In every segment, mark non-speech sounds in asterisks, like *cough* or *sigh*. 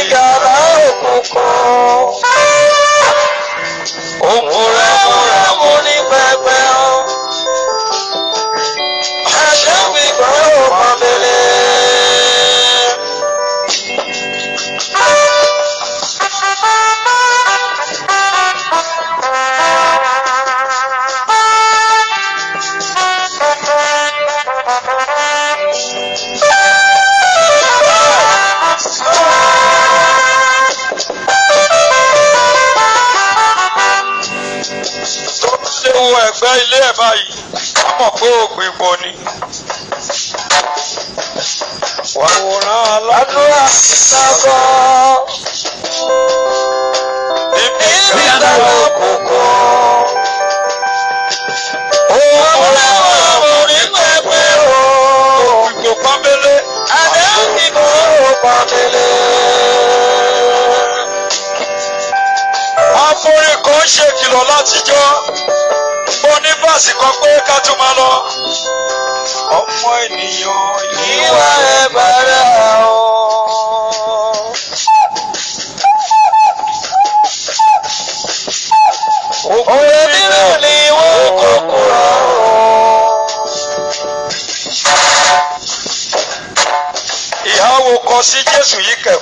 ìjọba òkùnkùn. Òkùnrin.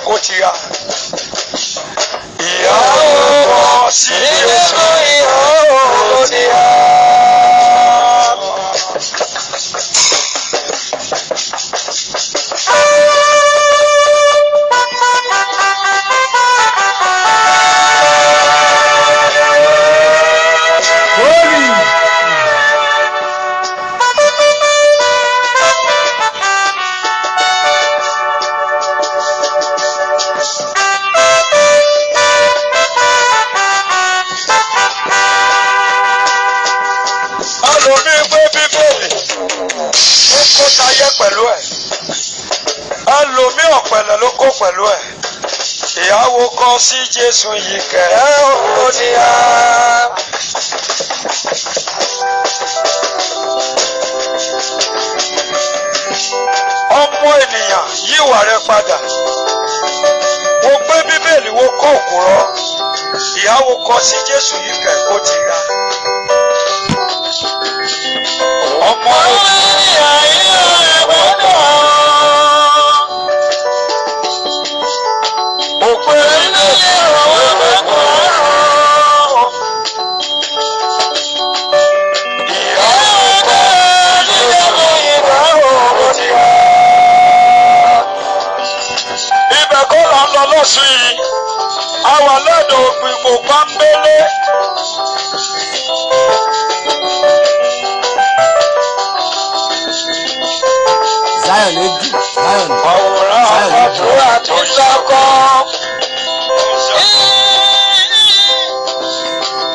what uh, you Jésù yìí kẹ̀rẹ́ ó ti há. ọmọ ènìyàn yíwà rẹ padà wo gbé bíbélì wo kó òkúrọ ìyá wo kọ sí àdúrà tí sọkọ.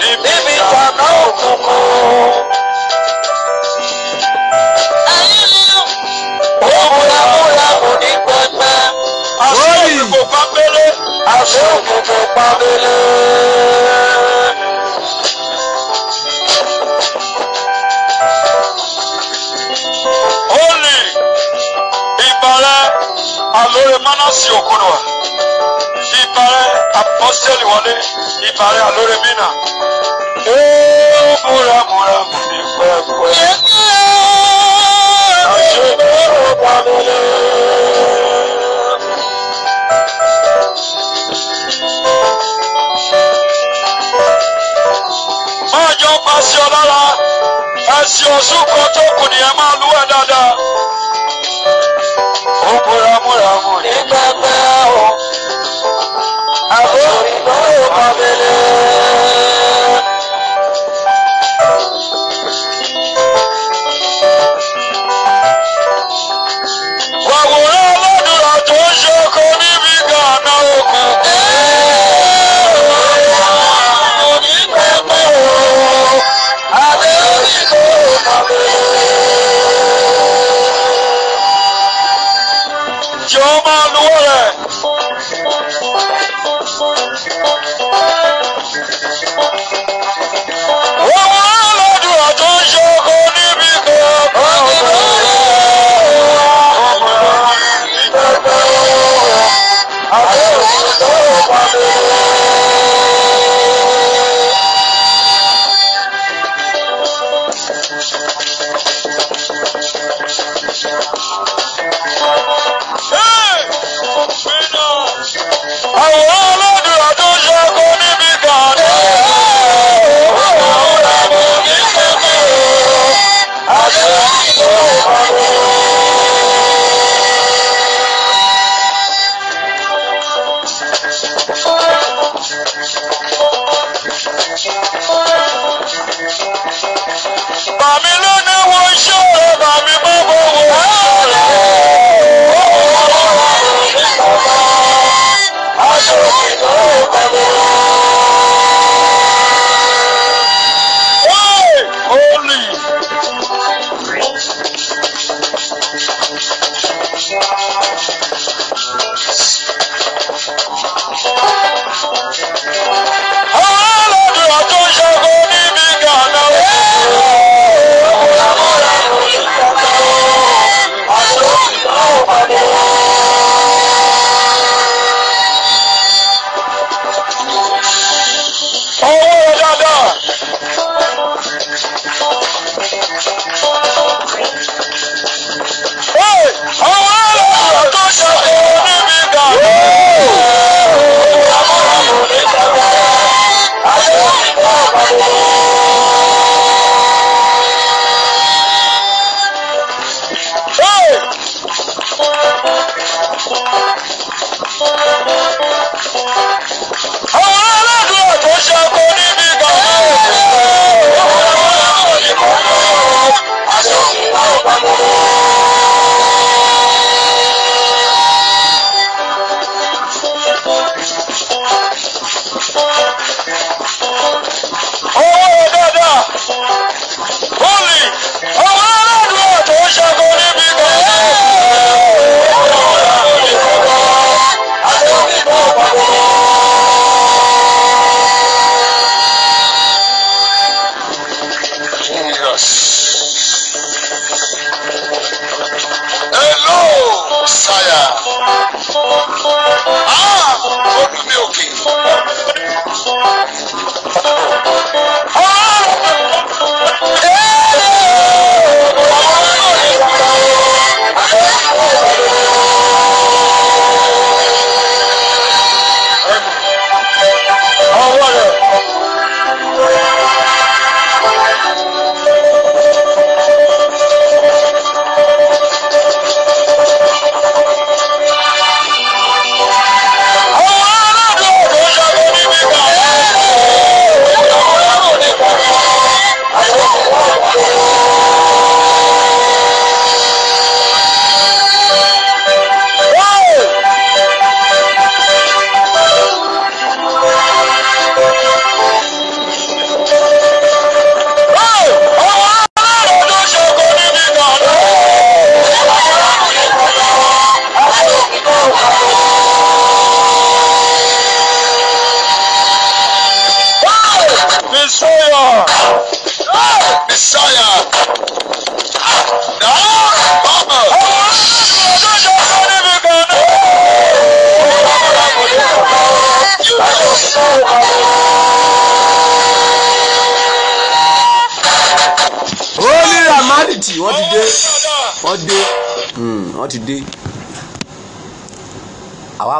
níbi tọ̀nà òkùnkùn. ó múramúra kò nana si òkú nù wa ìparẹ́ apọ́sítẹ́lì wọlé ìparẹ́ àlórí mínà ee múra múra mú mi pẹ́pẹ́. àṣebí ó bá mi lé. máa jọ pàṣẹ ọlára ẹ̀sìn ọ̀sùn kan tó kù nìyẹn máa lú ẹ̀ dáadáa ń kó ramúramù ní pẹ́pẹ́ o. àbórí tó yóò kọ́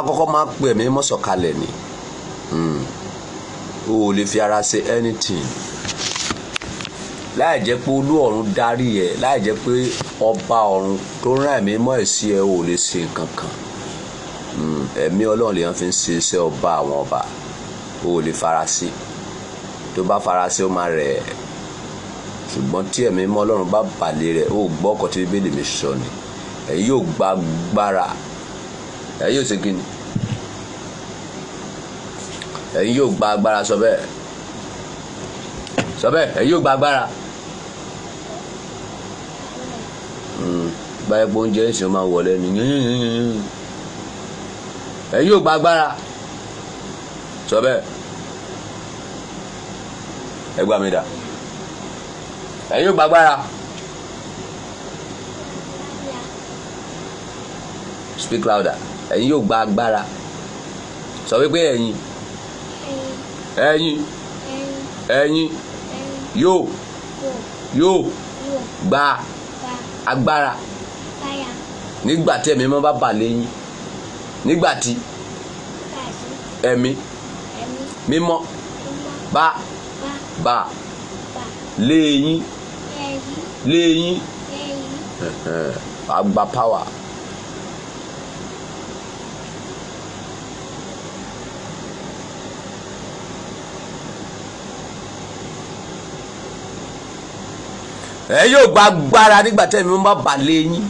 kọ́kọ́ máa pè mí mọ́ ni hmm. o ò lè fi ara ṣe anything láì jẹ́ pé olú ọ̀run darí ẹ láì jẹ́ pé ọba ọ̀run tó rán ẹ̀mí mọ́ ẹ̀ sí ẹ ò lè ṣe nǹkan kan hmm. ẹ̀mí ọlọ́run lèèyàn fi ń ṣe iṣẹ́ ọba àwọn ọba o ò lè farasí tó bá farasí ó máa rẹ̀ ẹ́ ṣùgbọ́n tí ẹ̀mí mọ́ ọlọ́run bá balẹ̀ rẹ̀ ó gbọ́ ọkọ̀ tí bíbélì mi sọ ni ẹ̀yin yóò gba agbára ẹ̀yin yóò ṣe kí ni ẹ̀yin yóò gba agbára sọ bẹ́ẹ̀ sọ bẹ́ẹ̀ ẹ̀yin yóò gba agbára hmm, báyìí pé oúnjẹ ìsìn máa wọlé ni ẹ̀yin yóò gba agbára sọ bẹ́ẹ̀ ẹ gbà mí dà ẹ̀yin yóò gba agbára. speak louder ẹ̀yin yóò gba agbára sọ wípé ẹ̀yin ẹyin ẹyin yóò yóò gba agbára nígbà tí ẹ̀mí mọ́ bá bà lẹ́yìn nígbà tí ẹ̀mí mímọ́ bá bà lẹ́yìn lẹ́yìn àgbà power. ẹ yóò gba agbára nígbà tẹ́mi ń bá balẹ̀ yín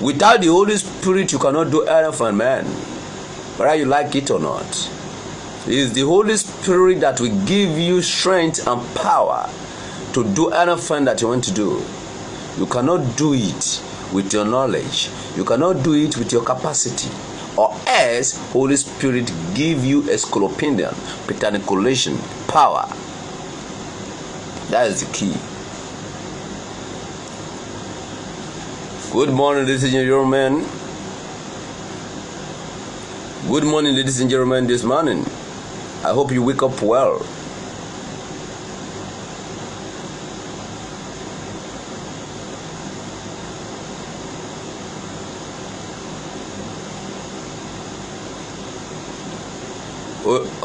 without the Holy Spirit you cannot do anything man whether you like it or not it is the Holy Spirit that will give you strength and power to do anything that you want to do you cannot do it with your knowledge you cannot do it with your capacity or else Holy Spirit give you a scorpion, pterodactyl, power That is the key. Good morning, ladies and gentlemen. Good morning, ladies and gentlemen, this morning. I hope you wake up well.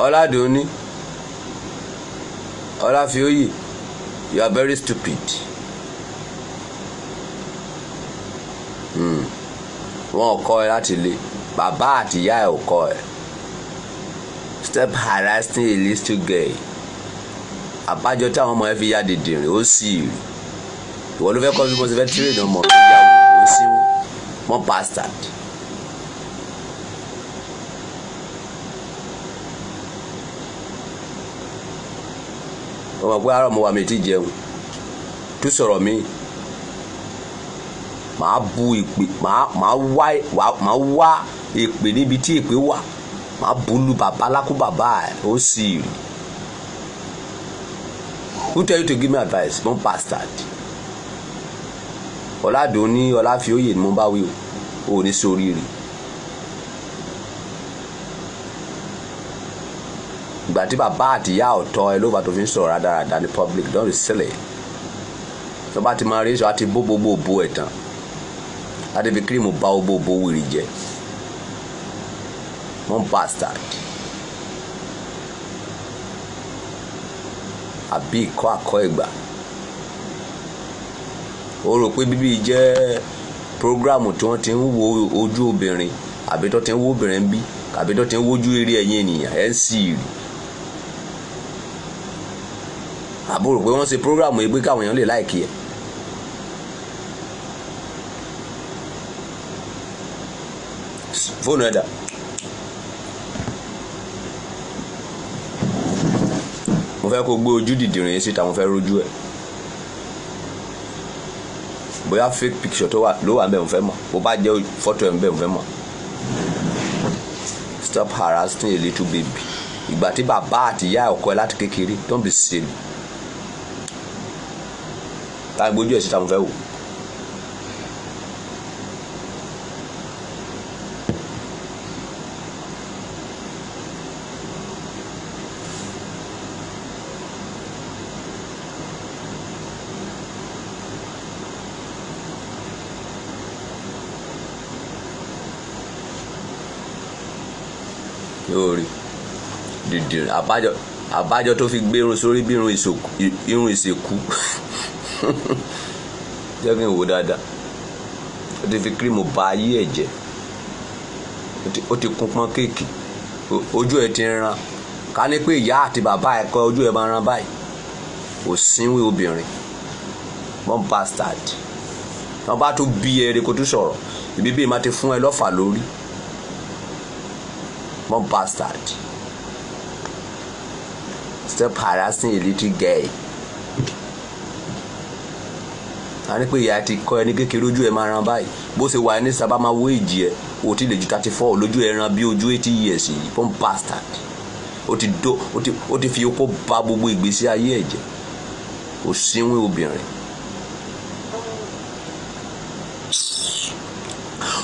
Ọládùn ní Ọláfióyè. you are very stupid hmm. wọn ò kọ́ ẹ láti lé bàbá àti ìyá ẹ ò kọ́ ẹ step harassing a little girl àbájọ táwọn ọmọ ẹ fi yá dìndìnrín ó sì rí ìwọ ló fẹ́ kọ́ bí mo ṣe fẹ́ tírèdì ọmọ mi yá wò ó sí wọn bastard. ọmọ pé àárọ̀ mo wà mí ti jẹun tó sọ̀rọ̀ mi màá bu ìpè màá wá màá wá ìpè níbi tí ìpè wà màá bu lu bàbá lákú bàbá ẹ̀ ó sì rí who tell you to give me advice mo bastard ọ̀làdùn ní ọ̀làfíòye ni mo bá wí o ò ní sóríire. ìgbà tí bàbá àtìyá ọ̀tọ̀ ẹ ló bá tó fi ń sọ̀rọ̀ rádaràda ní public don't be silly tó bá ti máa rí sọ àti bó gbogbo òbó ẹ̀ tán láti fi kírìmù bá gbogbo òbó wìrì jẹ one bastard àbí ìkọ́ àkọ́ ìgbà ó rò pé bíbí jẹ́ programu tí wọ́n ti ń wo ojú obìnrin àbí tó ti ń wo obìnrin bí àbí tó ti ń wojú eré ẹ̀yìn ènìyàn ẹ̀ ń sì rí mo rò pé wọ́n ṣe programu yìí pé káwọn èèyàn lè láìkì ẹ̀. fóònù ẹ̀dá. mo fẹ́ kó gbé ojú dìdìrín yín síta mo fẹ́ rojú ẹ̀ bóyá fake picture tó wà ló wà bẹ́ẹ̀ mo fẹ́ mọ̀ bó bá jẹ́ fọ́tò ẹ̀ bẹ́ẹ̀ mo fẹ́ mọ̀ stop harassing a little baby ìgbà tí bàbá àti ìyá ọkọ ẹ láti kékeré don't be silly tá a gbójú ẹ̀ síta mo fẹ́ wò. lórí dìdìrín àbájọ àbájọ tó fi gbé irun sórí bí irun ìsìnkú *laughs* *laughs* jẹ́ kí n wò dáadáa ó ti fi kírímù ba ayé ẹ̀ jẹ́ ó ti kún pọ́n kéèkì ojú ẹ̀ ti ran ká ní pé ìyá àti bàbá ẹ̀ kọ́ ojú ẹ̀ máa ran báyìí kò sínwé obìnrin wọ́n bastard wọ́n bá tún bí ẹ̀rẹ́ kó tún sọ̀rọ̀ ìbí bíi máa ti fún ẹ lọ́fà lórí wọ́n bastard stop harassing a little girl a ní pé ìyá ti kọ́ ẹni kékeré ojú ẹ̀ máa ran báyìí bó ṣe wà ní sábà máa wó ìjì ẹ̀ o ti lè ju thirty four lójú ẹ̀ bí ojú eighty years yìí fún bastard o ti do o ti o ti fi okó ba gbogbo ìgbésí ayé ẹ̀ jẹ́ o síwìn obìnrin.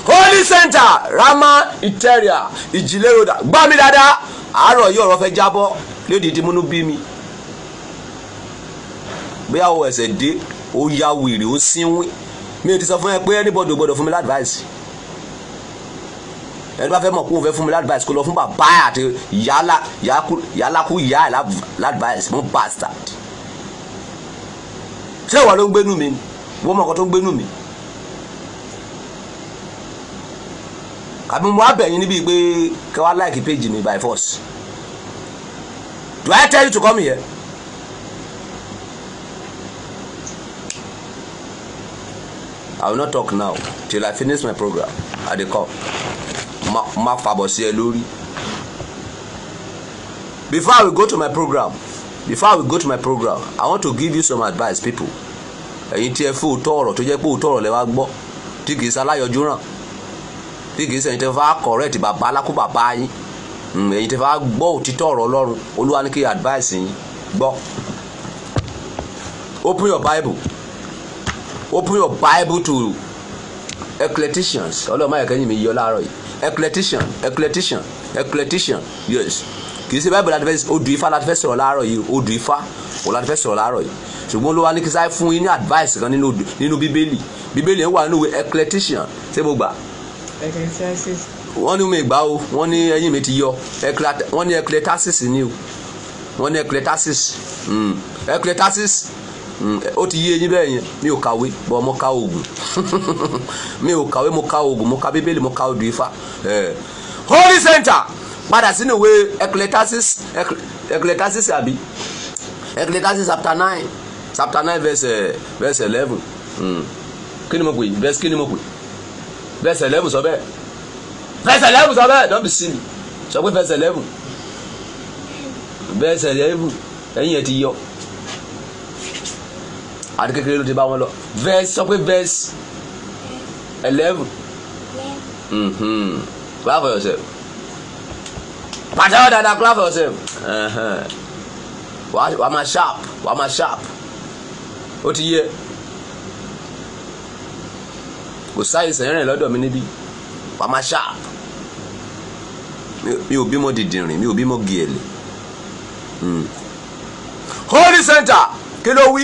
Holy Center Rama Iteria Ìjìlẹ̀ Road gbá mi dáadáa àárọ̀ yìí ọ̀rọ̀ fẹ́ jábọ́ lódìdí múnú bí mi bí àwọn ẹ̀sẹ̀ dé ó ya wèrè ó sínwín mi ò ti sọ fún ẹ pé anybody ò gbọdọ̀ fún mi ládìváìsì ẹni bá fẹ́ mọ̀ kó o fẹ́ fún mi ládìváìsì kó lọ fún bàbá àti yàlákú ìyá ẹ̀ ládìváìsì mú bastard ṣé ìwà ló ń gbénú mi wọ́n mọ̀ ọ̀kan tó ń gbénú mi àbí mo wá níbi pé kẹ́ láìkí péjì mi by force do I tell you to come here? I will not talk now till I finish my program. I dey come. Ma ma fàbọ̀ sí Before I will go to my program, before I will go to my program, I want to give you some advice people. Ẹ̀yin tí ẹ fún òótọ́ ọ̀rọ̀ tó jẹ́ pé òótọ́ ọ̀rọ̀ lẹ wá gbọ́ tí kìí sáláyọjú ràn tí kìí sẹ́yìn tẹ́ fà correct bàbá alákùbàbá yín hmm, ẹ̀yin tẹ́ fà gbọ́ òtítọ́ ọ̀rọ̀ Ọlọ́run Olúwa ní kí advice yín gbọ́. Open your Bible open your bible to eclecticians ọlọ́mọ ayọ̀kẹ́ yìí mi yọ láàárọ̀ yìí eclectician eclectician eclectician yes kì í ṣe bible láti fẹ́ odù ifá láti fẹ́ sọ̀rọ̀ láàárọ̀ yìí odù ifá òun láti fẹ́ sọ̀rọ̀ láàárọ̀ yìí ṣùgbọ́n ló ní kí sáyé fún yín ní advice kan nínú bíbélì bíbélì yẹn wà nínú ìwé eclectician ṣé mo gbà. wọ́n ní mi gbà o wọ́n ní ẹyin mi ti yọ wọ́n ní eclectasis ni o wọ́n ní eclectasis hmm. eclectasis. Mm, ó ti yé eyín bẹ́ẹ̀ yẹn mi ò kàwé bọ́ mo ka oògùn *laughs* mi ò kàwé mo ka oògùn mo ka bíbélì mo ka odù ifá eh. holy center padà sínú ìwé ecclesiastes ecclesiastes àbí ecclesiastes chapter nine chapter nine verse eh, verse eleven hmm. kí ni mo pè verse kí ni mo pè verse eleven sọ bẹ́ẹ̀ verse eleven sọ bẹ́ẹ̀ don't be silly sọ pé verse eleven verse eleven ẹ̀yin ẹ̀ ti yọ àti kékeré ló ti bá wọn lọ verse sọ pé verse eleven mm-hmm. clap for yourself pàtàkì dada clap for yourself wàá máa sharp wàá máa sharp ó ti yẹ kò sáyé sẹ́rìn lọ́dọ̀ mi níbí wàá máa sharp mi ò bímọ dìdìrín mi ò bímọ gèèlè mm. holy center kí ló wí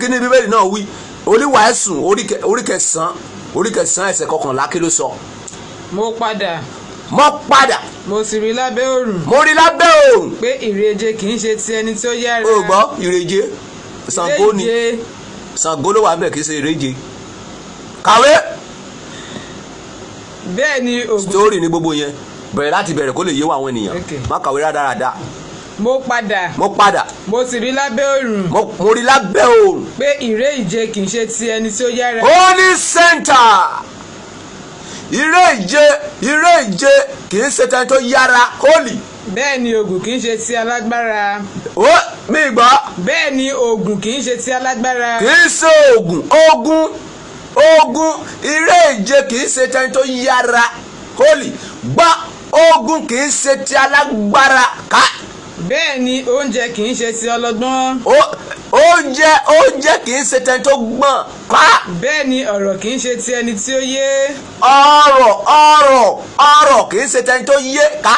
kí ni bíbélì náà wí oníwàásù orí kẹsàn-án orí kẹsàn-án ẹsẹ̀ kọkànlá kí ló sọ. mo padà. mo padà. mo sì rí lábẹ́ òrùn. mo rí lábẹ́ òrùn. pé ìrèje kì í ṣe ti ẹni tó yára. o gbọ́ ìrèje Ṣàngó ni Ṣàngó ló wà ń bẹ̀ kì í ṣe ìrèje kàwé. bẹ́ẹ̀ ni ogun. story ni gbogbo yẹn bẹ̀rẹ̀ láti bẹ̀rẹ̀ kó lè yé wa àwọn ènìyàn má kàwé rádaràda mo padà. mo padà. mo sì rí lábẹ́ òòrùn. mo mo rí lábẹ́ òòrùn. pé ìré ìje kì í ṣe ti ẹni tí ó yára. ó ní ìré ìje ìré ìje kì í ṣe tẹni tó yára holy. bẹ́ẹ̀ ni oògùn kì í ṣe ti alágbára. ó mi gbọ́. bẹ́ẹ̀ ni oògùn kì í ṣe ti alágbára. kì í ṣe oògùn oògùn oògùn ìré ìje kì í ṣe tẹni tó yára holy gbọ́ oògùn kì í ṣe ti alágbára ká bẹ́ẹ̀ ni oúnjẹ kì í ṣe ti ọlọ́gbọ́n. oúnjẹ oúnjẹ kì í ṣe tẹni tó gbọ́n pa. bẹ́ẹ̀ ni ọ̀rọ̀ kì í ṣe ti ẹni tí ó yé. ọ̀rọ̀ ọ̀rọ̀ ọ̀rọ̀ kì í ṣe tẹni tó yé ká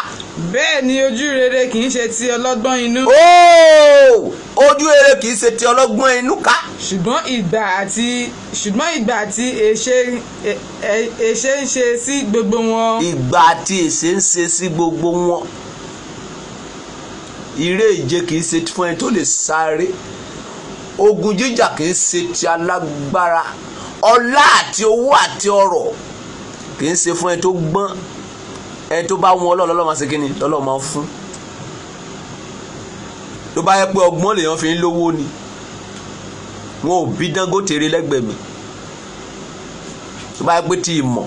bẹ́ẹ̀ ni ojú rere kì í ṣe ti ọlọ́gbọ́n inú. ooo ojú rere kì í ṣe ti ọlọ́gbọ́n inú ká. ṣùgbọ́n ìgbà àti ṣùgbọ́n ìgbà àti e, e, èṣe ń ṣe sí gbogbo wọn. ìgbà àti èṣe ń ṣe sí gbogbo wọn ìre ìje kìí ṣe fún ẹni tó lè sáré ogun jíjà kìí ṣe ti alágbára ọlá àti owó àti ọrọ̀ kìí ṣe fún ẹni tó gbọ́n ẹni tó bá wọn ọlọ́run máa ṣe kíni lọ́lọ́run máa fún ló bá yẹ pé ọgbọ́n lèèyàn fi ń lówó ni wọn ò bí Dangote rí lẹ́gbẹ̀ẹ́ mi tó bá yẹ pé ti ìmọ̀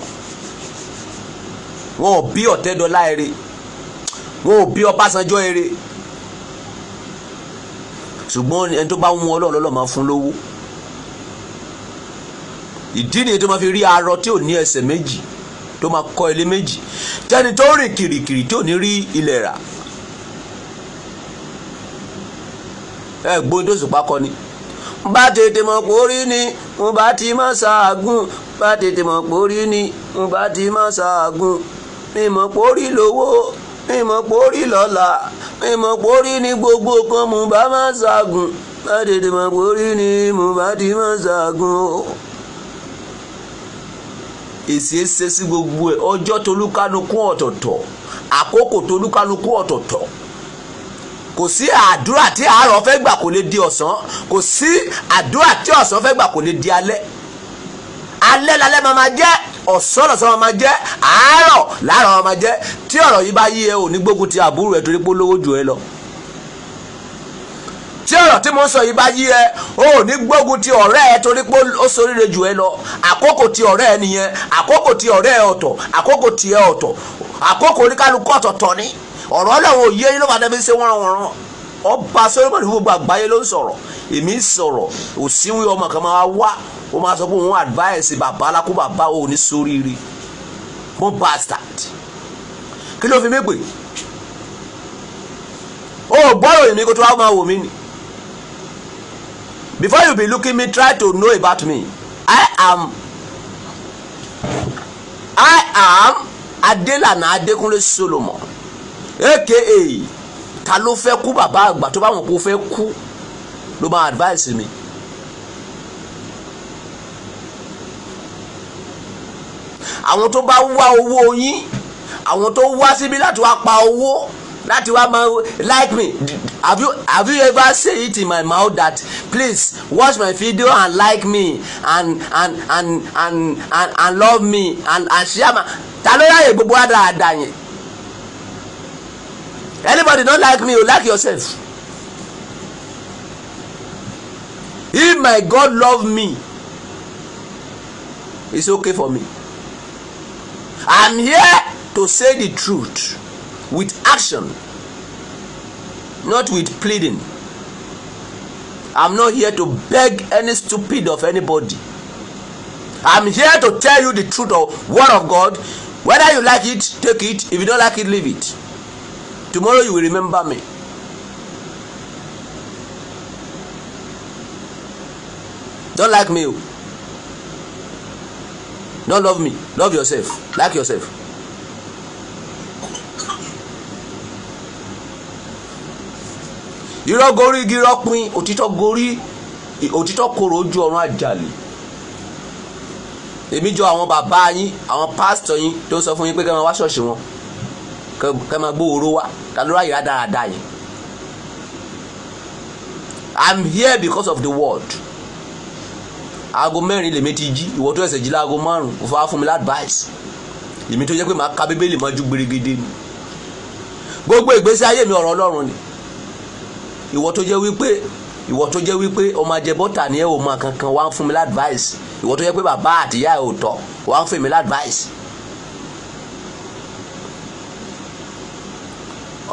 wọn ò bí Ọ̀tẹ́dọ́lá eré wọn ò bí Ọbásanjọ́ eré ṣùgbọ́n ẹni tó bá wọn ọlọ́run lọ́lọ́ máa fún lówó ìdí nìyí tó máa fi rí arọ tí ò ní ẹsẹ̀ méjì tó máa kọ́ ilé méjì tẹ́ni tó rìn kìrìkìrì tí ò ní rí ilẹ̀ rà ẹ gbóhùn tó sùpá kọ ni bá tètè mọ̀ pórí ni mo bá ti má ṣàágùn bá tètè mọ̀ pórí ni mo bá ti má ṣàágùn mi mọ̀ pórí lówó mi mọ̀ pórí lọ́la mímọ̀ pórí ní gbogbo kan mò bá má ṣàgùn má tètè mọ̀ pórí ní mò bá ti má ṣàgùn o. èsì ń sí gbogbo ẹ̀ ọjọ́ tolúkálukú ọ̀tọ̀ọ̀tọ̀ àkókò tolúkálukú ọ̀tọ̀ọ̀tọ̀ kò sí àdúrà tí àárọ̀ fẹ́ gbà kò lè di ọ̀sán kò sí àdúrà tí ọ̀sán fẹ́ gbà kò lè di alẹ́ alẹ́ lálẹ́ máa máa jẹ́ ọ̀sán lọ́sàn máa máa jẹ́ àárọ̀ láàárọ̀ máa máa jẹ́ tí ọ̀rọ̀ yìí bá yí ẹ ò ní gbógun ti àbúrò ẹ torí pé ó lówó jù ẹ lọ tí ọ̀rọ̀ tí mo ń sọ yìí bá yí ẹ ò ní gbógun ti ọ̀rẹ́ ẹ torí pé ó ṣoríire jù ẹ lọ àkókò ti ọ̀rẹ́ ẹ nìyẹn àkókò ti ọ̀rẹ́ ẹ ọ̀tọ̀ àkókò ti ẹ ọ̀tọ̀ àkókò oníkálukú ọ̀tọ̀ọ̀tọ̀ ni ọ̀rọ̀ ọlọ́run yé ló máa dẹ́bi ṣe wọ́n wọ́n ọba Solomoni gbogbo àgbáyé ló ń sọ̀rọ̀ èmi ń sọ̀rọ̀ òsínwó ọmọ kan máa wá ó máa sọ pé òun advice bàbá alákó bàbá ò ní sóríire mo bastard kí ló fi mí pè ó gbọ́rọ̀ èmi kó tó wá máa wò mí ni before you be looking me try to know about me I am I am Adelana Adekunle Solomon aka ta ló fẹ́ kú bàbá àgbà tó bá wọn kó fẹ́ kú ló máa advice mi. àwọn tó bá wá owó yín àwọn tó wá síbi láti wá pa owó láti wá máa like me have you have you ever say it in my mouth that please watch my video and like me and and and and and, and love me and and share my ta ló ráyè gbogbo àdáadáa yẹn anybody don like me o like yourself if my God love me it's okay for me. I'm here to say the truth with action, not with pleading. I'm not here to beg any stupid of anybody. I'm here to tell you the truth of word of God. Whether you like it, take it. If you don't like it, leave it. Tomorrow you will remember me. Don't like me don't love me love yourself like yourself. irọ́ gorí igi irọ́ pin òtítọ́ gorí òtítọ́ korò ojú ọ̀run àjàlè èmi jọ àwọn bàbá yín àwọn pásítọ̀ yín tó sọ fún yín pé kẹ́ máa wá ṣọ̀ọ̀ṣì wọn kẹ́ máa gbóòóró wá ká ló ráyè rádaràda yìí I'm here because of the word aago mẹ́rin lèmi ti jí ìwọ tó ẹsẹ̀ jí láago márùn kò fà á fún mi ládvice lèmi tó jẹ́ pé màá ka bíbélì máa gbèrègèdè ni gbogbo ìgbésí ayé mi ọ̀rọ̀ ọlọ́run ni ìwọ tó jẹ́ wípé ìwọ tó jẹ́ wípé ọmọ ajẹbọ́tà ni ẹ ò mọ kankan wá ń fún mi ládvice ìwọ tó jẹ́ pé bàbá àtìyá ẹ ò tọ́ wá ń fún mi ládvice.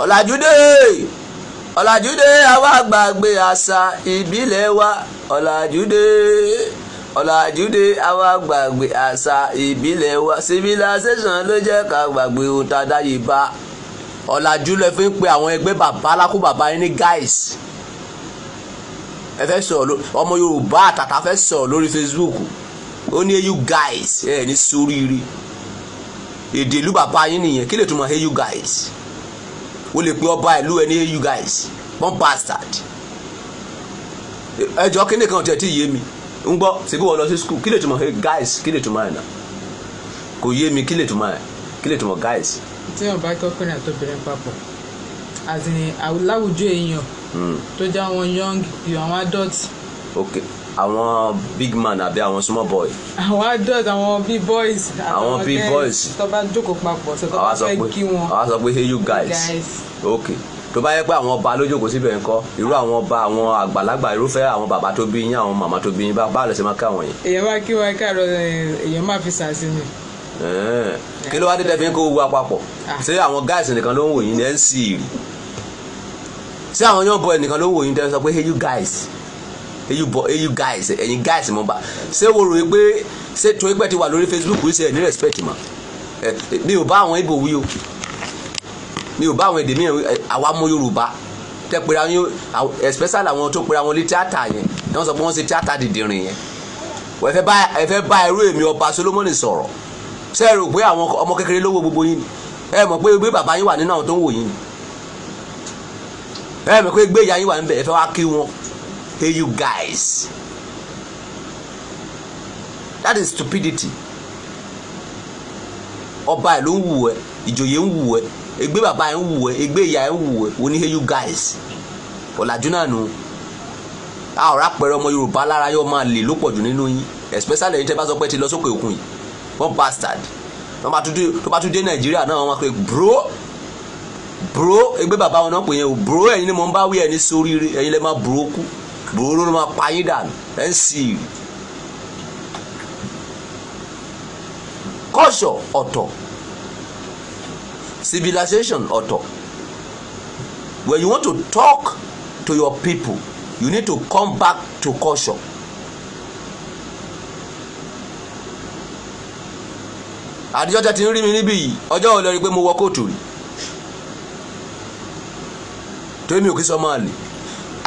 ọ̀làjúdé ọ̀làjúdé àwa àgbàgbé àṣà ìbílẹ̀ wa ọ̀làjúdé ọ̀làjúdé àwa gbàgbé àṣà ìbílẹ̀ wa civilization ló jẹ́ ká gbàgbé ohun tá a dáyé bá ọ̀làjú lẹ fi ń pe àwọn ẹgbẹ́ bàbá alákó bàbá yín ní guys ẹ fẹ́ sọ̀rọ̀ ọmọ yorùbá àtàtà fẹ́ sọ̀rọ̀ lórí facebook ó ní eyu guys ẹ ní sóríire èdè ìlú bàbá yín nìyẹn kí lè túmọ̀ eyu guys ó lè pe ọba ìlú ẹ ní eyu guys one bastard ẹ jọ kí nìkan tẹ̀ tí yé mi ń gbọ́ ṣebí wọ́n lọ sí skul kí lè túmọ̀ guys kí lè túmọ̀ àyìnà kò yé mi kí lè túmọ̀ àyìn kí lè túmọ̀ guys. tí wọn bá tọkùnrin àtọbìnrin papọ̀ láwùjọ èèyàn hmm. tó jẹ́ àwọn young àwọn adult. ok àwọn big man àbí àwọn small boy. àwọn adult àwọn big boys. àwọn big boys. tó bá jókòó papọ̀ tó bá fẹ́ kí wọn. àwa sọ pé hey you guys. guys. ok tó bá yẹ pé àwọn ọba lójókòó síbẹ̀ ńkọ́ irú àwọn ọba àwọn àgbàlagbà irúfẹ́ àwọn bàbá tó bí yín àwọn màmá tó bí yín bá lè ṣe máa káwọn yìí. èèyàn máa kí wa káàárọ̀ èèyàn máa fi sàṣì mi. kí ló wá dé tẹ́fín kó wu apapọ̀ ah. ṣé àwọn guys nìkan ló ń wò yín ní nc rí ṣé àwọn young boy nìkan ló ń wò yín tẹ́ sọ pé hey you guys hey you boy hey you guys ẹ̀yin guys mo bá ṣé wo rò pé ṣé torí pé ti wà lórí Facebook ṣe ẹ̀ ní respect mọ́ mi ò bá mi ò bá àwọn èdè mìíràn àwa mú yorùbá tẹ pera yín especially àwọn tó pera wọn lé tíátà yẹn ni wọ́n sọ pé wọ́n ṣe tíátà dìdìrìn yẹn ẹ fẹ́ bá irú èmi ọba Solomoni sọ̀rọ̀ ṣe rò pé àwọn ọmọ kékeré lówó gbogbo yín ni ẹ mọ̀ pé gbé bàbá yín wà nínú àwọn tó ń wò yín ni ẹ mọ̀ pé gbé ìyá yín wà níbẹ̀ ẹ fẹ́ wá kí wọn hey you guys that is stupidity ọba ẹ ló ń wù ẹ ìjòyè ń wù ẹ ègbé bàbá ẹ̀ ń wù ẹ́ ègbé ìyá ẹ̀ wù ẹ́ wọ́n ní hey you guys ọ̀làjú náà nù a ọ̀rá pẹ̀rẹ̀ ọmọ Yorùbá lára yóò máa lè ló pọ̀jù nínú yín especially ẹ̀yin tẹ́ bá sọ pé ti lọ sókè òkun yìí wọ́n bastard tó bá tún dé Nàìjíríà náà wọ́n máa pe bro bro ègbé bàbá wọn náà pè yẹn o bro ẹ̀yin ni mo ń bá wí ẹni sórí ẹ̀yin lẹ́ máa bro kú bro ló máa pa yín dànù ẹ̀ ń sì kọ́ṣọ̀ ọ̀tọ̀ civilization ọ̀tọ̀ when you want to talk to your people you need to come back to culture. àdìjọ́ tẹ ti ń rí mi níbí yìí ọjọ́ ò lọ rí i pé mo wọ kóòtù rí torí mi ò kí sọ máa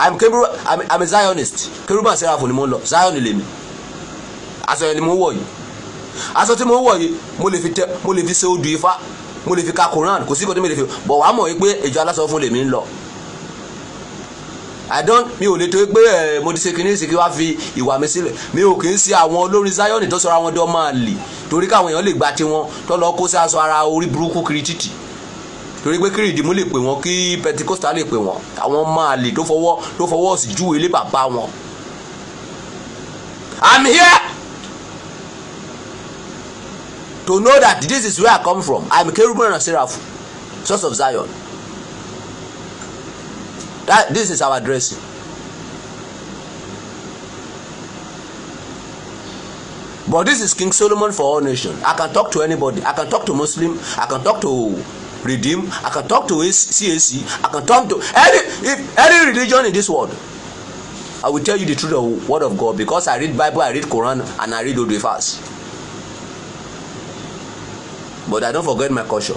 i'm keru i'm i'm a zionist keruba seraph ni mo ń lọ zion lèmi aṣọ yẹn ni mo wọ̀ yìí aṣọ tí mo wọ̀ yìí mo lè fi tẹ mo lè fi ṣe odù ifá mo lè fi ka Quran kò sí kò tí mi lè fi bọ̀ wàá mọ̀ wípé ìjọ aláṣọ fún lèmi ń lọ i don mi ò lè tó pé ẹ mo ti ṣe kinní sí kí wàá fi ìwà mi sílẹ̀ mi ò kì í ṣe àwọn olórin Zion tó sọ ara wọn dán máa lè torí káwọn èèyàn lè gba tiwọn tó lọ kó sí aṣọ ara orí burúkú kiri títì torí pé kiri ìdìmú lè pè wọn kí Pentecostal lè pè wọn àwọn máa lè tó fọwọ́ tó fọwọ́ sí ju ilé bàbá wọn i'm here to know that this is where I come from I am Kerubim and Seraph source of Zion that this is our dressing. But this is King Solomon for all nations. I can talk to anybody. I can talk to Muslim. I can talk to Redeem. I can talk to CAC. I can talk to any any religion in this world. I will tell you the truth of word of God because I read Bible, I read Quran, and I read Old fast but i don't forget my culture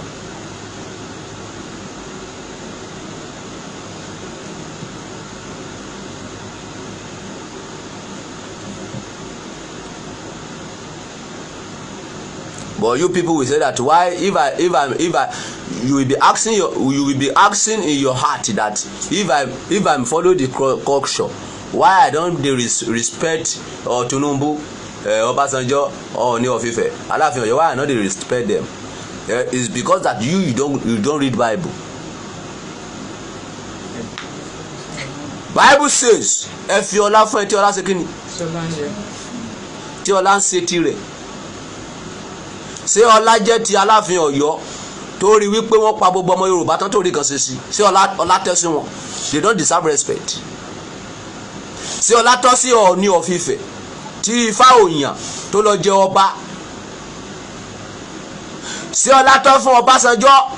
but you people will say that why if i if i if i you will be asking your you will be asking in your heart that if i if i follow the culture why i don dey res respect uh, Tinubu uh, Obasanjo or Ooni of Ife Alaafin Oyo why i no dey respect them uh, eh, is because that you you don't you don't read bible bible says ẹ fi ọlá fún ẹ tí ọlá ṣe kí ni tí ọlá ń ṣe tirẹ̀ ṣé ọlá jẹ́ ti aláàfin ọ̀yọ́ tó rí wípé wọ́n pa gbogbo ọmọ yorùbá tán tó rí kan ṣe sí ṣé ọlá ọlá tẹ́ sí wọn they don't deserve respect ṣé ọlá tọ́ sí Ọọ̀ni of Ifẹ̀ tí ifá òyàn tó lọ jẹ ọba sí ọlá tán fún Ọbásanjọ́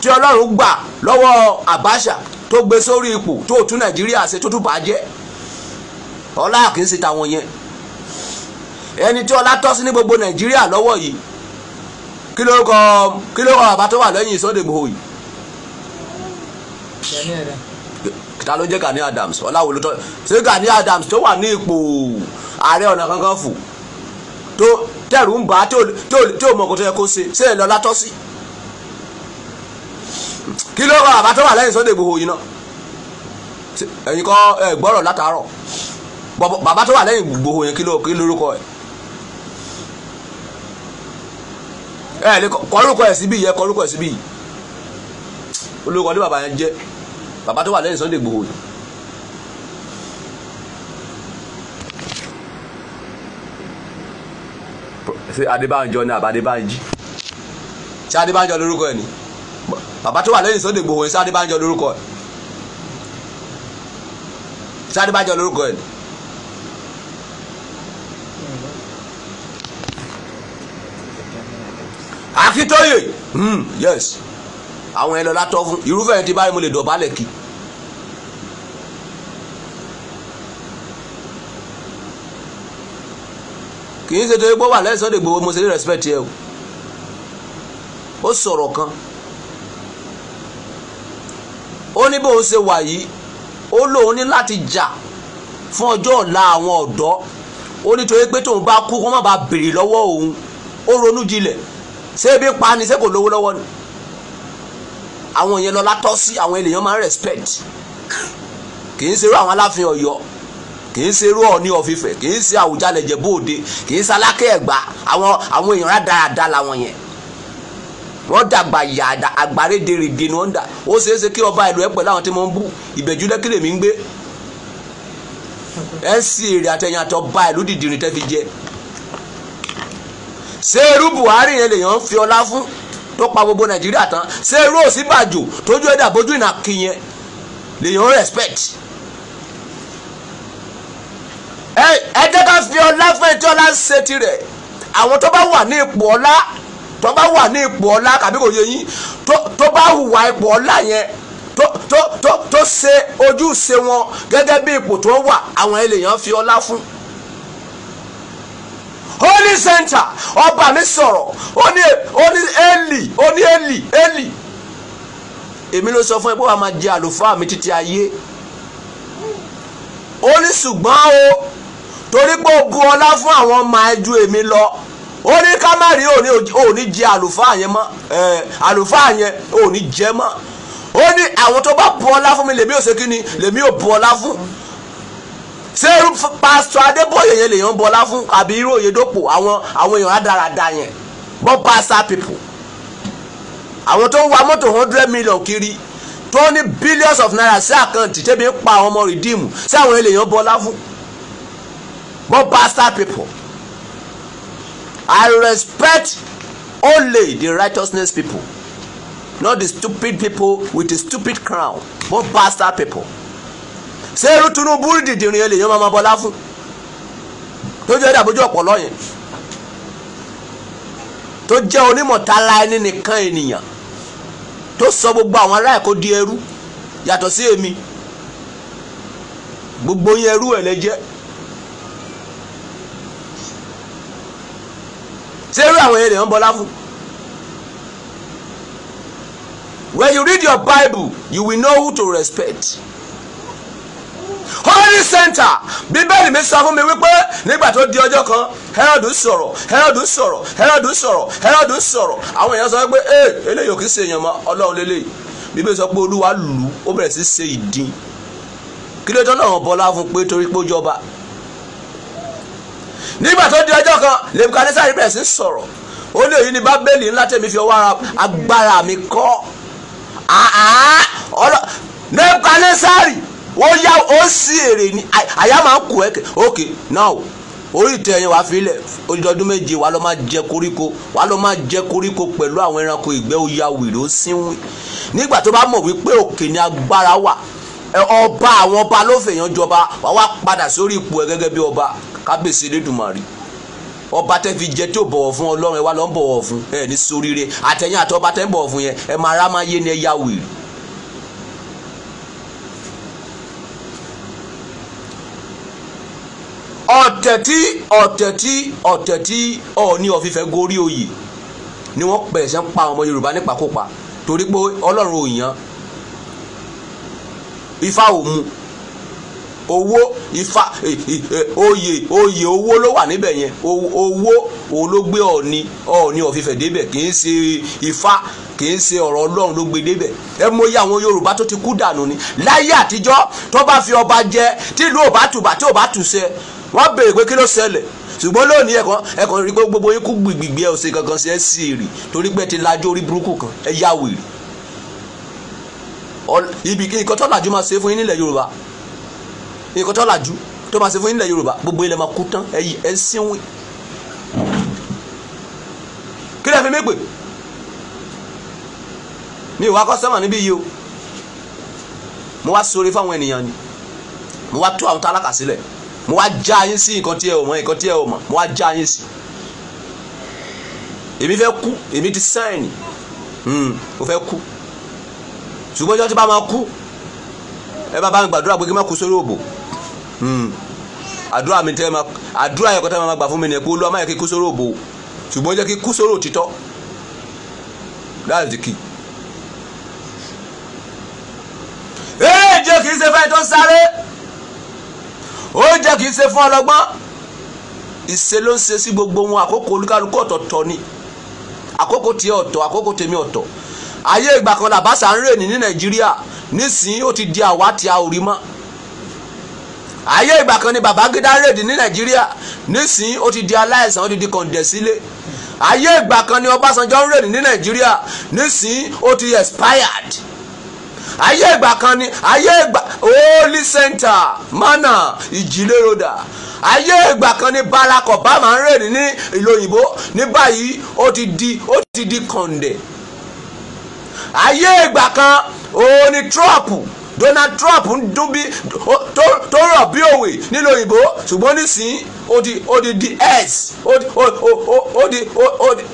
tí Ọlọ́run gbà lọ́wọ́ Abacha tó gbé sórí ipò tó tún Nàìjíríà ṣe tó tún bàjẹ́ ọlá kìí ṣe tàwọn yẹn ẹni tí ọlá tọ́ sí ní gbogbo Nàìjíríà lọ́wọ́ yìí kí ló kọ kí ló kọ bàbá tó wà lẹ́yìn Sunday Igboho yìí ta ló jẹ́ Gani Adams ọláwòlú tó ṣé Gani Adams tó wà ní ipò ààrẹ ọ̀nà kankan fù tó tẹ̀rù ń bà á tí ò mọ̀ kó tó yẹ kó ṣe ṣé ẹ lọ látọ́ sí. kí ló rọ àbátọ́ wà lẹ́yìn Sunday Igboho yìí náà ẹ̀yin kọ́ ẹ gbọ́rọ̀ látàárọ̀ bàbá tó wà lẹ́yìn Igboho yẹn kí lórúkọ ẹ̀ ẹ lè kọrúkọ ẹ síbí yẹ kọrúkọ ẹ síbí olùkọ́ ní bàbá yẹn jẹ́ bàbá tó wà lẹ́yìn Sunday Igboho ṣe adébánjọ ni àbá adébánjí ṣe adébánjọ lórúkọ ẹ ni bàbá tó wà lẹ́yìn Sunday Igboho ṣe adébánjọ lórúkọ ẹ ṣe adébánjọ lórúkọ ẹ ni. Akíntóyè hmm, yes àwọn ẹ lọ látọ fún irúfẹ́ yẹn ti báyìí mo lè dọ̀bálẹ̀ kí. kì í ṣe torí pé ó wà lẹ́sọ̀dẹ̀ gbowó mo ṣe respect yẹ o ó sọ̀rọ̀ kan ó ní bóun ṣe wà yìí ó lóun ní láti jà fún ọjọ́ ọ̀la àwọn ọ̀dọ́ ó nítorí pé tóun bá kú kó má bàa béèrè lọ́wọ́ òun ó ronú jinlẹ̀ ṣé ebi pa ni ṣé kò lówó lọ́wọ́ ni àwọn yẹn lọ́lá tọ́ sí àwọn ènìyàn máa ń respect kì í ṣerú àwọn aláàfin ọ̀yọ́ kì í ṣe irú ọ̀ní ọ̀fìfẹ́ kì í ṣe àwùjalẹ̀ jẹ̀bú òde kì í ṣe alákẹ́ ẹ̀gbá àwọn àwọn èèyàn rádaràda làwọn yẹn wọ́n dàgbà yà àgbàrédèrèdè ni wọ́n dà ó ṣeé ṣe kí ọba ìlú ẹ pẹ̀lú àwọn tí mo ń bú ìbẹ̀jú lẹ́kí lèmi ń gbé ẹ sì èrè àtẹ̀yìn àtọ̀ ba ìlú dìdìrín tẹ́ fi jẹ ṣé irú Buhari yẹn lèèyàn fi ọlá fún tó pa gbogbo Nàìjíríà tán ṣé irú Ọ̀ṣínbàjò tójú ẹ̀dà bójú ìnàkì yẹn lèèyàn respect ẹ jẹ́ ká fi ọlá fún etí ọlá ń ṣe tirẹ̀ àwọn tó bá wà ní ipò ọlá tó bá wà ní ipò ọlá kàbí kò yẹ yín tó bá hùwà ipò ọlá yẹn tó ṣe ojúṣe wọn gẹ́gẹ́ bí ipò tó wà àwọn ènìyàn fi ọlá fún. holy center ọba mi sọ̀rọ̀ ó ní Élì ó ní Élì Élì èmi ló sọ fún ẹ pé wàá máa jẹ àlùfáà mi títí ayé ó ní ṣùgbọ́n o torí pé ó bu ọlá fún àwọn ọmọ ẹjú èmi lọ ó ní ká má rí òní jẹ àlùfáà yẹn mọ́ àlùfáà yẹn òní jẹ mọ́ ó ní àwọn tó bá bu ọlá fún mi lèmi ò ṣe kí ni lèmi ò bu ọlá fún ṣé pásítọ̀ Adébóyè yẹn lèèyàn ń bu ọlá fún àbí irú Oyèdòpò àwọn àwọn èèyàn adarada yẹn wọ́n bá sá pipo àwọn tó ń wa mọ́tò hundred million kiri tó ní billions of naira sí àkáǹtì tẹ́bi ń pa àwọn ọmọ rìdíìmù sí àwọn èèyàn bu ọlá fún. But blockbuster people i respect only the righteousness people not the stupid people with the stupid crown But blockbuster people ṣé irú Tinubu dìdìrín eléyìí máa ma bọlá fún tó jẹ́ dàbójú ọ̀pọ̀lọ́ yẹn tó jẹ́ onímọ̀tálá ẹni nìkan ènìyàn tó sọ gbogbo àwọn ará ẹ̀kọ́ di ẹrú yàtọ̀ sí èmi gbogbo yẹn ẹrú ẹ̀ lẹ́jẹ́ ṣé àwọn èèyàn ń bọlá fún. When you read your Bible, you will know who to respect. Holy Center bíbélì mi sọ fún mi wípé nígbà tó di ọjọ́ kan Herod sọ̀rọ̀ Herod sọ̀rọ̀ Herod sọ̀rọ̀ Herod sọ̀rọ̀ àwọn èèyàn sọ pé ee eh, eléyìí ò kì í ṣe èèyàn mọ́ Ọlọ́run lélẹ́yìí bíbélì sọ pé Olúwa lù ú ó bẹ̀rẹ̀ sí ṣe ìdín kí ló tọ́ náà bọlá fún pé torí pé ó jọba nígbà tó di ọjọ́ kan nebukadnesa rí bẹ̀rẹ̀ sí sọ̀rọ̀ ó ní èyí ni bábélì ńlá tèmi fi ọwọ́ agbára mi kọ́ nebukadnesa rí ó yá ó sí èrè ni àyà máa ń kù ẹ́ kẹ́ okay now orí ìtẹ́ yẹn wàá filẹ̀ ọdún méje wàá lọ máa jẹ koríko wàá lọ máa jẹ koríko pẹ̀lú àwọn ẹranko ìgbẹ́ ó wìrì ó sínwìn nígbà tó bá mọ̀ wípé òkè ni agbára wà ọba àwọn ọba ló fèèyàn jọba wàá wá padà sórí ipò ẹ gẹ́gẹ́ bí ọba kábíyèsí Elédùmarè ọba tẹ́ fi jẹ tí ò bọ̀wọ̀ fún Ọlọ́run ẹ wá lọ ń bọ̀wọ̀ fún ẹ ní soríire àtẹ̀yìn àtọba tẹ́ ń bọ̀wọ̀ fún yẹn ẹ máa rámá yé ni ẹ yá wèrè. ọ̀tẹ̀ tí ọ̀tẹ̀ tí ọ̀tẹ̀ tí Ọọ̀ni gorí oyè ni wọ́n pẹ̀sẹ̀ ń pa ọmọ Yorùbá nípakúpa torí pé Ọlọ́run ò yàn ifá ò mu owó ifá e, e, e, oyè oyè owó ló wà níbẹ̀ yẹn owó òun ló gbé ọ̀ọ́ni ọ̀ọ́ni ọ̀fífẹ̀ débẹ̀ kì í ṣe ifá kì í ṣe ọ̀rọ̀ ọlọ́run ló gbé débẹ̀ ẹ mọ iye àwọn yorùbá tó ti kú dànù ni láyé àtijọ́ tó bá fi ọba jẹ tí ìlú ò bá tùbà tí ò bá tùṣẹ wọ́n béèrè pé kí ló ṣẹlẹ̀ ṣùgbọ́n lónìí ẹ̀kan ẹ̀kan rí pé gbogbo yín gbìgbìgbì ẹ̀ ò ṣe kankan ṣe é sí èrè torí pé ti lajú orí burúkú kan ẹ̀ yá wèrè ibi nǹkan tó làjú máa ṣe fún yín nílẹ̀ yorùbá nǹkan tó làjú tó máa ṣe fún yín nílẹ̀ yorùbá gbogbo ilẹ̀ máa kú tán ẹ sínwìn kí lè fi mí pè mi ò wá kọ́sọ́mà níbí yìí o mo wá sórí fáwọn ènìyàn ni mo wá tú àwọn tálákà sílẹ̀ mo wá já yín sí nǹkan tí ẹ ò mọ̀ nǹkan tí ẹ ò mọ̀ mo wá já yín sí èmi fẹ́ kú èmi ti sáìn hmm, mo fẹ́ kú ṣùgbọ́n ìjọ tí bá máa kú ẹ bá bá ń gbàdúrà pé kí n má kú sórí òbò hmm. àdúrà mi tẹ́ máa àdúrà ẹ̀kọ́ tẹ́ máa gbà fún mi ni pé olúwa má yẹ kí kú sórí òbò ṣùgbọ́n jẹ́ kí kú sórí òtítọ́ láti kì í. kì í ṣe fẹ́ tó sáré ó jẹ́ kì í ṣe fún ọlọ́gbọ́n ìṣe ló ń ṣe sí gbogbo wọn àkókò olúkálukú ọ̀tọ̀ọ̀tọ̀ ni àkókò tiẹ̀ ọ̀tọ̀ àkókò tèmi ọ̀tọ̀ ayé ìgbà kan làbáṣà ń rè ní ní nàìjíríà nísìnyí ó ti di àwátì a ò rí mọ́ ayé ìgbà kan ni babagida ń rèdí ní nàìjíríà nísìnyí ó ti di aláìsàn ó ti di kọ̀ǹdẹ̀sílẹ̀ ayé ìgbà kan ni ọbásanjọ́ ń rèdí ní nàìjíríà nísìnyí ó ti expired ayé ìgbà kan ni ayé ìgbà holy center mana ìjìlẹ̀ roda ayé ìgbà kan ni Barack Obama ń rèdí ní ìlú òyìnbó ní báyìí ó ti di ó ti di kọ̀ǹdẹ̀ ayé ìgbà kan òun ni Trump Donald Trump ń dún bí tó rọ̀ bí òwe nílò òyìnbó ṣùgbọ́n nísìnyí ó di ó di di s ó di ó di ó di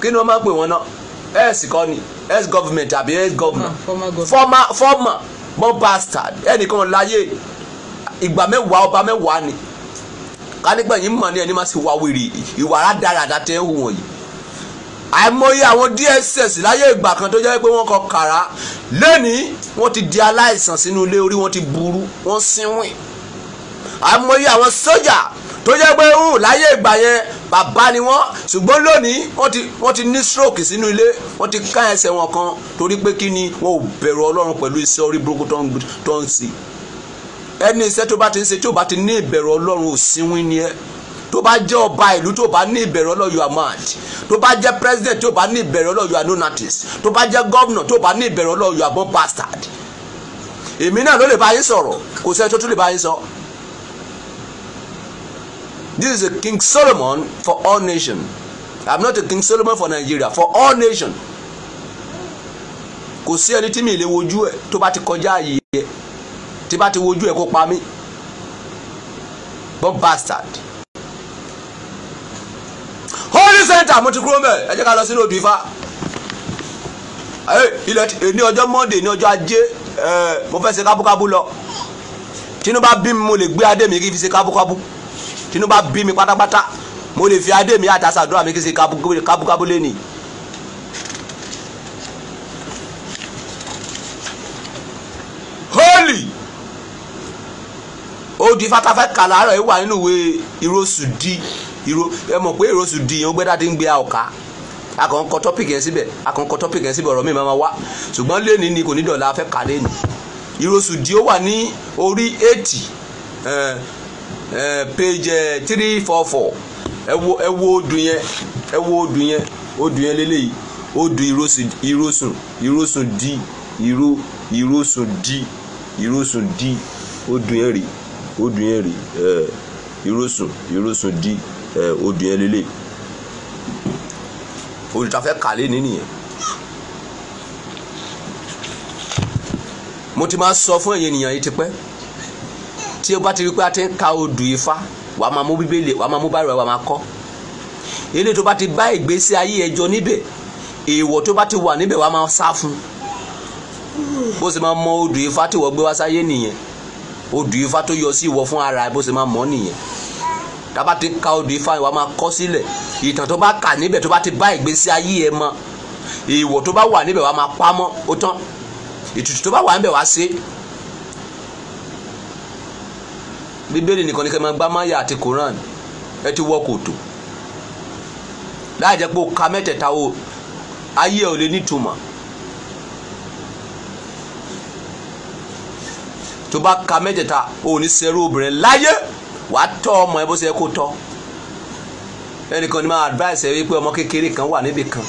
kí ni wọ́n máa ń pè wọ́n náà s kọ́ ni s government àbí s government ah, former former mọ́ bastard ẹnìkan láyé ìgbà mẹ́wàá ọba mẹ́wàá ni ká nígbà yìí mọ̀ ní ẹni máa ṣe wá wèrè ìwà rádaràdà tẹ́ ń hù wọ̀nyí àìmọye àwọn DSS láyé ìgbà kan tó jẹ́ pé wọ́n kọ kàrá lónìí wọ́n ti di aláìsàn sínú ilé orí wọ́n ti burú wọ́n sínwìn àìmọye àwọn sójà tó jẹ́ pé ń láyé ìgbà yẹn bàbá ni wọ́n ṣùgbọ́n lónìí wọ́n ti ní stroke sínú ilé wọ́n ti ká ẹsẹ̀ wọn kan torí pé kí ni wọn ò bẹ̀rù ọlọ́run pẹ̀lú iṣẹ́ orí burúkú tó ń sí ẹni iṣẹ́ tó bá ti ń ṣe tí ò bá ti ní ìbẹ̀rù ọlọ́run ò sínwìn ni ẹ́ tó bá jẹ́ ọba ìlú tó bá ní ìbẹ̀rù Ọlọ́run you are mad tó bá jẹ́ president tó bá ní ìbẹ̀rù Ọlọ́run you are lunatic tó bá jẹ́ governor tó bá ní ìbẹ̀rù Ọlọ́run you are born bastard èmi náà ló lè bá yín sọ̀rọ̀ kò sẹ́ni tó tún lè bá yín sọ. this is a King Solomon for all nations am not a King Solomon for Nigeria for all nations kò sí ẹni tí mi lè wojú ẹ tó bá ti kọjá ààyè ẹ tí bá ti wojú ẹ kó pa mí born bastard holy center mo ti kúrò mẹ́ ẹ jẹ́ ká lọ sínú odò ifá ilẹ̀ ní ọjọ́ monday ní ọjọ́ ajé mo fẹ́ ṣe kábúkábú lọ tinubu bí mi mo lè gbé adé mi kí n fi ṣe kábúkábú tinubu bí mi pátápátá mo lè fi adé mi àtàṣàdúrà mi kí n ṣe kábúkábú lẹ́nìí. holy odi fatafẹ kàlàárọ̀ yìí wà nínú ìwé ìrosùn di ìró ẹ mọ̀ pé èrò sùn di ìyẹn ó gbẹ́dá ti ń gbé àwòká akọ̀ǹkọ tọ́pìkì yẹn síbẹ̀ akọ̀ǹkọ tọ́pìkì yẹn síbẹ̀ ọ̀rọ̀ mi máa wá ṣùgbọ́n lẹ́ni ni kò ní dọ̀la afẹ́ kà lẹ́ni ìrosù di ó wà ní orí eighty page three four four ẹ wo ẹ wo odùn yẹn ẹ wo odùn yẹn odùn yẹn lélẹ́yìí odùn ìrosùn Iro, ìrosùn di Iro, ìrosùn di ìrosùn di odùn yẹn rèé odùn yẹn rèé Iro, ìrosùn di ẹ odù yẹn lélẹ̀ olùtàfẹ́ kàlẹ́ ní nìyẹn mo ti máa sọ fún ẹ̀yin ènìyàn yìí tipẹ́ tí o bá ti rí pé a ti ń ka odù ifá wàá máa mú bíbélì wàá máa mú báyìí wàá máa kọ́ eléyìí tó bá ti bá ìgbésí ayé ẹjọ́ níbẹ̀ èèwọ̀ tó bá ti wà níbẹ̀ wàá máa sá fún bó ṣe máa mọ odù ifá tí wọ́n gbé wá sáyé nìyẹn odù ifá tó yọ sí ìwọ fún ara bó ṣe máa mọ̀ nìyẹn tábà ti ka odò ifá wa máa kọ sílẹ̀ ìtàn tó bá kà níbẹ̀ tó bá ti bá ìgbésí ayé ẹ mọ ìwọ̀ tó bá wà níbẹ̀ wa máa pamọ́ ó tán ìtùtù tó bá wà níbẹ̀ wa ṣe bíbélì nìkan ni kẹ́ máa gbá máyà àti koran ẹ ti wọ kòtò láì jẹ́ pé o ka mẹ́tẹ̀ẹ̀ta o ayé ò lè nítumọ̀ tó bá ka mẹ́tẹ̀ẹ̀ta o ò ní ṣerú obìnrin láyé wàá tọ́ ọmọ ẹ bó ṣe kó tọ́ ẹnìkan ni máa advice ẹ wípé ọmọ kékeré kan wà níbì kan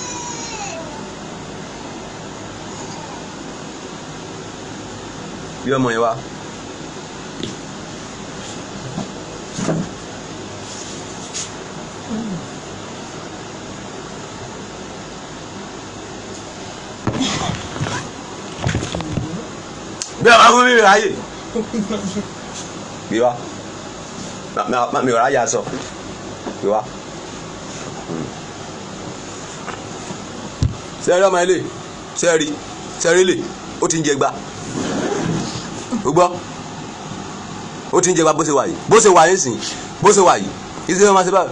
bí ọmọ yẹn wá. bí ọmọ akúnmí rẹ̀ ayé bí wá mi ò ráyà sọ ìwà. sẹ́rí ọmọ ilé sẹ́rí sẹ́rí lè ó ti ń jẹ gba o gbọ́ ó ti ń jẹ gba bó ṣe wà yìí bó ṣe wà yìí sìn bó ṣe wà yìí ìṣe máa ṣe báyìí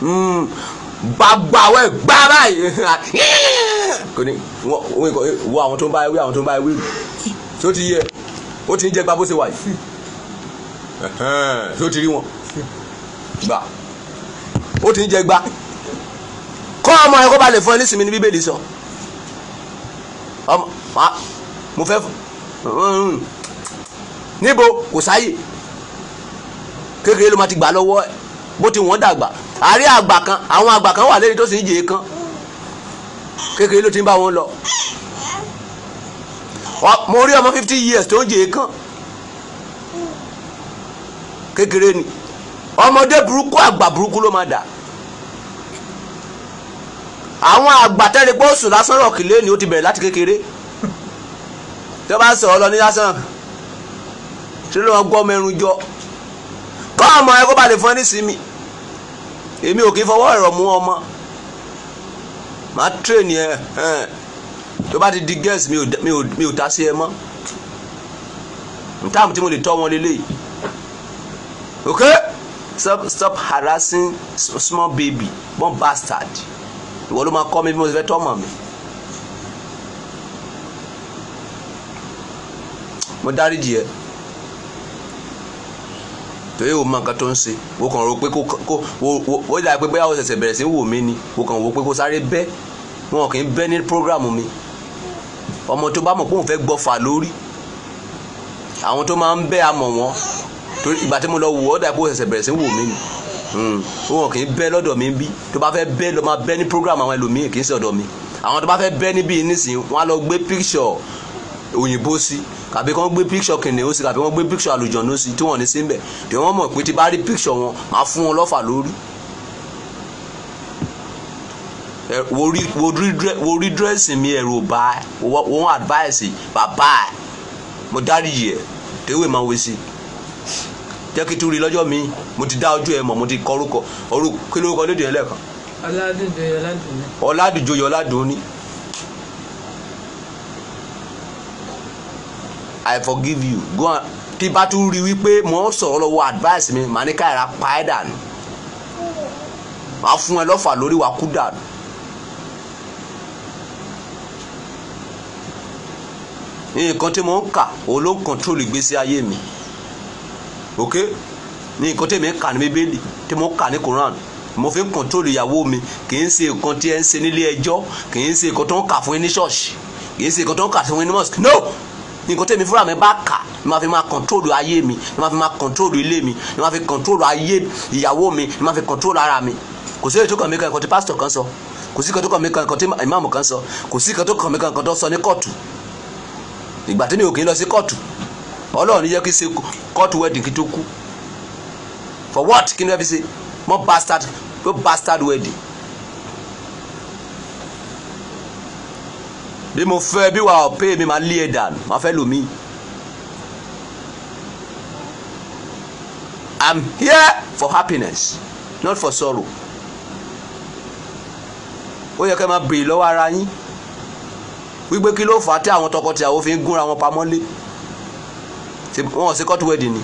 hmm, bàbá wẹ̀ gbá báyìí *laughs* kò ní wọ́n àwọn tó ń bá wí àwọn tó ń bá wí tó ti yẹ ó ti ń jẹ gba bó ṣe wà yìí tó ti rí wọn gbà ó ti ń jẹ gbà kọ́ ọmọ ẹ ba lè fún ẹ ní sinmi ní bíbélì sọ ọmọ mo fẹ́ hmm. níbo kò sáyè kékeré ló ma ti gbà lọ́wọ́ ẹ bó ti wọ́n dàgbà àárẹ̀ àgbà kan àwọn àgbà kan wà lẹ́yìn tó sì ń jèé kan kékeré ló ti ń bá wọn lọ mo rí ọmọ fifty years tó ń jèé kan kékeré ni ọmọdé burúkú àgbà burúkú ló máa dà àwọn àgbà tẹ́lẹ̀ pé oṣù lásán rọ̀kì lé ni ó ti bẹ̀rẹ̀ láti kékeré tó bá sọ̀rọ̀ lọ ní lásán ṣé ló wọn gbọ́ mẹ́rún jọ kọ́ ọmọ ẹ kó ba lè fún ẹ ní sinmi èmi ò kì í fọwọ́ ẹ̀rọ mú ọmọ màá tírèènì ẹ tó bá ti di gẹ́ẹ̀sì mi ò ta sí ẹ mọ́ ntàmù tí mo lè tọ́ wọn lélẹ́yìí okay stop stop harassing small baby born bastard ìwọ ló máa kọ́ mi bí mo ti fẹ́ tọ́mọ̀ mi. mo dáríjì ẹ torí o mọ nǹkan tó ń ṣe o kàn rò pé kó kó o dà pé bóyá o ṣẹ̀ṣẹ̀ bẹ̀rẹ̀ sí wò mí ni o kàn wò pé kó sáré bẹ́ wọn kì í bẹ́ ní program mi ọmọ tó bá mọ̀ pé òun fẹ́ gbọ́fà lórí àwọn tó máa ń bẹ́ amọ̀ wọn torí ìgbà tí mo lọ wò ó dà bó ṣẹ̀ṣẹ̀ bẹ̀rẹ̀ sí wò mí ni hmm. wọn kì í bẹ́ lọ́dọ̀ mi bí tó bá fẹ́ bẹ́ lọ́ máa bẹ́ ní program àwọn ẹlòmíì kì í ṣe ọ̀dọ̀ mi àwọn tó bá fẹ́ bẹ́ níbí nísìnyí wọn á lọ gbé picture òyìnbó sí kàbí kàn gbé picture kìnìún sí kàbí wọ́n gbé picture àlùjọ̀nù sí tí wọ́n ní sí ń bẹ̀ tí wọ́n mọ̀ pé tí bá rí picture wọn máa fún wọn lọ́fà lórí wo rí dírẹ́sì mi ẹ̀rù bá wọn advice bàbá mo dáríyì ẹ̀ tẹ́wé máa wé sí i jẹ́ lọ́jọ́ mi mo ti dá ojú ẹ mọ̀ mo ti kọ orúkọ orúkọ kí lórúkọ lédè ẹlẹ́ẹ̀kan. ọládùnjoyè ọládùnní. ọládùnjoyè ọládùnní. i forgive you go on tí bá tún rí wípé mo ń sọ̀rọ̀ lọ́wọ́ advice mi màá ní káyọ̀rá pa ẹ́ dànù màá fún ẹ lọ́fà lórí wa kú dànù. nǹkan tí mo ń kà òun ló ń kọ́ńtrólì ìgbésí ayé mi ok ní nǹkan tèmi kà ní bíbélì tí mo kà ní koran mo fi ń kọ́ńtólù ìyàwó mi kì í ṣe nǹkan tí ẹ ń ṣe nílé ẹjọ́ kì í ṣe nǹkan tó ń kà fún yín ní ṣọ́ọ̀ṣì kì í ṣe nǹkan tó ń kà fún yín ní mosque no nǹkan tèmi fúnra mi bá kà ni ma fi ma kọ̀ntrólù ayé mi ni ma fi ma kọ̀ntrólù ilé mi ni ma fi kọ̀ntrólù ayé ìyàwó mi ni ma fi kọ̀ntrólù ara mi kò sí èyí tó kàn mí kan nǹkan tí pásítọ̀ kan sọ kò sí kan tó kàn mí kan nǹkan tí ìmáàmù kan sọ kò sí kan tó kàn mí kan nǹkan tó sọ ní kóòtù ìgbà tí mi ò kì í lọ sí kóòtù ọlọ́run yẹ kí ṣe court wedding kí tó kú for what kí ni wọ́n fi ṣe mọ́ bastard mọ́ bastard wedding. bí mo fẹ́ bí wàá pé mi máa lé ẹ dànù máa fẹ́ lò mí. I'm here for happiness not for sorrow. ó yẹ kẹ́ máa bèrè lọ́wọ́ ara yín wípé kí ló fà á tí àwọn tọkọtìyàwó fi ń gúnra wọn pamọ́ lé wọ́n wọ́n ṣe court wedding ni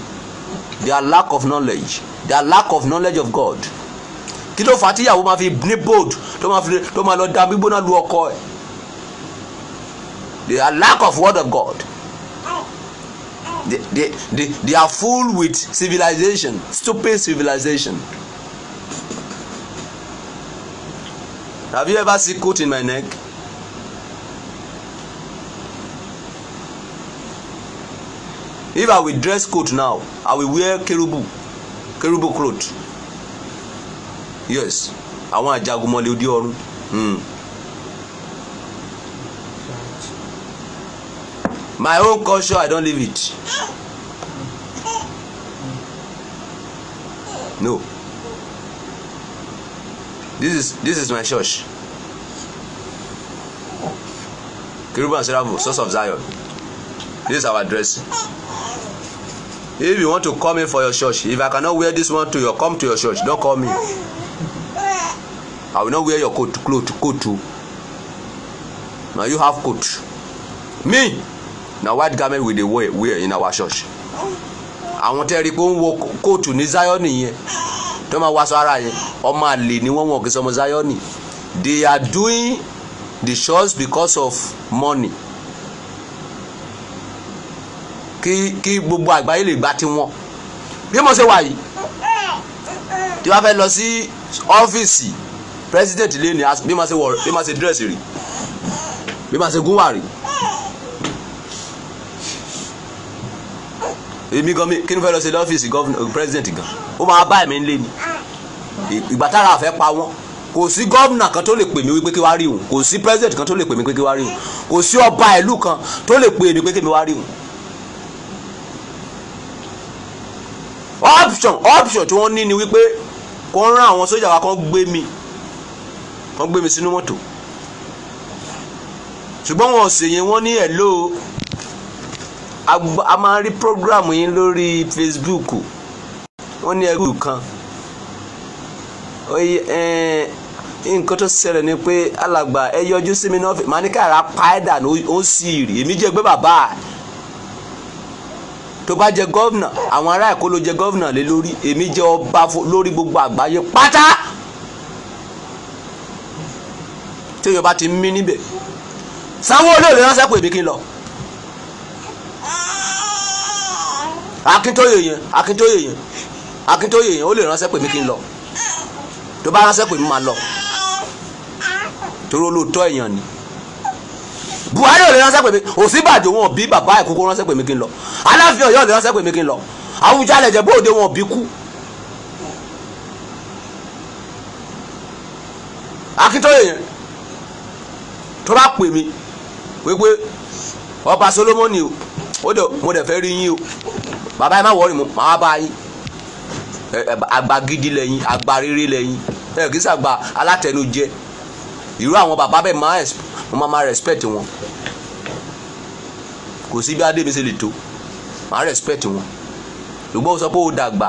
their lack of knowledge their lack of knowledge of God kí ló fà á tíyàwó máa fi ní bold tó máa fi tó máa lọ da gbígbóná lu ọkọ ẹ̀ are lack of word of God they they they, are full with civilization stupid civilization. Have you ever seen cut in my neck? if i will dress coat now i will wear kerubu kerubu cloth yes àwọn àjagunmọ̀lẹ̀ òde ọ̀run. Mm. my own culture i don leave it no this is this is my church Kerubu and seraphim source of zion this is our dress if you want to call me for your church if i cannot wear this one to your come to your church don't call me i will not wear your coat cloth coat o na you have coat me na white garment we dey wear wear in our church àwọn tẹ́ rí i pé ó ń wo kóòtù ní zion yẹn tó máa wá aṣọ ara yẹn ọmọ àlè ni wọ́n wọ̀n kí sọmọ zion they are doing the church because of money kí kí gbogbo àgbáyé lè gba tiwọn bí mo ṣe wà yìí tí wọ́n fẹ́ lọ sí ọ́fíìsì president lé ní bí mo ṣe wọ̀ bí mo ṣe dírẹ̀sì rí bí mo ṣe gúnwà rí èmi gan mi kí ni fẹ́ lọ ṣe lọ́fíìsì president gan ó máa bá ẹ̀mí lé ni ìgbà tára àfẹ́ pa wọ́n kò sí gọ́vnà kan tó lè pè mí wípé kí wá rí òun kò sí president kan tó lè pè mí pé kí wá rí òun kò sí ọba ìlú kan tó lè pè mí pé kí mi wá rí òun option option tí wọ́n ní ni wípé kò ń rán àwọn sójà wa kan gbé mi kan gbé mi sínú mọ́tò ṣùgbọ́n wọn ò ṣèyẹn wọ́n ní ẹ̀ lóo a máa rí programu yín lórí Facebook wọ́n ní ẹgbẹ́ kan eh, nǹkan tó ṣẹlẹ̀ ni pé alàgbà ẹ yọjú sí mi náà màá ní káàrà pa ẹ̀ dànù ó sì rí èmi jẹ́ gbé bàbá ẹ̀ tó bá jẹ gọ́vnà àwọn ará Èkó ló jẹ gọ́vnà lé lórí èmi jẹ ọba lórí gbogbo àgbáyé pátá tí yorùbá ti mí níbẹ̀ Sanwó-Olú ló ránṣẹ́ pé èmi kí n lọ Akíntóyè yẹn Akíntóyè yẹn Akíntóyè yẹn ó lè ránṣẹ́ pé èmi kí n lọ tó bá ránṣẹ́ pé èmi máa lọ torí olóòótọ́ èèyàn ni buhari ò lè ránṣẹ́ pè mí òsínbàjò wọn bí bàbá ẹ̀ kókó ránṣẹ́ pè mí kí n lọ aláàfin ọ̀yọ́ ò lè ránṣẹ́ pè mí kí n lọ Awùjalẹ̀ jẹ́ bóde wọn bí kú. Akíntóyè yẹn tó bá pè mí wípé ọba Solomoni o ó dẹ mo dẹ fẹ́ rí yín o bàbá yẹn má wọrí mo máa bá yín àgbà gidi lẹ́yìn àgbà rere lẹ́yìn ẹ kì í sàgbà alátẹnujẹ irú àwọn bàbá bẹ́ẹ̀ máa mo máa respect wọn kò sí bí adébí ṣe lè tó máa respect wọn ṣùgbọ́n sọ pé ó dàgbà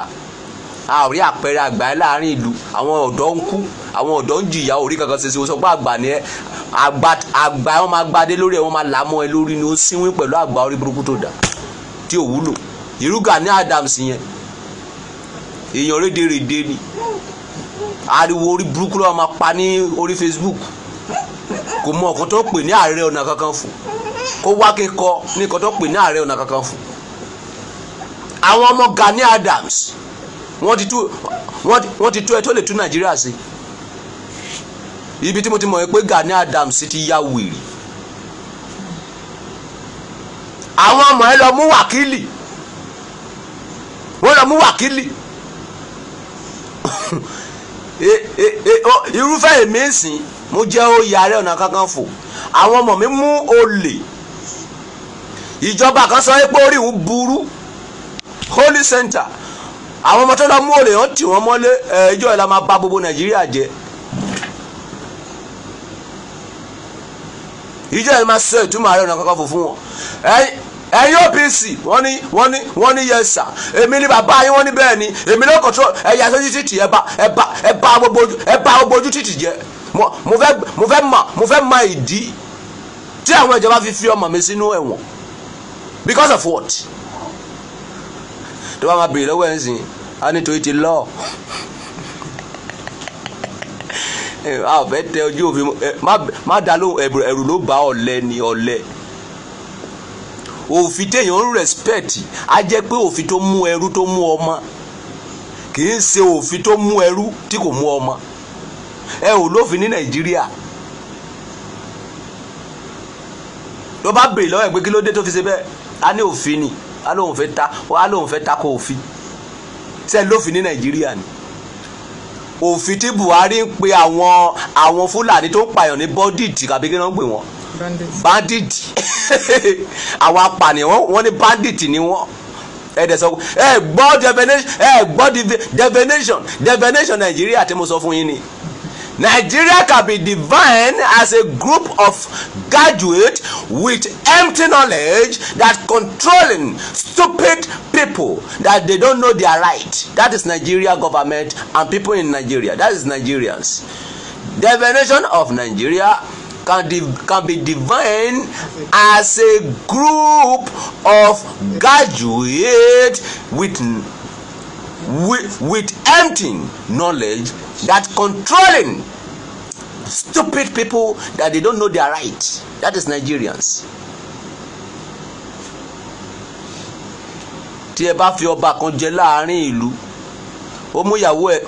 àrí àpẹẹrẹ àgbà ẹ láàrin ìlú àwọn ọ̀dọ́ ń kú àwọn ọ̀dọ́ ń jìyà orí kankan ṣe ṣe sọ pé àgbà ni ẹ àgbà wọn máa gbadé lórí ẹ wọn máa là ẹ lórí ni ó síwín pẹ̀lú àgbà orí burúkú tó dà tí ò wúlò irú Gani Adams yẹn èèyàn rédèrèdè ni ariwo orí burúkú lọ́wọ́ máa pa ní orí Facebook kò mọ ọ̀kan tó pè ní ààrẹ ọ̀nà kakanfò kó wá kíkọ ní ọ̀kan tó pè ní ààrẹ ọ̀nà kakanfò àwọn ọmọ Gani Adams wọ́n ti tú ẹ tó lè tú Nàìjíríà sí ibi tí mo ti mọ̀ pé Gani Adams ti ya wèrè àwọn ọmọ ẹ lọ mú wákìlì wọ́n lọ mú wákìlì *laughs* e, e, e, irúfẹ́ èmi ń sìn mo jẹ́ oyè ààrẹ ọ̀nà kakanfò àwọn ọmọ mi mú olè ìjọba kan sọ pé orí ìwú burú holy center àwọn ọmọ tó lọ mú olè wọn tì wọ́n mọ́lé ẹjọ ẹ la máa bà gbogbo nàìjíríà jẹ́ ìjọ ẹ máa sọ ìtumọ̀ ààrẹ ọ̀nà kakanfò fún wọn ẹ̀yin OPC wọ́n ní wọ́n ní wọ́n ní yes sir èmi ní bàbá yín wọ́n ní bẹ́ẹ̀ ni èmi ló control ẹ̀yà sójú títì ẹ̀ bá ẹ̀ bá ẹ̀ bá gbogbo ojú títì jẹ́ mo fẹ́ mo fẹ́ mọ mo fẹ́ mọ ìdí tí àwọn ìjọba fi fi ọmọ mi sínú ẹ̀wọ̀n because of what tó bá máa bèrè lọ́wọ́ ẹ̀ ń sìn á nítorí ti lọ́ọ̀ a ò fẹ́ tẹ ojú òfin má da ló ẹ̀rù ló bá ọ̀lẹ ni ọ̀lẹ òfin téèyàn ń respect á jẹ́ pé òfin tó mú ẹrú tó mú ọmọ kì í ṣe òfin tó mú ẹrú tí kò mú ọmọ ẹ ò lófin ní nàìjíríà ló bá bèrè lọ́wọ́ ẹ̀ pé kí ló dé tó fi ṣe bẹ́ẹ̀ a ní òfin ni a lóun fẹ́ ta a lóun fẹ́ ta kó òfin ṣe lófin ní nàìjíríà ni òfin tí buhari ń pe àwọn àwọn fúlàní tó ń pààyàn ní bọ́dìtì àbí kí wọ́n ń pè wọ́n bandits *laughs* àwọn apànìyàn wọ́n ní bandits ni wọ́n ẹ̀dẹ̀ sọ ẹ̀ gbọ́ definition ẹ̀ gbọ́ definition definition nàìjíríà tí mo sọ fún yín ni. Nigeria can be defined as a group of graduates with empty knowledge that controlling stupid people that they don't know their right. That is Nigeria government and people in Nigeria. That is Nigerians. Definition of Nigeria can, can be defined as a group of graduates with, with, with empty knowledge that controlling stupid people that they don't know their right. That is Nigerians. tí ẹ bá fi ọba kan jẹ láàrin ìlú ó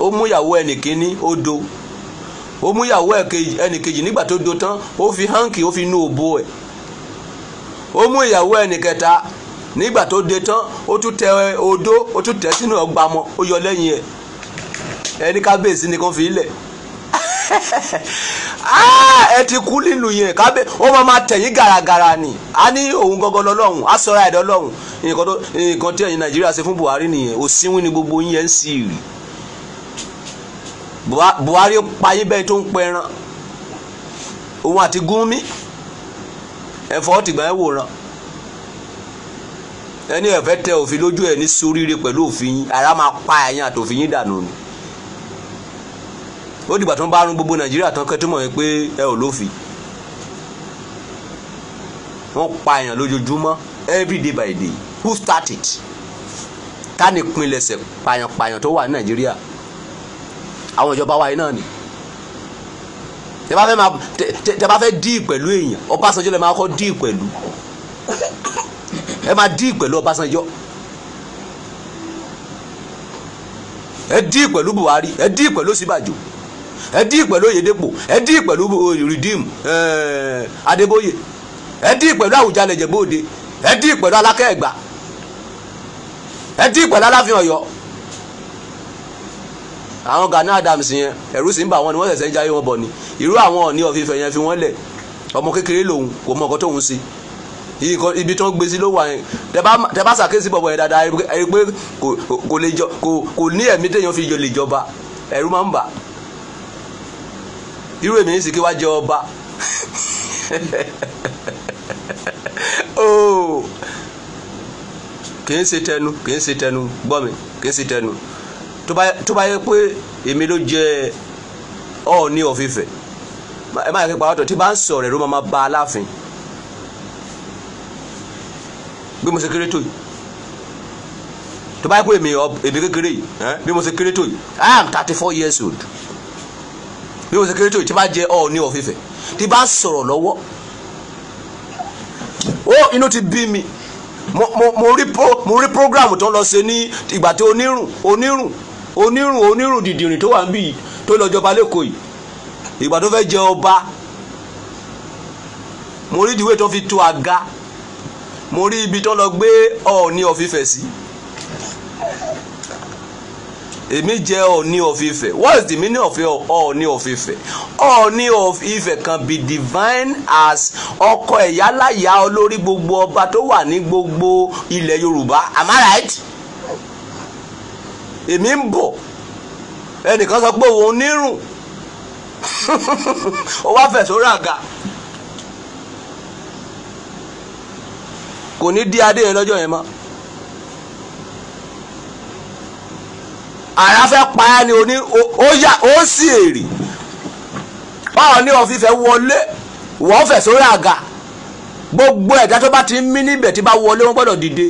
mú ìyàwó ẹnìkíní ó do ó mú ìyàwó ẹnìkejì nígbà tó do tán ó fi hanky ó fi nú òbó ẹ̀ ó mú ìyàwó ẹnìkẹta nígbà tó de tán ó tún tẹ odó ó tún tẹ sínú ọgbà mọ́ ó yọ lẹ́yìn ẹ̀ ẹni kábíyèsí ni kò fi ilẹ̀ *laughs* ah, ẹ ti kú nínú yẹn kábíyèsí ó máa ma tẹ̀yìn gàràgàrà ni a ní òun gangan lọ́lọ́run a sọra ẹ̀dọ́ lọ́run nǹkan tí ẹ̀yin Nàìjíríà ṣe fún Buhari nìyẹn òsínwín ni gbogbo yẹn ń sì rì Buhari payé bẹ́ẹ̀ tó ń pẹran òun àti Gumi ẹ̀fọ́ tìgbà ẹ̀ wòran ẹni ẹ̀fẹ́ tẹ òfin lójú ẹ̀ ní soríire pẹ̀lú òfin yín ara máa pa ẹ̀yìn àtòfin yín dànù ni ó dìgbà tó ń bá rún gbogbo nàìjíríà tán kẹ́ tó mọ̀ pé ẹ ò lófin wọ́n pa èèyàn lójoojúmọ́ every day by day who started ta ni pinlẹ̀sẹ̀ pààyàn-pààyàn tó wà ní nàìjíríà àwọn ìjọba wa yìí náà ni tẹ bá fẹ́ máa tẹ bá fẹ́ díì pẹ̀lú èèyàn ọbásanjọ́ lè máa kọ́ díì pẹ̀lú ẹ máa díì pẹ̀lú ọbásanjọ́ ẹ díì pẹ̀lú buhari ẹ díì pẹ̀lú síbàjò ẹ dí pẹ̀lú Oyèdèpọ̀ ẹ dí pẹ̀lú eh, Redeem eh, Adébóyè ẹ dí pẹ̀lú Àwùjalẹ̀ Ìjẹ̀bú-Òde ẹ dí pẹ̀lú Aláké Ẹ̀gbá ẹ dí pẹ̀lú Aláàfin Ọ̀yọ́ àwọn Gani Adams yẹn ẹ̀rú sì ń bà wọ́n ni wọ́n ṣẹ̀ṣẹ̀ ń jáyé wọn bọ̀ ni irú àwọn Ọọ̀ni of Ifẹ̀ fi wọ́n lẹ̀ ọmọ kékeré lòun kò mọ ọkọ tóun sí ibi tí wọ́n gbé sí ló wà yẹn tẹ bá bọ̀bọ̀ yẹn dáadáa ẹ pé kò ní ẹ̀mí téèyàn fi lè jọba ẹ̀rú máa ń bà á irú èmi ní sì kí wá jẹ ọba *laughs* oh. kì í ṣe tẹnu kì í ṣe tẹnu gbọ́ mi kì í ṣe tẹnu tó bá yẹ pé èmi ló jẹ Ọọ̀ni of Ifẹ̀ ẹ má yẹ kí pàwọ́tọ̀ tí bá ń sọ̀rọ̀ ẹ̀rọ máa ba Aláàfin bí mo ṣe kéré tó yìí tó bá yẹ pé èmi kékeré yìí bí mo ṣe kéré tó yìí ah, I am thirty four years old bí mo ṣe kéré tó yìí tí bá jẹ ọ ní ọ̀fífẹ́ tí bá sọ̀rọ̀ lọ́wọ́ ó inú ti bí mi mo mo rí mo rí program tó lọ ṣe ní ìgbà tí onírùn onírùn onírùn onírùn dìdìrìn tó wà ń bí tó lọ jọba lẹ́kọ̀ọ́ yìí ìgbà tó fẹ́ jẹ ọba mo rí ìdíwé tó fi tó àga mo rí ibi tó lọ gbé Ọọ̀ni ọ̀fífẹ́ sí èmi jẹ́ Ọọ̀ni of Ifẹ̀ what is the meaning of Ọọ̀ni of Ifẹ̀ Ọọ̀ni of Ifẹ̀ can be divine as ọkọ ẹ̀yáláyà olórí gbogbo ọba tó wà ní gbogbo ilẹ̀ Yorùbá am I right èmi ń bọ̀ ẹnìkan sọ pé òun nírùn *laughs* ó wá fẹ̀ sórí àga kò ní dí adé yẹn lọ́jọ́ yẹn mọ́. àyà fẹ́ pa á ni oní ó yà ó sì èrè báwọn ní ọ̀fífẹ́ wọlé wọ́n fẹ̀ sórí àga gbogbo ẹ̀dá tó bá ti ń mí níbẹ̀ tí bá wọlé wọn gbọ́dọ̀ dìde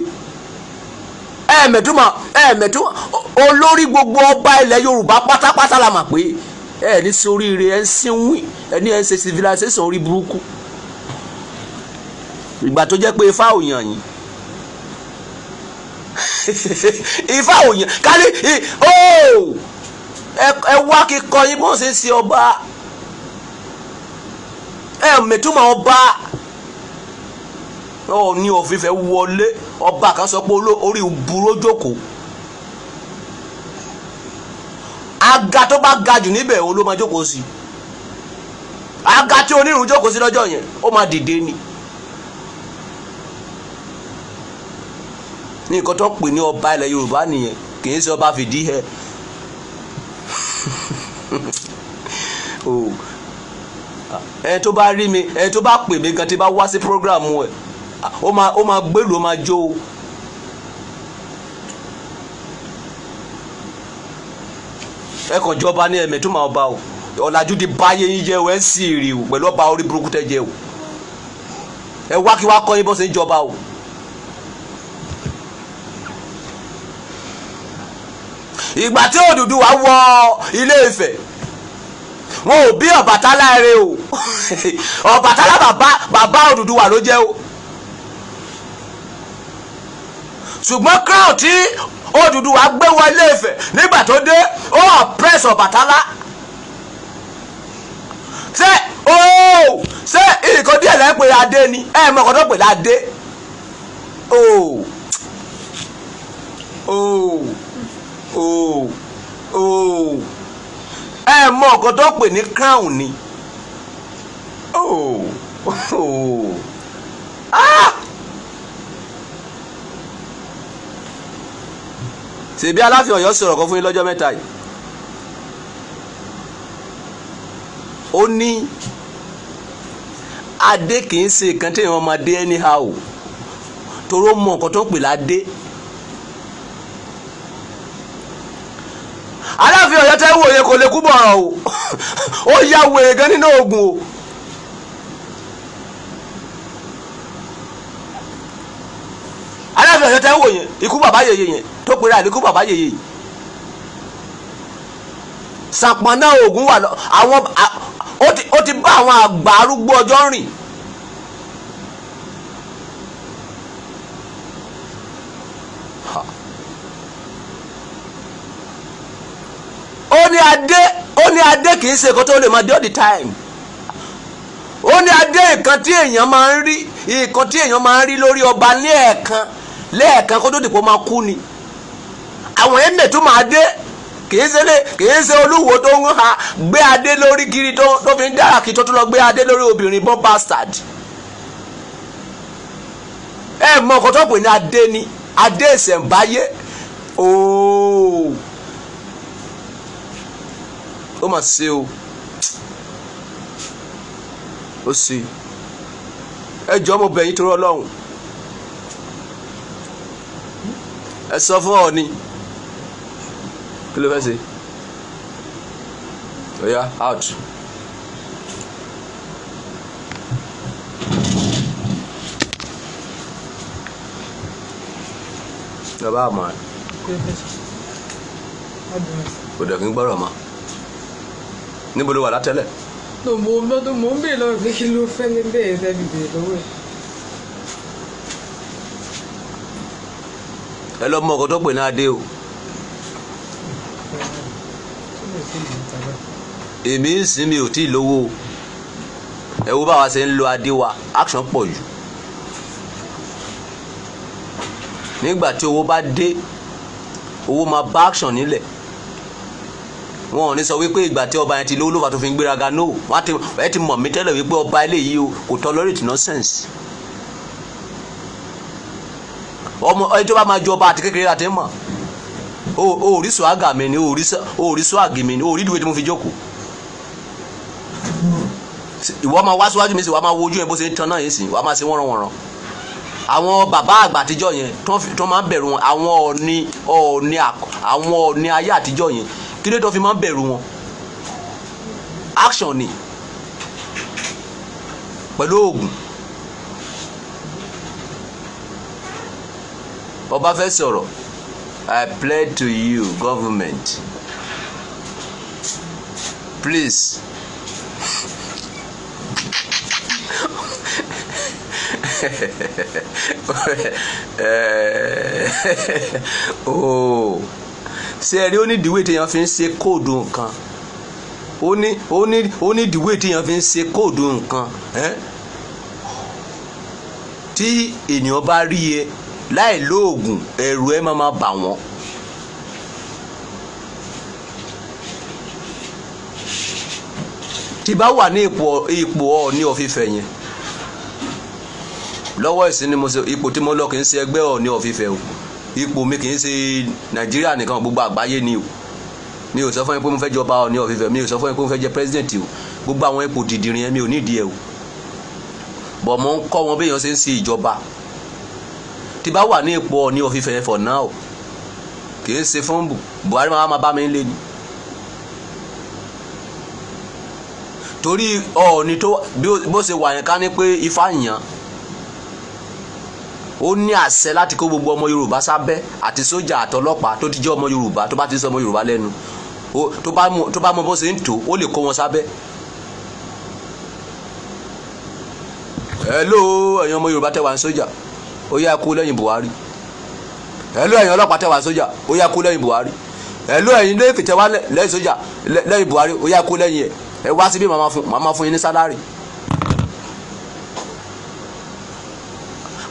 ẹ̀ẹ̀mẹ̀túmọ̀ ẹ̀ẹ̀mẹ̀túmọ̀ olórí gbogbo ọba ilẹ̀ Yorùbá pátápátá la mà pé ẹ̀ ní soríire ẹ̀ ń sínwìn ẹ̀ ní ẹ̀ ń ṣe civilization orí burúkú ìgbà tó jẹ́ pé fáwọn yàn yìí *laughs* ifá òyìn kárí ẹ wá kíkọ yín bó ṣe ń ṣe ọba ẹ mẹtúmọ̀ ọba ọ ní òfin fẹ́ wọlé ọba kan sọ pé orí burú jókòó aga tó bá ga jù níbẹ̀ òun ló máa jókòó sí aga tí onírun jókòó sí lọ́jọ́ yẹn ó máa dìde ni. ní nǹkan tó pè ní ọba ilẹ̀ yorùbá nìyẹn kì í ṣe ọba fìdí ẹ *laughs* oh. ẹ tó bá rí mi ẹ tó bá pè mí gan tí bá wá sí programu ẹ ó máa ó máa gbèlú ó máa jó o. ẹ kàn jọba ní ẹ̀mẹ̀ tó máa ọba o ọ̀làjú di báyé yín jẹ́ o ẹ̀ ń sì rì o pẹ̀lú ọba orí burúkú tẹ́ jẹ́ o ẹ wá kí wá kọ́ yín bó ṣe o. ìgbà tí Odùduwà wọ Ilé Ifẹ̀ wọn ò bí Ọbàtálá eré o *laughs* Ọbàtálá bàbá bàbá Odùduwà ló jẹ́ o ṣùgbọ́n crown tí Odùduwà gbé wọ Ilé Ifẹ̀ nígbà tó dé ó oppress Ọbàtálá ṣé o ṣé ìkọ́ díẹ̀ lẹ́ pé adé ni ẹ mọ̀ tó pè ládé o o. o ẹ mọ ọgọdọ pè ní crown ni o tèbí ah! aláfihàn ọyọ sọrọ kan fún yín lọjọ mẹta yìí ó ní adé kì í ṣe nǹkan téèyàn máa dé anyhow toró mọ nǹkan tó ń pè ládé. yẹn kò lè kú bọ̀rọ̀ o ó ya wèrè gan nínú oògùn o. aláfẹ̀ẹ́ tẹ́ ń wò yẹn ikú bàbá yèyé yẹn tó pèrè àníkú bàbá yèyé yìí sàpọ̀nà oògùn wà lọ àwọn ó ti bá àwọn àgbà arúgbó ọjọ́ rìn. adé kìí ṣe nǹkan tó lè máa dé all the time ó ní adé nǹkan tí èèyàn máa ń rí nǹkan tí èèyàn máa ń rí lórí ọba lẹ́ẹ̀kan lẹ́ẹ̀kan kó tó dìpọ̀ máa kú ni àwọn ẹ̀mẹ̀ tó máa dé kìí ṣe lé kìí ṣe olúwo tó ń ha gbé adé lórí kiri tó fi ń dára kí tó tún lọ gbé adé lórí obìnrin bọ́ bastard ẹ mọ ọkọ tó pè ní adé ni adé ìṣẹ̀ǹbáyé ooo. Oh ó mà ṣe o ó ṣe ẹ jọ̀ọ́ mo bẹ̀ yín torí ọlọ́run ẹ sọ fún Ọọ̀ni kí ló fẹ́ ṣe ó yá out. Bàbá àmọ́ rẹ̀. Kò dẹ̀ kí n gbọ́dọ̀ mọ́ níbo ló wà látẹ́lẹ̀. mo mọ ń bèèrè lọ́wọ́ pé kí ló fẹ́ lé bẹ́ẹ̀ lẹ́bi bèèrè lọ́wọ́ ẹ̀. ẹ lọ mọ ọkọ tó pè ní adé o. èmi ń sin mi ò tí ì lówó o ẹ wo báwa ṣe ń lo adé wa action pọ̀ jù nígbà tí owó bá dé owó máa bá action nílẹ̀ wọn ò ní sọ wípé ìgbà tí ọba yẹn ti lówó ló fà tó fi ń gbéraga no wọn ti ẹ ti mọ̀ mí tẹ́lẹ̀ wípé ọba eléyìí o kò tolerate nonsense. ọmọ ẹni tó bá máa jọba àti kékeré àti mọ̀ o ò rí sùágà mi ni o ò rí sùágì mi ni o ò rí ìdúwé tí mo fi jókòó ìwọ máa wá síwájú mi sí wàá máa wojú ẹ bó ṣe ń tan náà yìí sí wàá máa ṣe wọ́nranwọ̀nran àwọn bàbá àgbà àtijọ́ yẹn tó máa ń bẹ̀rù àwọn ọ̀ọ́ni ọ̀ọ́ni àwọn ọ̀ọ́ni ayé àtijọ́ yẹn kí ló dé tó fi máa ń bẹ̀rù wọn action ni pẹ̀lú oògùn ọba fẹ́ sọ̀rọ̀ I plead to you government please *laughs* eh, *laughs* oh ṣe ẹ̀rí ó ní ìdíwé téèyàn fi ń ṣe kóòdù nǹkan ó ní ó ní ó ní ìdíwé téèyàn fi ń ṣe kóòdù nǹkan tí ènìyàn bá rí e láì lóògùn ẹ̀rù ẹ̀ máa máa bà wọ́n. tí bá wà ní ipò ipò ọ ní ọ̀fífẹ́ yẹn lọ́wọ́ ìsìn ni mo ṣe ipò tí mo lọ kì í ṣe ẹgbẹ́ ọ ní ọ̀fífẹ́ o ipò mi kì í ṣe nàìjíríà nìkan gbogbo àgbáyé ni o mi ò sọ fún yín pé mo fẹ́ jọba Ọọ̀ni of Ifẹ̀ mi ò sọ fún yín pé mo fẹ́ jẹ president o gbogbo àwọn ipò dìdìrín yẹn mi ò nídìí ẹ o bọ̀ mo ń kọ́ wọn béèyàn ṣe ń ṣe ìjọba tí bá wà ní ipò Ọọ̀ni of Ifẹ̀ for now kì í ṣe fún Buhari máa bá mi ń lé ni. torí Ọọ̀ni tó bó ṣe wà yẹn ká ní pé ifá yàn ó ní àṣẹ láti kó gbogbo ọmọ yorùbá sábẹ́ àti sójà àtọlọ́pàá tó ti jẹ́ ọmọ yorùbá tó bá ti sọ ọmọ yorùbá lẹ́nu tó bá mọ bó ṣe ń tò ó lè kó wọn sábẹ́. hello ẹ̀yin ọmọ yorùbá tẹ́ wà ní sójà ó yá kú lẹ́yìn buhari hello ẹ̀yin ọlọ́pàá tẹ́ wà ní sójà ó yá kú lẹ́yìn buhari hello ẹ̀yin ilé ìfìtẹ́wá lẹ́yìn sójà lẹ́yìn buhari ó yá kú lẹ́yìn ẹ̀ ẹ wá síbí màmá fún yín ní sálárì.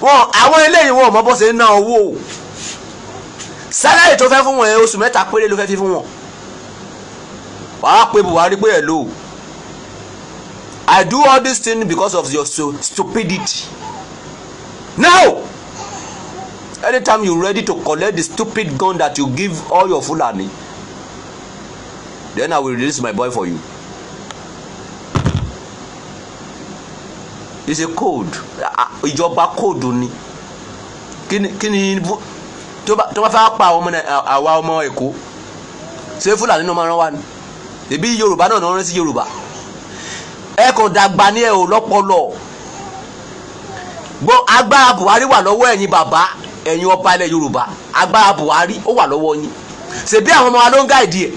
wọn àwọn eléyìí wọn ò mọ bó ṣe ń ná owó o sálárì tó fẹ́ fún wọn yẹn oṣù mẹ́ta péré ló fẹ́ fi fún wọn wàá pe Buhari pé ẹ̀ lò ó I do all these things because of your so stupidity now anytime you ready to collect the stupid gun that you give all your Fulani then I will release my boy for you. is a code ìjọba code ni kí ni tó bá fẹ́ pa àwa ọmọ èkó ṣé fúlàní náà máa rán wa ni ẹbí yorùbá náà náà rán sí yorùbá ẹ kò dàgbà ní ẹ ò lọ́pọlọ gbọ́ agbára buhari wà lọ́wọ́ ẹ̀yin bàbá ẹ̀yin ọba ilẹ̀ yorùbá agbára buhari ó wà lọ́wọ́ yín ṣèbí àwọn ọmọ wa ló ń gáìdì ẹ̀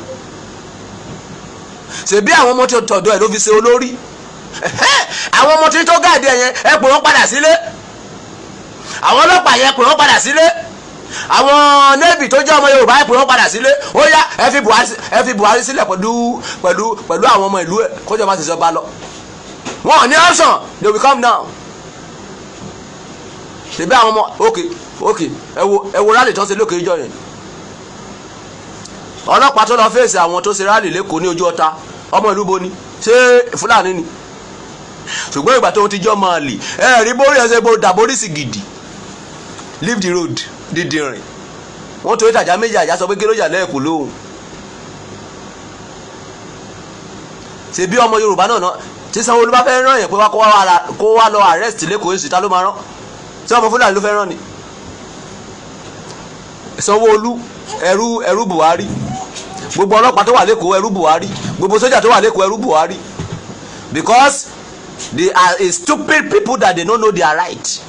ṣèbí àwọn ọmọ tó tọ̀dọ̀ ẹ̀ ló fi ṣe olórí. *laughs* àwọn ọmọ tí tó gáàdì ẹ̀ yẹn ẹ pè wọ́n padà sílé àwọn ọlọ́pàá yẹn ẹ pè wọ́n padà sílé àwọn nẹ́ẹ̀bì tó jẹ́ ọmọ Yorùbá ẹ pè wọ́n padà sílé ó yá ẹ fi Buhari sílẹ̀ pẹ̀lú pẹ̀lú pẹ̀lú àwọn ọmọ ìlú ẹ̀ kójọ má ti sọ bá lọ wọn ò ní option they will come down ṣèbí àwọn ọmọ ok ok ẹ wo ẹ wo rally tó ń ṣe lókè ìjọ yẹn ọlọ́pàá tó lọ fèsì àwọn tó ṣe rally lẹ́kọ̀ọ́ ní ojú ọta ọmọ ìlú bo ni ṣé Fúlàní ni ṣùgbọ́n ìgbà tó ti jọ́ máa lè ẹ rí borí ẹsẹ̀ bó dàbórí gidi leave the road dídì rìn wọ́n torí tàjà méjì àjà sọ pé kí ló yà lẹ́ẹ̀kú lóhùn ṣe bí ọmọ Yorùbá náà náà tí Sanwó-Olú bá fẹ́ ràn yẹn pé kó wá lọ arrest lẹ́kọ̀ọ́ èsì ta ló máa rán tí ọmọ Fúlàní ló fẹ́ ràn ni Sanwó-Olú ẹrú ẹrú Buhari gbogbo ọlọ́pàá tó wà lẹ́kọ̀ọ́ ẹrú Buhari gbogbo sójà tó wà lẹ́kọ̀ọ́ ẹrú Buhari because they are a stupid people that they don't know their right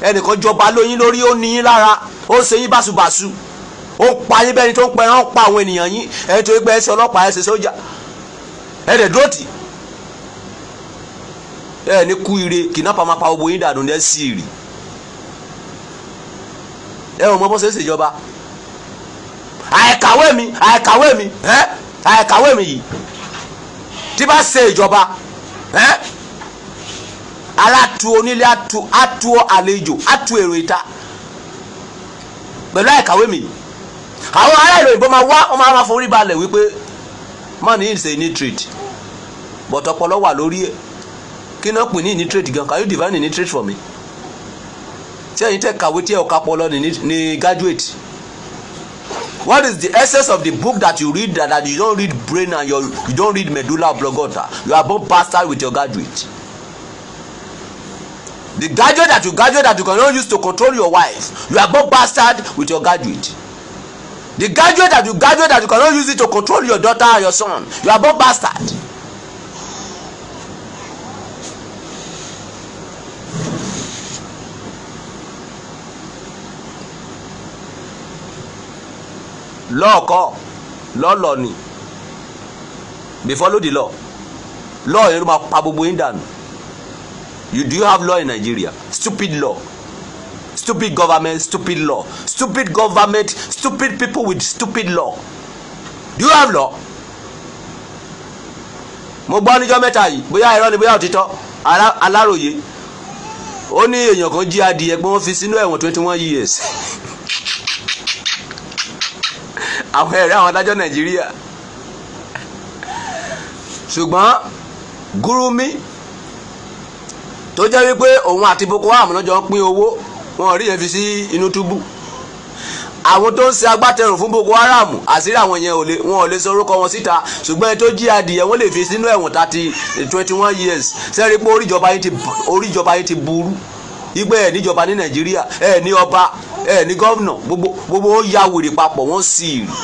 ẹnìkan jọba lóyún lórí ó ní yín lára ó ṣe yín báṣubàṣu ó pa yín bẹ́ẹ̀ ni tó ń pẹran ó pa àwọn ènìyàn yín ẹni tó gbé ẹsẹ̀ ọlọ́pàá ẹsẹ̀ sójà ẹ̀ẹ́dẹ̀ dúró tì ẹ̀ ní kú ire kìnnàpà máa pa gbogbo yín dànù ní sí rì ẹ ò mọ bó ṣe ń ṣèjọba àìkàwé mi àìkàwé mi ẹ àìkàwé mi yìí tí bá ṣe ìjọba alátu onílé atu atu àlejò atu èrò ìta pẹ̀lú àìkàwé mi àwọn ará ìlú ìbọn máa wá wọn máa forí balẹ̀ wípé money is a nitrate but ọpọlọ wà lórí ẹ̀ kí náà pè ní nitrate gan can you divine nitrate for me tí ẹ̀yin tẹ́ kàwé tí ẹ̀ ọ̀ka pọlọ ní graduate what is the essence of the book that you read that, that you don't read brain and your, you don't read medulla oblongata you are both bastard with your graduate the graduate that you graduate that you cannot use to control your wife you are both bastard with your graduate the graduate that you graduate that you cannot use it to control your daughter and your son you are both bastard. lọ́ọ̀kọ́ lọ́ọ̀lọ́ ni before ló di law law yẹn ló máa pa gbogbo yín dànù you do you have law in Nigeria stupid law stupid government stupid law stupid government stupid people with stupid law do you have law mo gbọ́ níjọ́ mẹ́ta yìí bóyá irọ́ ni bóyá òtítọ́ aláròye ó ní èèyàn kan jí adìyẹ pé wọ́n fi sínú ẹ̀wọ̀n twenty one years *laughs* àwọn ẹ̀rí àwọn adájọ́ nàìjíríà ṣùgbọ́n gúrúmi tó jẹ́ wípé òun àti boko haram ló jọ pín owó wọn rí yẹn fi sí inú túbú àwọn tó ń ṣe agbátẹrù fún boko haram àṣírí àwọn yẹn wọn ò lè sọ orúkọ wọn síta ṣùgbọ́n ẹni tó jí adìyẹ wọ́n lè fi sínú ẹ̀wọ̀n thirty twenty one years sẹ́rí pé oríjọba yín ti burú ìgbẹ́ ẹ̀ níjọba ní nàìjíríà ẹ̀ ní ọba ẹ ní gọ́vnà gbogbo gbogbo ó ya wèrè papọ̀ wọ́n sì rù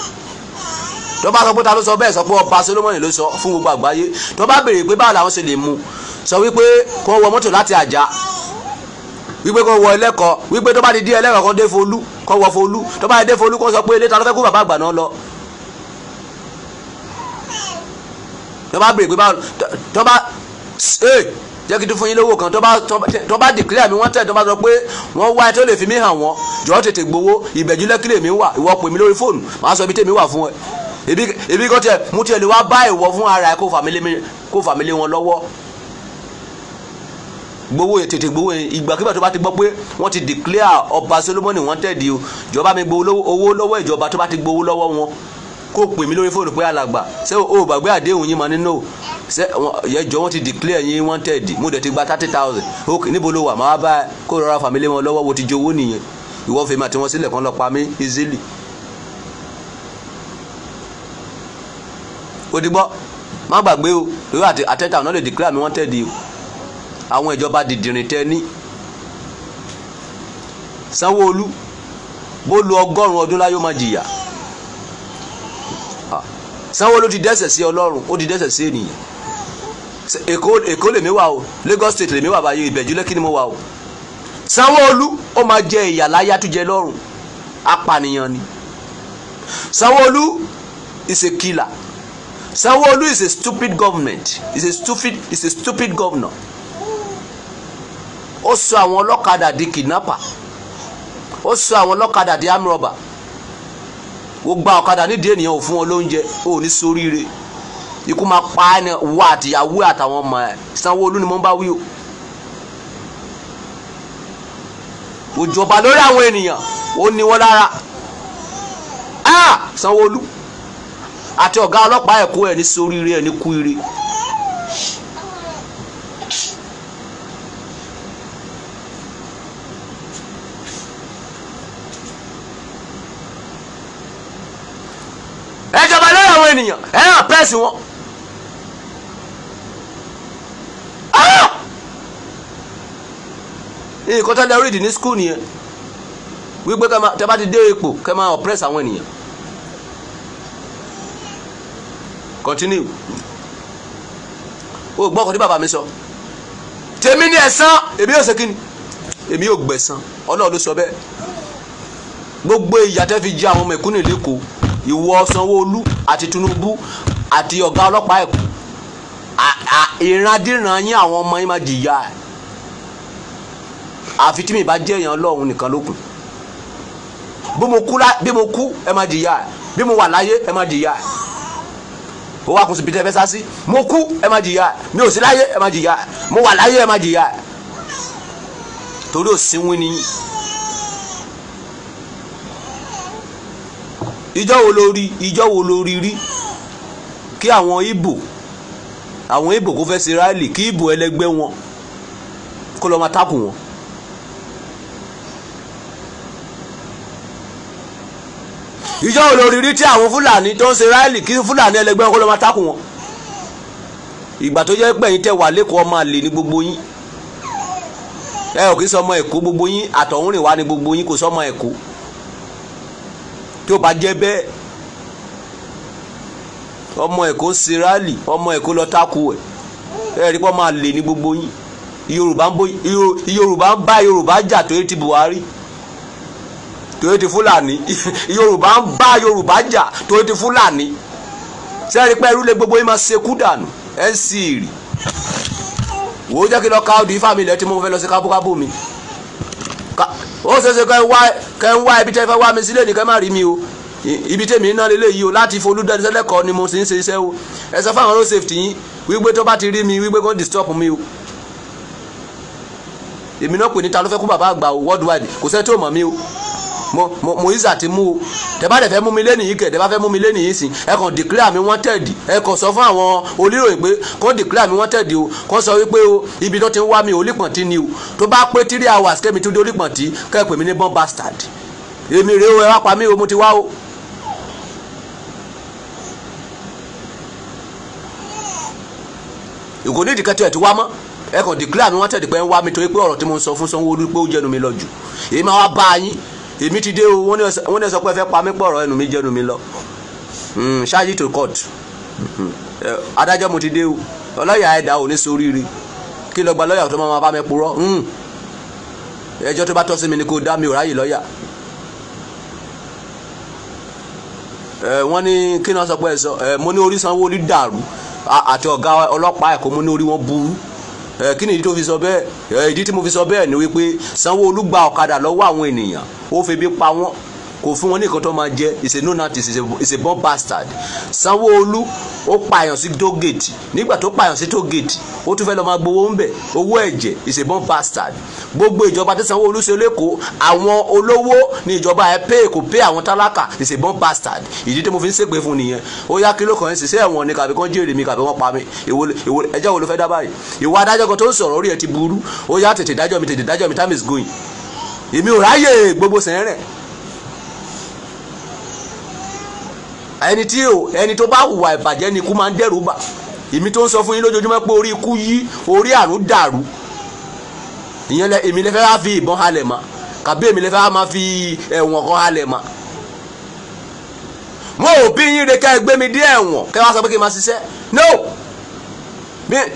tó bá sọ pé ta ló sọ bẹ́ẹ̀ sọ pé ọba Solomoni ló sọ fún gbogbo àgbáyé tó bá béèrè pé báwo làwọn ṣe lè mu sọ wípé kó wọ mọ́tò láti àjà wípé kó wọ ẹlẹ́kọ̀ọ́ wípé tó bá di dí ẹlẹ́kọ̀ọ́ kó dé folú kó wọ folú tó bá di dé folú kó sọ pé ilé ta ló fẹ́ kó bàbá àgbà náà lọ tó béèrè pé báwo tó bá jẹ́ kí n tún fún yín lówó kan tó bá dìklẹ́ mi wọ́n tẹ̀ tó bá sọ pé wọ́n wá ẹ tó lè fi mí hàn wọ́n jọ̀ọ́ tètè gbowó ìbẹ̀jú lẹ́kílẹ̀ mi wà ìwọ pè mí lórí fóònù màá sọ ibi tèmi wà fún ẹ ibi kan tiẹ̀ mú tiẹ̀ lè wá bá ìwọ fún ara ẹ kó fàmílẹ̀ wọn lọ́wọ́ gbowó tètè gbowó ìgbàkigbà tó bá ti gbọ́ pé wọ́n ti declare ọba Solomoni wanted o ìjọba mi gbowó owó lọ́wọ́ ìjọba tó bá ti gbowó lọ́wọ́ wọn kó pè mí lórí fóònù pé alàgbà ṣé o ò gbàgbé àdéhùn yín mà nínú o ṣé yẹjọ wọn ti declare yín wanted mo dẹ̀ ti gba thirty thousand ok níbo ló wà máa bá kó rọra fàmílẹ́ wọn lọ́wọ́ wo ti jowó nìyẹn ìwọ fèmí àti wọn sílẹ̀ kan lọ pa mí easily. odigbọ́ má gbàgbé o lórí àti àtẹ́tà ọ̀nà lè declare mi wanted o àwọn ìjọba dìdìrìn tẹ ní sanwó bó lo ọgọ́rùn-ún ọdún láyé ó máa jìyà. Sanwó-Olú ti dẹ́ṣẹ̀ sí Ọlọ́run ó ti dẹ́ṣẹ̀ sí ènìyàn Èkó Èkó lèmi wà o Lagos state lèmi wà báyìí Ìbẹ̀jú Lẹ́kí ni mo wà o Sanwó-Olú ó máa jẹ ìyà láyé àtúnjẹ lọ́run apànìyàn ni sanwó is a killer sanwó is a stupid government is a stupid is a stupid governor ó sọ àwọn ọlọ́kadà di kidnapper ó sọ àwọn ọlọ́kadà di amrọ̀bà ó gba ọ̀kadà nídìí ènìyàn ò fún wọn lóúnjẹ ó ní soríire ikú máa pa á ní wá àtìyàwó àtàwọn ọmọ ẹ Sanwó-Olú ni mo ń bá wí o òjọba lórí àwọn ènìyàn ó ní wọn lára Sanwó-Olú àti ọ̀gá ọlọ́pàá ẹ̀kọ́ ẹ̀ ní soríire ẹ̀ ní kú àwọn ènìyàn ẹ hàn pẹ́ẹ́sì wọn. Ah! nǹkan tó darí ìdí ní skul nìyẹn wípé tẹ bá ti dé ipò kẹ máa oppress àwọn ènìyàn continue o gbọ́ ọkọ̀ tí bàbá mi sọ tèmi ni ẹ̀san èmi yóò ṣe kí ni èmi yóò gbẹ̀san ọlọ́run ló sọ bẹ́ẹ̀ gbogbo ìyà tẹ́ fi jẹ àwọn ọmọ ìkúnnìlẹ́kọ̀ọ́ ìwọ sanwóolu àti tinubu àti ọ̀gá ọlọ́pàá èkó ìrandíran yín àwọn ọmọ yín máa jìyà ẹ̀ àfi tí mi bá jẹ́ èèyàn ọlọ́run nìkan lókun bí mo kú bí mo kú ẹ máa jìyà ẹ̀ bí mo wà láyé ẹ máa jìyà ẹ̀ ó wà kún síbi tẹ́ fẹ́ sá sí mo kú ẹ máa jìyà ẹ̀ mi ò sí láyé ẹ máa jìyà ẹ̀ mo wà láyé ẹ máa jìyà ẹ̀ torí òsínwó ni yín. ìjọ wo ló rí ìjọ wo ló rí rí kí àwọn ibo àwọn ibo kò fẹ́ ṣe ráìlì kí ibo ẹlẹgbẹ́ wọn kó lọ́ọ́ máa tákù wọn. ìjọ wo ló rí rí tí àwọn fúlàní tó ń ṣe ráìlì kí fúlàní ẹlẹgbẹ́ wọn kó lọ́ọ́ máa tákù wọn. ìgbà tó jẹ́ pé ẹ̀yin tẹ́ wà lẹ́kọ̀ọ́ máa lè ní gbogbo yín ẹ ò kí sọmọ ẹ̀kọ́ gbogbo yín àtọ̀húnrìn wa ni gbogbo yín kò sọmọ ẹ̀kọ́ tó bá jẹ́ bẹ́ẹ̀ ọmọ ẹ̀ kò ń ṣe rálì ọmọ ẹ̀ kò lọ tákù ẹ̀ ẹ̀ rí pọ́ máa lè ní gbogbo yín yorùbá ń bá yorùbá jà torí ti buhari torí ti fúlàní *laughs* yorùbá ń bá yorùbá jà torí ti fúlàní sẹ́ẹ̀rí pé ẹrú lé gbogbo yín máa ṣekú dànù ẹ̀ ń sì rì wò jẹ́ kí lọ́ọ́ ká ọdún ifá mi lẹ́ mo fẹ́ lọ sí kábúkábú mi ó ṣeéṣe kẹ́ ń wá ibi tẹ́ fẹ́ wá mi sílé nìkan má rí mi o ibi tèmi náà lélẹ́yìí o láti folúdẹ́ni sẹ́lẹ̀kọ́ ni mo sì ń ṣe iṣẹ́ o ẹ sọ fún àwọn road safety yín wípé tó bá ti rí mi wípé kó disturb mi o èmi náà pè ní ta ló fẹ́ kú bàbá àgbà o worldwide kò sẹ́ tó mọ̀ mi o mo mo mo isa ti mú o tẹ́bá dẹ̀ fẹ́ mú mi lẹ́nu yìí kẹ̀ tẹ́bá fẹ́ mú mi lẹ́nu yìí sìn ẹ kàn declare mi wanted ẹ kàn sọ fún àwọn oníròyìn pé kàn declare mi wanted o kàn sọ wípé o ibi tó ti ń wá mi ò lípọ̀ntì ni o tó bá pé three hours kẹ́mi tún dé olípọ̀ntì kẹ́ ẹ ní born bastard èmi rèé o ẹ wá pa mí o mo ti wá o. ìgò nídìí kẹtọ ẹ ti wá mọ́ ẹ kàn declare mi wanted pé ń wá mi torí pé ọ̀rọ̀ tí mo ń sọ fún Sanwó-Olú pé ó jẹnu mi lọ jù èyí máa wá bá yín èmi ti dé o wọ́n ní ẹ sọ pé ẹ fẹ́ pa mí pọ̀rọ̀ ẹnu mi jẹ́nu mi lọ hmm, ṣáàjì tó court hmm, adájọ́ mo ti dé o ọlọ́yà ẹ̀dá ò ní soríire kí lọ́ọ́ gba lọ́yà tó máa bá mi purọ́ hmm, ẹjọ́ tó bá tọ́ sí mi ni kò dá mi ò ráyè lọ́yà wọ́n ní kí ni wọ́n sọ pé ẹ sọ mo ní orí sanwó-olú dàrú àti ọ̀gá ọlọ́pàá ẹ̀kọ́ mo ní orí wọn burú kí ni ìdí tó fi sọ bẹ́ẹ̀ ìdí tí mo fi sọ bẹ́ẹ̀ ni wípé Sanwó-Olú gba ọ̀kadà lọ́wọ́ àwọn ènìyàn ó febi pa wọ́n kò fún wọn ní nǹkan máa jẹ is a known artist is a, is a born bastard sanwó-olu ó pààyàn sí tógèètì nígbà tó pààyàn sí tógèètì ó tún fẹ́ lọ́ọ́ máa gbowó ń bẹ̀ owó ẹ̀jẹ̀ is a born bastard gbogbo ìjọba tí sanwó-olu ṣe lẹ́kọ̀ọ́ àwọn olówó ni ìjọba ẹ̀ pé kò pé àwọn tálákà is a born bastard ìdí tí mo fi ń ṣègbè fún nìyẹn ó yá kí ló kàn ń ṣe ẹ̀wọ̀n ni kàbí kan jèrè mi kàbí wọ́n pa mi ẹjọ́ wo ló fẹ́ dá báyìí ìwà adájọ́ kan tó ń sọ̀rọ̀ orí ẹ̀ ti burú ó yá tètè dájọ́ mi tètè dájọ́ mi time is going ẹni tí o ẹni tó bá hùwà ìbàjẹ́ ni ikú máa ń dẹ́rù bà èmi tó ń sọ fún yín lójoojúmọ́ pé orí ikú yí orí àrùn dàrú ìyẹn lẹ èmi lẹ fẹ́ wá fi ìbọn halẹ̀ mọ́ kàbí èmi lẹ fẹ́ wá máa fi ẹ̀wọ̀n kan halẹ̀ mọ́ wọn ò bí yín re ká ẹ gbé mi dé ẹ̀wọ̀n kẹ́ wá sọ pé kí n máa ṣiṣẹ́ no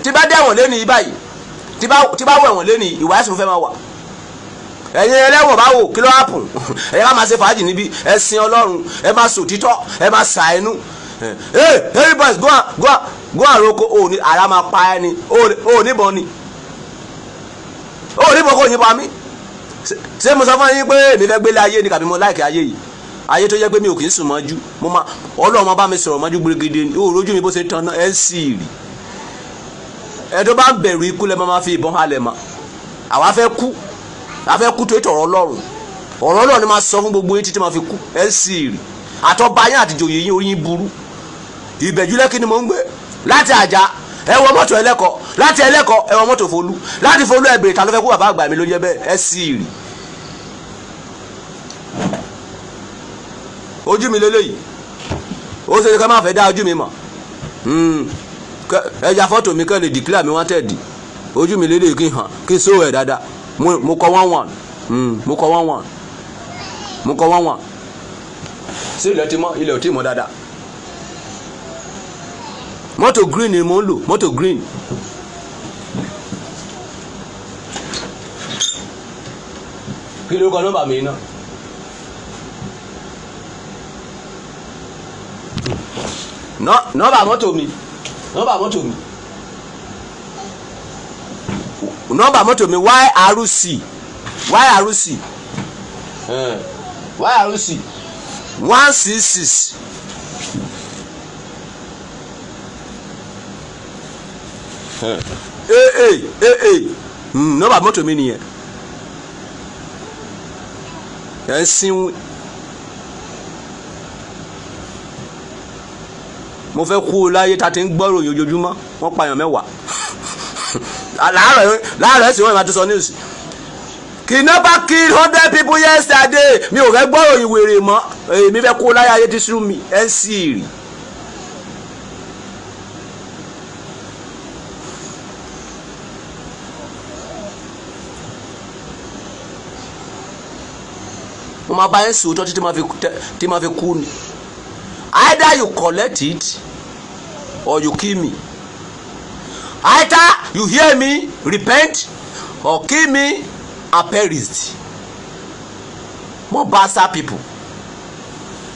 tí bá dẹ̀wọ̀n lẹ́nu yìí báyìí tí bá wẹ̀wọ̀n lẹ́nu yìí ìwà ẹ̀sùn fẹ́ máa wà ẹ̀yin ẹlẹ́wọ̀n báwo kí ló hàpùn ẹ má máa ṣe fàájì níbi ẹ sin ọlọ́run ẹ má sòtítọ́ ẹ má sàánú ẹ everybody go on, go on, go on. roko òní ara máa pa ẹni òní bọ̀ ni òní bọ̀ kò ní pa mí ṣé mo sọ fún yín pé èmi fẹ́ gbélé ayé ni kàbí mo láìkè ayé yìí ayé tó jẹ́ pé mi ò kì í sùn mọ́jú mo máa ọlọ́run máa bá mi sọ̀rọ̀ mọ́jú gbèrègèdè ni ó rojú mi bó ṣe tan náà ẹ̀ ń sì rì ẹ̀ tó bá ń bẹ̀rù ikú lẹ́ máa fi ìbọn halẹ̀ mọ́ àwa fẹ́ kú afẹ́ kú tó ètò ọ̀rọ̀ ọlọ́run ọ̀rọ̀ ọlọ́run ni máa sọ fún gbogbo yín títí máa fi kú ẹ̀ ń sì rì àtọ́ba yín àtijọ́yè yín oyin burú ìbẹ̀jú lẹ́kìn ni mò ń gbé láti àjà ẹ wọ mọ́tò ẹlẹ́kọ láti ẹlẹ́kọ ẹ wọ mọ́tò folú láti folú ẹ bèrè ta ló fẹ́ kó bàbá àgbà mi ló jẹ́ bẹ́ẹ̀ ẹ sì rì ojú mi lélẹ́yìí ó ṣe é ká má fẹ́ dá ojú mi mọ̀ hmm. ẹja fọ́tò mi kẹ́ lè dìklà mi wanted ojú mi lélẹ́yìí kí n hàn kí n sówó ẹ̀ dáadáa. Hmm, mo kọ one one mo kọ one one mo kọ one one sí ilẹ̀ tí mọ́ ilẹ̀ tí mọ́ dáadáa mọ́tò green ni mo ń lò mọ́tò green. kí ló kọ nọ́mbà mi náà. nọ́mbà mọ́tò mi nọ́mbà mọ́tò mi nọ́mbà mọ́tò mi YRC YRC YRC one six six. ee ee hmm, nọ́mbà mọ́tò mi nìyẹn ẹ ń sinwi mo fẹ́ kú o láyé tá a ti ń gbọ́ ròyìn ojoojúmọ́ wọ́n pààyàn mẹ́wàá. *laughs* láàárọ̀ láàárọ̀ ẹ̀sìn wọn ìmọ̀ àtúnṣe news kidnapper kill hundred people yesterday mi ò fẹ́ gbọ́rọ̀ ìwèrè mọ́ èmi fẹ́ kó láyé ayé ti sú mi ẹ̀ ń sì rì. mo máa bá yẹn sòótọ́ tí máa fi kú ni either you collect it or you kill me either you hear me repent or kill me and Mo basa people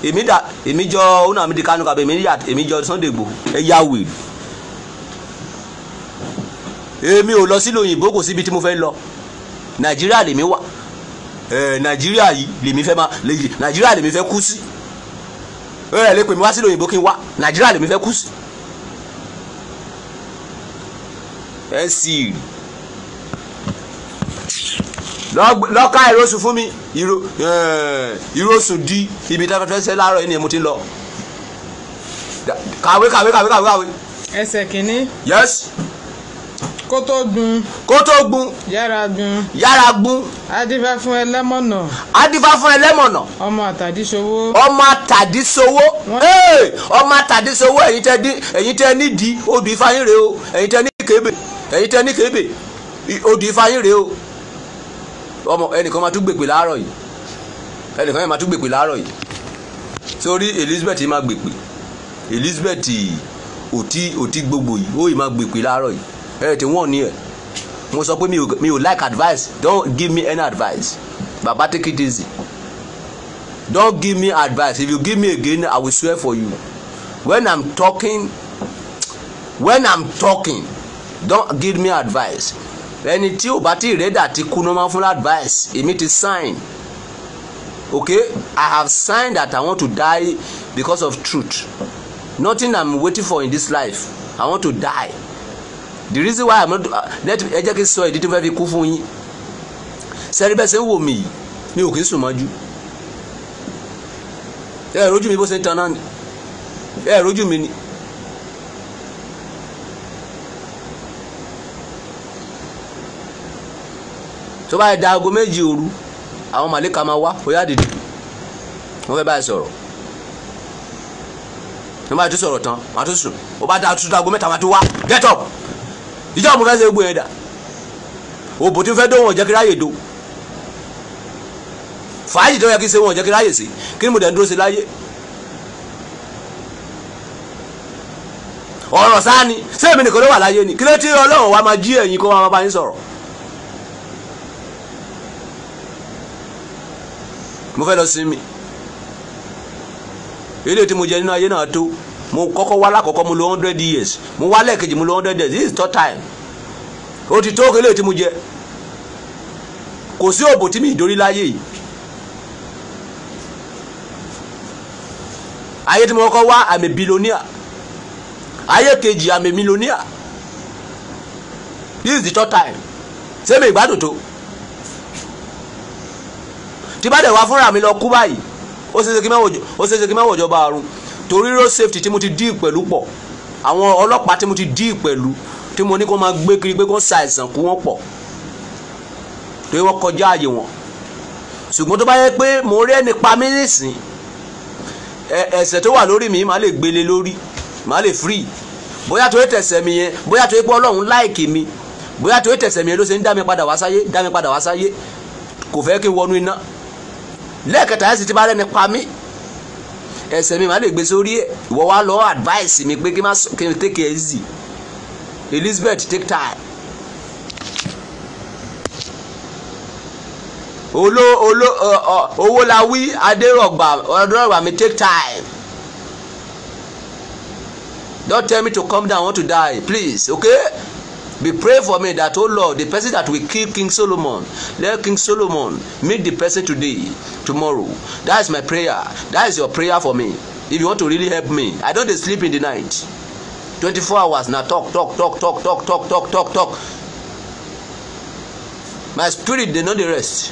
èmi dà èmi jọ ọ̀nà mi di kánú kàbẹ̀ èmi yà èmi jọ Sunday Igboho ẹ yá wèé èmi ò lọ sílùú òyìnbó kò síbi tí mo fẹ́ lọ Nàìjíríà lèmi wà ẹ Nàìjíríà yìí lèmi fẹ́ máa Nàìjíríà lèmi fẹ́ kú sí ẹ lè pè mí wá sílùú òyìnbó kí n wá Nàìjíríà lèmi fẹ́ kú sí. ẹ sì rì lọ́ka ìrosùn fún mi eh, ìrosùn di ibi tí a fẹ́ ṣe láàárọ̀ yìí ni mo ti lọ kàwé kàwé kàwé kàwé. ẹsẹ̀ kìíní. yes kó tó gun. kó tó gun. yára gun. yára gun. adífá fún ẹlẹ́mọ̀nà. adífá fún ẹlẹ́mọ̀nà. ọmọ àtàdísowó. ọmọ àtàdísowó. ọmọ àtàdísowó ẹ̀yin tẹ́ nídìí odù ifá yín rèé o ẹ̀yin tẹ́ ní kébè ẹ̀yin tẹ́ ní kébè odò ifáyín rèé o ọmọ ẹnìkan máa tún gbèpè láàárọ̀ yìí ẹnìkan yẹn máa tún gbèpè láàárọ̀ yìí sórí Elizabeth yìí máa gbèpè Elizabeth òtí òtí gbogbo yìí ó yìí máa gbèpè láàárọ̀ yìí ẹ̀ tí wọ́n ní ẹ̀ mo sọ pé mi ò like advice don't give me any advice baba take it easy don't give me advice if you give me again I will swear for you when I'm talking when I'm talking don't give me advice ẹni tí ò bá ti rẹ́dà ti kú ní wọ́n fún advice èmi ti sign okay i have signed that i want to die because of truth nothing i'm waiting for in this life i want to die the reason why i'm not let ẹ jẹ́ kí n sọ ìdí tí mo fẹ́ fi kú fún yín sẹ́rí bẹ́ẹ̀ ṣe ń wò mí yìí mi ò kì í sùn mọ́jú ẹ rojú mi bó ṣe ń tan náà ni rojú mi ni. tó bá da aago méjì òru àwọn màlíkà máa wá ó yá dìde wọ́n fẹ́ báyìí sọ̀rọ̀ ní bá ti sọ̀rọ̀ tán màá tó sùn ó bá da tuntun aago mẹ́ta màá tó wá get up ìjọba mo fẹ́ ṣe gbé yẹn dà òbò tí ń fẹ́ dó wọn jẹ́ kí ráyè dó fàájì tó yẹ kí n ṣe wọn jẹ́ kí ráyè sí kí ni mo dẹ̀ ń dúró sí láyé ọ̀rọ̀ sáà ni sẹ́ẹ̀mì nìkan ló wà láyé ni kí ló ti ọlọ́run wa máa jí ẹ̀yin kó máa bá yín sọ̀rọ̀ mo fẹ́ lọ sinmi eléyìí tí mo jẹ nínú ayé náà tó mo kọ́kọ́ wá lákọ̀ọ́kọ́ mo lò hundred years mo wá lẹ́ẹ̀kejì mo lò hundred years this is third time ó ti tó eléyìí tí mo jẹ kò sí òbò tí mi ìdórí láyé yìí ayé tí mo kọ́kọ́ wá àmì billionaire ayé kejì àmì millionaire this is the third time sẹ́mi ìgbádùn tó tí bá dẹ̀ wá fúnra mi lọ kú báyìí ó ṣeéṣe kí mẹ́wọ̀ ìjọba àrùn torí road safety tí mo ti díì pẹ̀lú pọ̀ àwọn ọlọ́pàá tí mo ti díì pẹ̀lú tí mo ní kó máa gbé kiri pé kó ṣàìsàn kú wọ́n pọ̀ torí wọ́n kọjá àyè wọn ṣùgbọ́n tó bá yẹ pé mo rí ẹni pa mí nísìn ẹ̀ṣẹ̀ tó wà lórí mi màá lè gbélé lórí màá lè free bóyá torí tẹ̀sẹ̀ mi yẹn bóyá torí pé ọlọ́run láìkì mi bóyá torí tẹ̀sẹ̀ mi yẹn ló ṣe ń dá mi padà wá sáyé dá mi padà wá sáyé kò fẹ́ kí n wọnú iná lẹ́ẹ̀kẹta ẹ̀ sì ti bá rẹ́ni pa mí ẹsẹ̀ mi máa lè gbé sórí ẹ̀ ìwọ wá lọ advice mi pé kí n take it easy Elizabeth take time. olo olo owó la wí adérògbà adérògbà mi take time don't tell me to come down I want to die please okay. Be pray for me that, oh Lord, the person that will kill King Solomon, let King Solomon meet the person today, tomorrow. That is my prayer. That is your prayer for me. If you want to really help me, I don't sleep in the night. Twenty-four hours now talk, talk, talk, talk, talk, talk, talk, talk, talk. My spirit, they know the rest.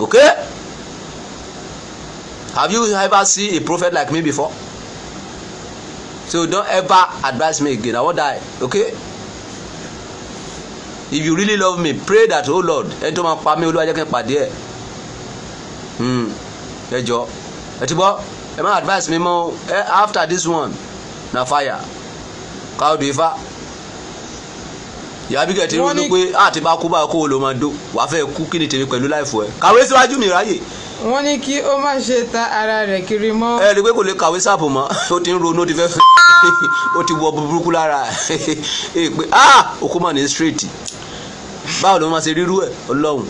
Okay? Have you ever seen a prophet like me before? So don't ever advise me again. I will die. Okay? if you really love me pray that oh lord ẹni tó máa pa mí olúwa jẹ́ kí n pàdé ẹ̀ hmm. ẹ jọ ẹ ti bọ́ ẹ máa advice mi mọ́ after this one na fire káwọ́dù ifá ìyá bí kẹ̀tì rí i pé àti ah, bá kú bá kó o lò máa do wàá fẹ́ kú kí ni tèmi pẹ̀lú láìfọ ẹ kàwé síwájú mi ráyè wọ́n ní kí ó má ṣe ta ara rẹ̀ kiri mọ́. ẹ rí i pé kò lè kàwé sáàpù mọ́ ó ti ń ronú ó ti fẹ́ fẹ́ ó ti wọ burúkú lára ẹ pé òkú ah, mà ní straight báwo ló máa ṣe rírú ẹ ọlọ́run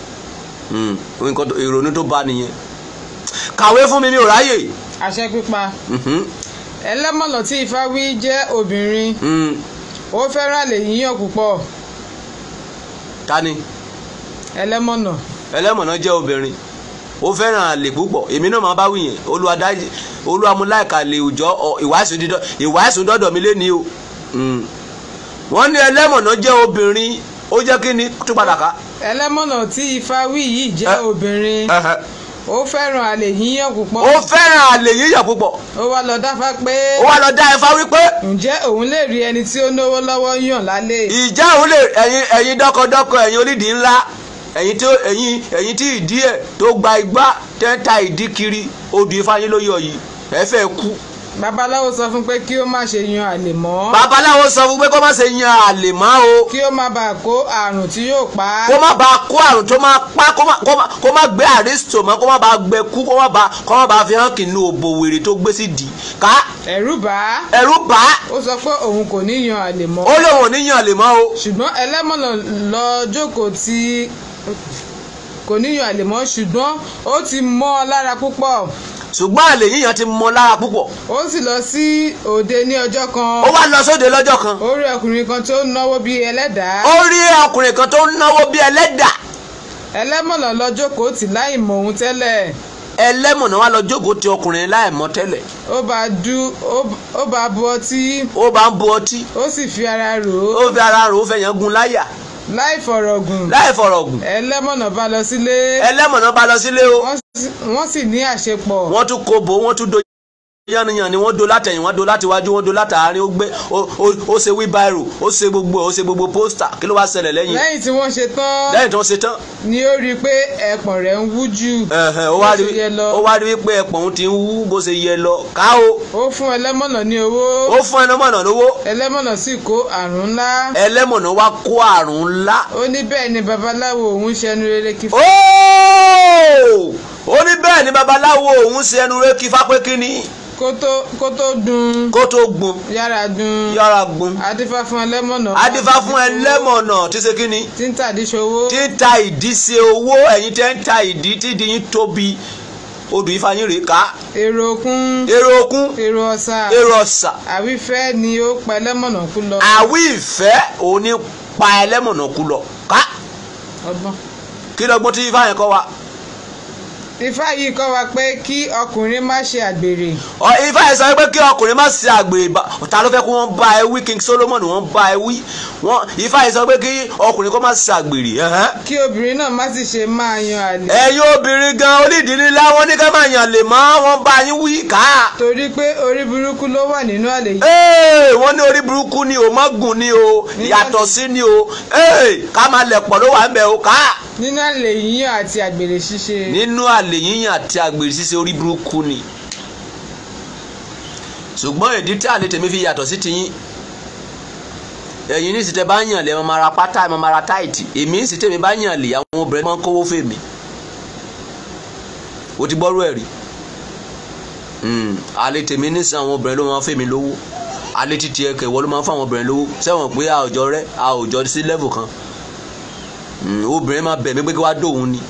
hmm, nǹkan ìrònú tó bá nìyẹn kàwé fún mi mi ò ráyè. àṣẹ pípa mm-hmm. ẹlẹ́mọ̀lọ́ tí ifá wí jẹ́ obìnrin hmm. ó fẹ́ràn lè yíyàn púpọ̀. ta ẹlẹ́mọ̀nà. ẹlẹ́mọ̀nà jẹ́ obìnrin ó fẹ́ràn àlè púpọ̀ èmi náà máa bá wí yẹn olùwàdájì olùwàmúláìka lè òjọ́ ìwàásù dọ́dọ̀ mi lé ní o hmm. wọ́n ní ẹlẹ́mọ̀nà jẹ́ obìnrin ó jẹ́ kí ni tún padà ká. ẹlẹ́mọ̀nà tí ifá wí yìí jẹ́ eh, obìnrin eh, eh. ó fẹ́ràn àlè yíyàn púpọ̀. ó fẹ́ràn àlè yíyàn púpọ̀. ó wá lọ dáfá pé. ó wá lọ dá ifá wípé. ǹjẹ́ òun lè rí ẹni tí ó náwó lọ́wọ́ yàn lálẹ́. ìjà òun lè ẹ̀yin ẹ̀yin dọ́kọ̀dọ́kọ̀ ẹ̀yin onídìí ńlá ẹ̀yin tí ẹ̀yin ẹ̀yin tí ìdí ẹ̀ tó gba igbá tẹ́ ń ta ìdí kiri odù ifáyélóyọ̀ yìí ẹ fẹ́ kú. babaláwo sọ fún pé kí ó má ṣe yan àlè mọ́. babaláwo sọ fún pé kó má ṣe yan àlè mọ́ o. kí ó má bàa kó àrùn tí yóò pa á. kó má bàa kó àrùn tó máa pa kó má gbé àrísítò mọ́ kó má bàa gbẹ kú kó má bàa kó má bàa fi hàn kìnnú òbò wèrè tó gbé sí dì ká. ẹ̀rù bà á. ẹ̀rù bà á. ó sọ pé òun kò ní yan àlè mọ́. ó lóun ò ní yan àlè mọ́ o. ṣùgbọ́n ẹlẹ́mọ̀lọ́ lọ jókòó ti kò níyàn àlè mọ́ ṣùgbọ́n ó ti mọ́ ọ lára púpọ̀. ṣùgbọ́n àlè yíyan ti mọ́ lára púpọ̀. ó sì lọ sí òde ní ọjọ́ kan. ó wá lọ sóde lọ́jọ́ kan. ó rí ọkùnrin kan tó ń náwó bíi ẹlẹ́dàá. ó rí ọkùnrin kan tó ń náwó bíi ẹlẹ́dàá. ẹlẹ́mọ̀nà lọ jókòó tì láì mọ òun tẹ́lẹ̀ ẹlẹ́mọ̀nà wa lọ jókòó ti ọkùnrin láìmọ̀ tẹ́lẹ̀. ó bá du ó bá bu ọtí. ó bá bu ọtí. ó sì fi ara rò ó. ó fi ara rò ó fẹ̀yàn gun láyà láì fọ̀rọ̀gùn. láì fọ̀rọ̀gùn. ẹlẹ́mọ̀nà bá lọ sílé. ẹlẹ́mọ̀nà bá lọ sílé o. wọ́n sì ní àṣepọ̀. wọ́n tún kobo wọ́n tún do yànnìyàn ni wọ́n do látẹ̀yìn wọ́n do láti wájú wọ́n do látàárín ó gbé ó ṣe wíbáìrò ó ṣe gbogbo ó ṣe gbogbo pósítà kí ló wá ṣẹlẹ̀ lẹ́yìn. lẹ́yìn tí wọ́n ṣe tán lẹ́yìn tí wọ́n ṣe tán. ni ó rí i pé ẹ̀pọ̀n rẹ̀ ń wú jù ó wá rí i pé ẹ̀pọ̀n òun ti ń wú bó ṣe yẹ lọ ká o. ó fún ẹlẹ́mọ̀nà ní owó. ó fún ẹlẹ́mọ̀nà lówó. ẹlẹ́mọ̀nà sì kó àrùn ńlá. ni babaláwo òun ṣẹnu rere kí fún ó ní bẹ́ẹ̀ ni babaláwo òun ṣe ẹnu rẹ̀ kí fápé kínní. kó tó dùn. kó tó gbun. yára dùn. yára gbun. adífá fún ẹlẹ́mọ̀nà. adífá fún ẹlẹ́mọ̀nà tí ṣe kínní. tí ń ta ìdí ṣe owó. tí ń ta ìdí ṣe owó ẹ̀yin tẹ́ ń ta ìdí tí ìdí yín tóbi odò ìfàyín rèé ká. èrò òkun. èrò òkun. èrò ọ̀sà. èrò ọ̀sà. àwífẹ́ ni ó pa ẹlẹ́mọ̀nà kú lọ. àwífẹ́ òun pa ẹlẹ́mọ̀nà kú lọ ká. ọgbọ́n. kí lọ́gbọ́n tí ifá kọ́ wa ifá yìí kọ́ wa pé kí ọkùnrin má ṣe àgbèrè. ifá yìí sọ pé kí ọkùnrin má ṣe àgbèrè ta ló fẹ́ kó wọ́n bá ẹ wí King Solomon wọ́n bá ẹ wí ifá yìí sọ pé kí ọkùnrin kó má ṣe àgbèrè. kí obìnrin náà má sì ṣe máa yan àlè. ẹ̀yin obìnrin gan onídìí ńlá wọn ní ká máa yan àlè mọ́ wọ́n bá yín wí ká. torí pé orí burúkú ló wà nínú àlè yìí. ee wọ́n ní orí burúkú ni o mọ́gùn ni o yàtọ̀ sí ni o ee ká máa lẹ̀pọ̀ ló wà ń bẹ̀ o ká. nínú àlè yíyan àti àgbèrè àlè yíyàn àti àgbèrè ṣíṣe orí burúkú ni ṣùgbọ́n ìdí tí àlè tèmi fi yàtọ̀ sí tiyín ẹ̀yin ní ìsìtẹ́ bá yàn lẹ́ mọ́mọ́ra pátá mọ́mọ́ra táìtì èmi ní ìsìtẹ́ mi bá yàn lè àwọn obìnrin máa ń kówó fèmí o ti gbọ́rú ẹ̀ rí hmm, àlè tèmi ní sàn àwọn obìnrin ló máa ń fèmí lówó àlè títí ẹkẹ ìwọ ló máa ń fún àwọn obìnrin lówó sẹ́wọ̀n pé àwùjọ rẹ àwùjọ sí lẹ́vù kan hmm, obìnrin máa bẹ̀ mí pé kí wàá dóhun ni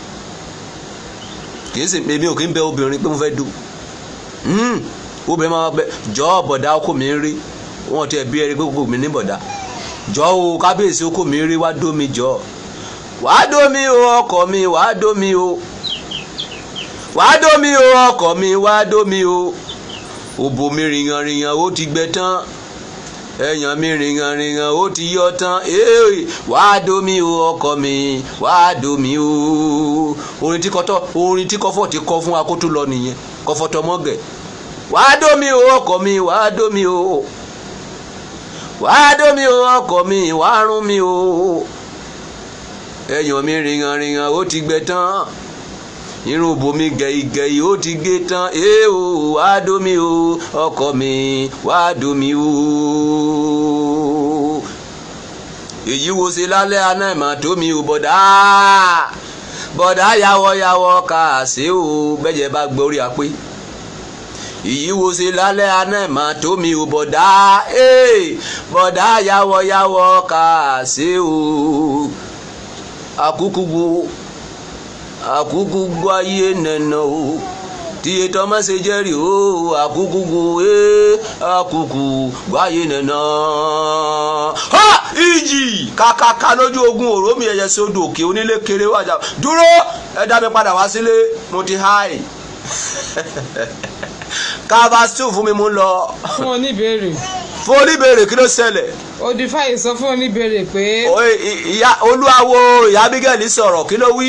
kìí ṣe èmi ò kí ń bẹ obìnrin pé mo fẹ́ dù hmm, obìnrin máa bẹ jọ bọ̀dá ọkọ mi ń rí wọn ti ẹ̀ ẹni pé kò mí ní bọ̀dá jọ o kábíyèsí ọkọ mi rí wá dó mi jọ wàá dó mi o ọkọ mi wàá dó mi o wàá dó mi o ọkọ mi wàá dó mi o òbò mi rìnyànrìnyàn ó ti gbẹ tán. ẹ̀yàn mi rìngàn rìngàn ó ti yọ tán wàá domi o ọkọ mi wàá domi o orin tí kọtọ orin tí kọfọ ti kọ fún wa lọ nìyẹn kọfọ tọmọgẹ wàá domi o ọkọ mi wàá domi o wàá domi o ọkọ mi wàá rún mi o ẹ̀yàn mi rìngàn rìngàn ó ti gbẹ tán. irun bomi gẹ̀yìgẹ̀yì ó ti gé tán ee o wá domi o ọkọ mi wá domi o èyí wo ṣe lálẹ́ aná ìmọ̀ tómi o bọ̀dá bọ̀dá yàwọ̀ yàwọ̀ kà sí o bẹ́jẹ̀ bá gbọ́ orí àpé èyí wo ṣe lálẹ́ aná ìmọ̀ tómi o bọ̀dá ee yàwọ̀ yàwọ̀ kà sí o àkúkú wo àkúkú gbọ́ ayé nẹ̀nà o tíye tọ́mọ́ ṣe jẹ́rìí o àkúkú gbọ́ ẹ ayé nẹ̀nà. ha ìjì kàkàkà lójú ogun òró mi ẹ̀yẹ sódò òkè onílé kéré wájà dúró ẹ dá mi padà wá sílé mo ti háì *laughs* káfá stew fún mi mú lọ. fún oníbèrè. fún oníbèrè kí ló ṣẹlẹ̀. òdìfàyè sọ fún oníbèrè pé. olúwawo ìyá bígẹ́lì sọ̀rọ̀ kí ló wí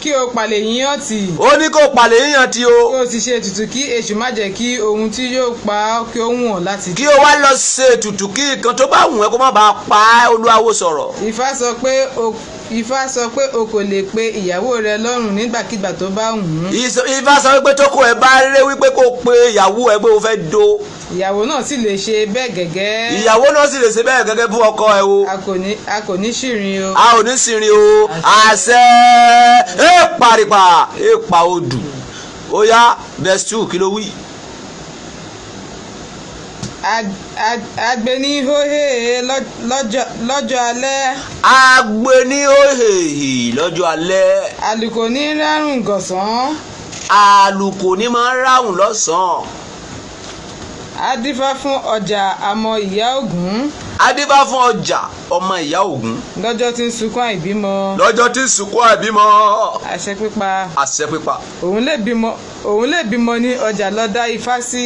kí o palẹ̀ yíyan tì. ó ní kó palẹ̀ yíyan tì o. kí o sì ṣe ètùtù kí èṣù má jẹ́ kí ohun tí yóò pa á kí ó wùn ọ́ láti. kí o wá lọ ṣe ètùtù kí nǹkan tó bá wùn ẹ́ kó má bàa pa olúwawo sọ̀rọ̀. Ifá sọ pé o Ifá sọ pé o kò lè pe ìyàwó rẹ lọ́rùn nígbàkigbà tó bá wù ú. Ifá sọ wípé tókò ẹ bá rẹ wípé kó pe ìyàwó ẹ pé o fẹ́ do. ìyàwó náà sì lè ṣe bẹ́ẹ̀ gẹ́gẹ́. ìyàwó náà sì lè ṣe bẹ́ẹ̀ gẹ́gẹ́ fún ọkọ ẹ o. a kò ní a kò ní ṣìrìn o. a ò ní ṣìrìn o àṣẹ ẹ paripa ẹ pa odù ó yá verse two kí ló wí agbẹnihohehe lọ́jọ́ alẹ́. agbẹnihohehe lọ́jọ́ alẹ́. àlùkò ní rárùn gọ̀sán. àlùkò ní máa ń ráhùn lọ́sàn-án adífá fún ọjà àmọ́ ìyá ògún. adífá fún ọjà ọmọ ìyá ògún. lọ́jọ́ tí ń sunkún àìbímọ. lọ́jọ́ tí ń sunkún àìbímọ. àṣẹ pípa. àṣẹ pípa. òun lè bímọ òun lè bímọ ní ọjà lọ dá ifá sí.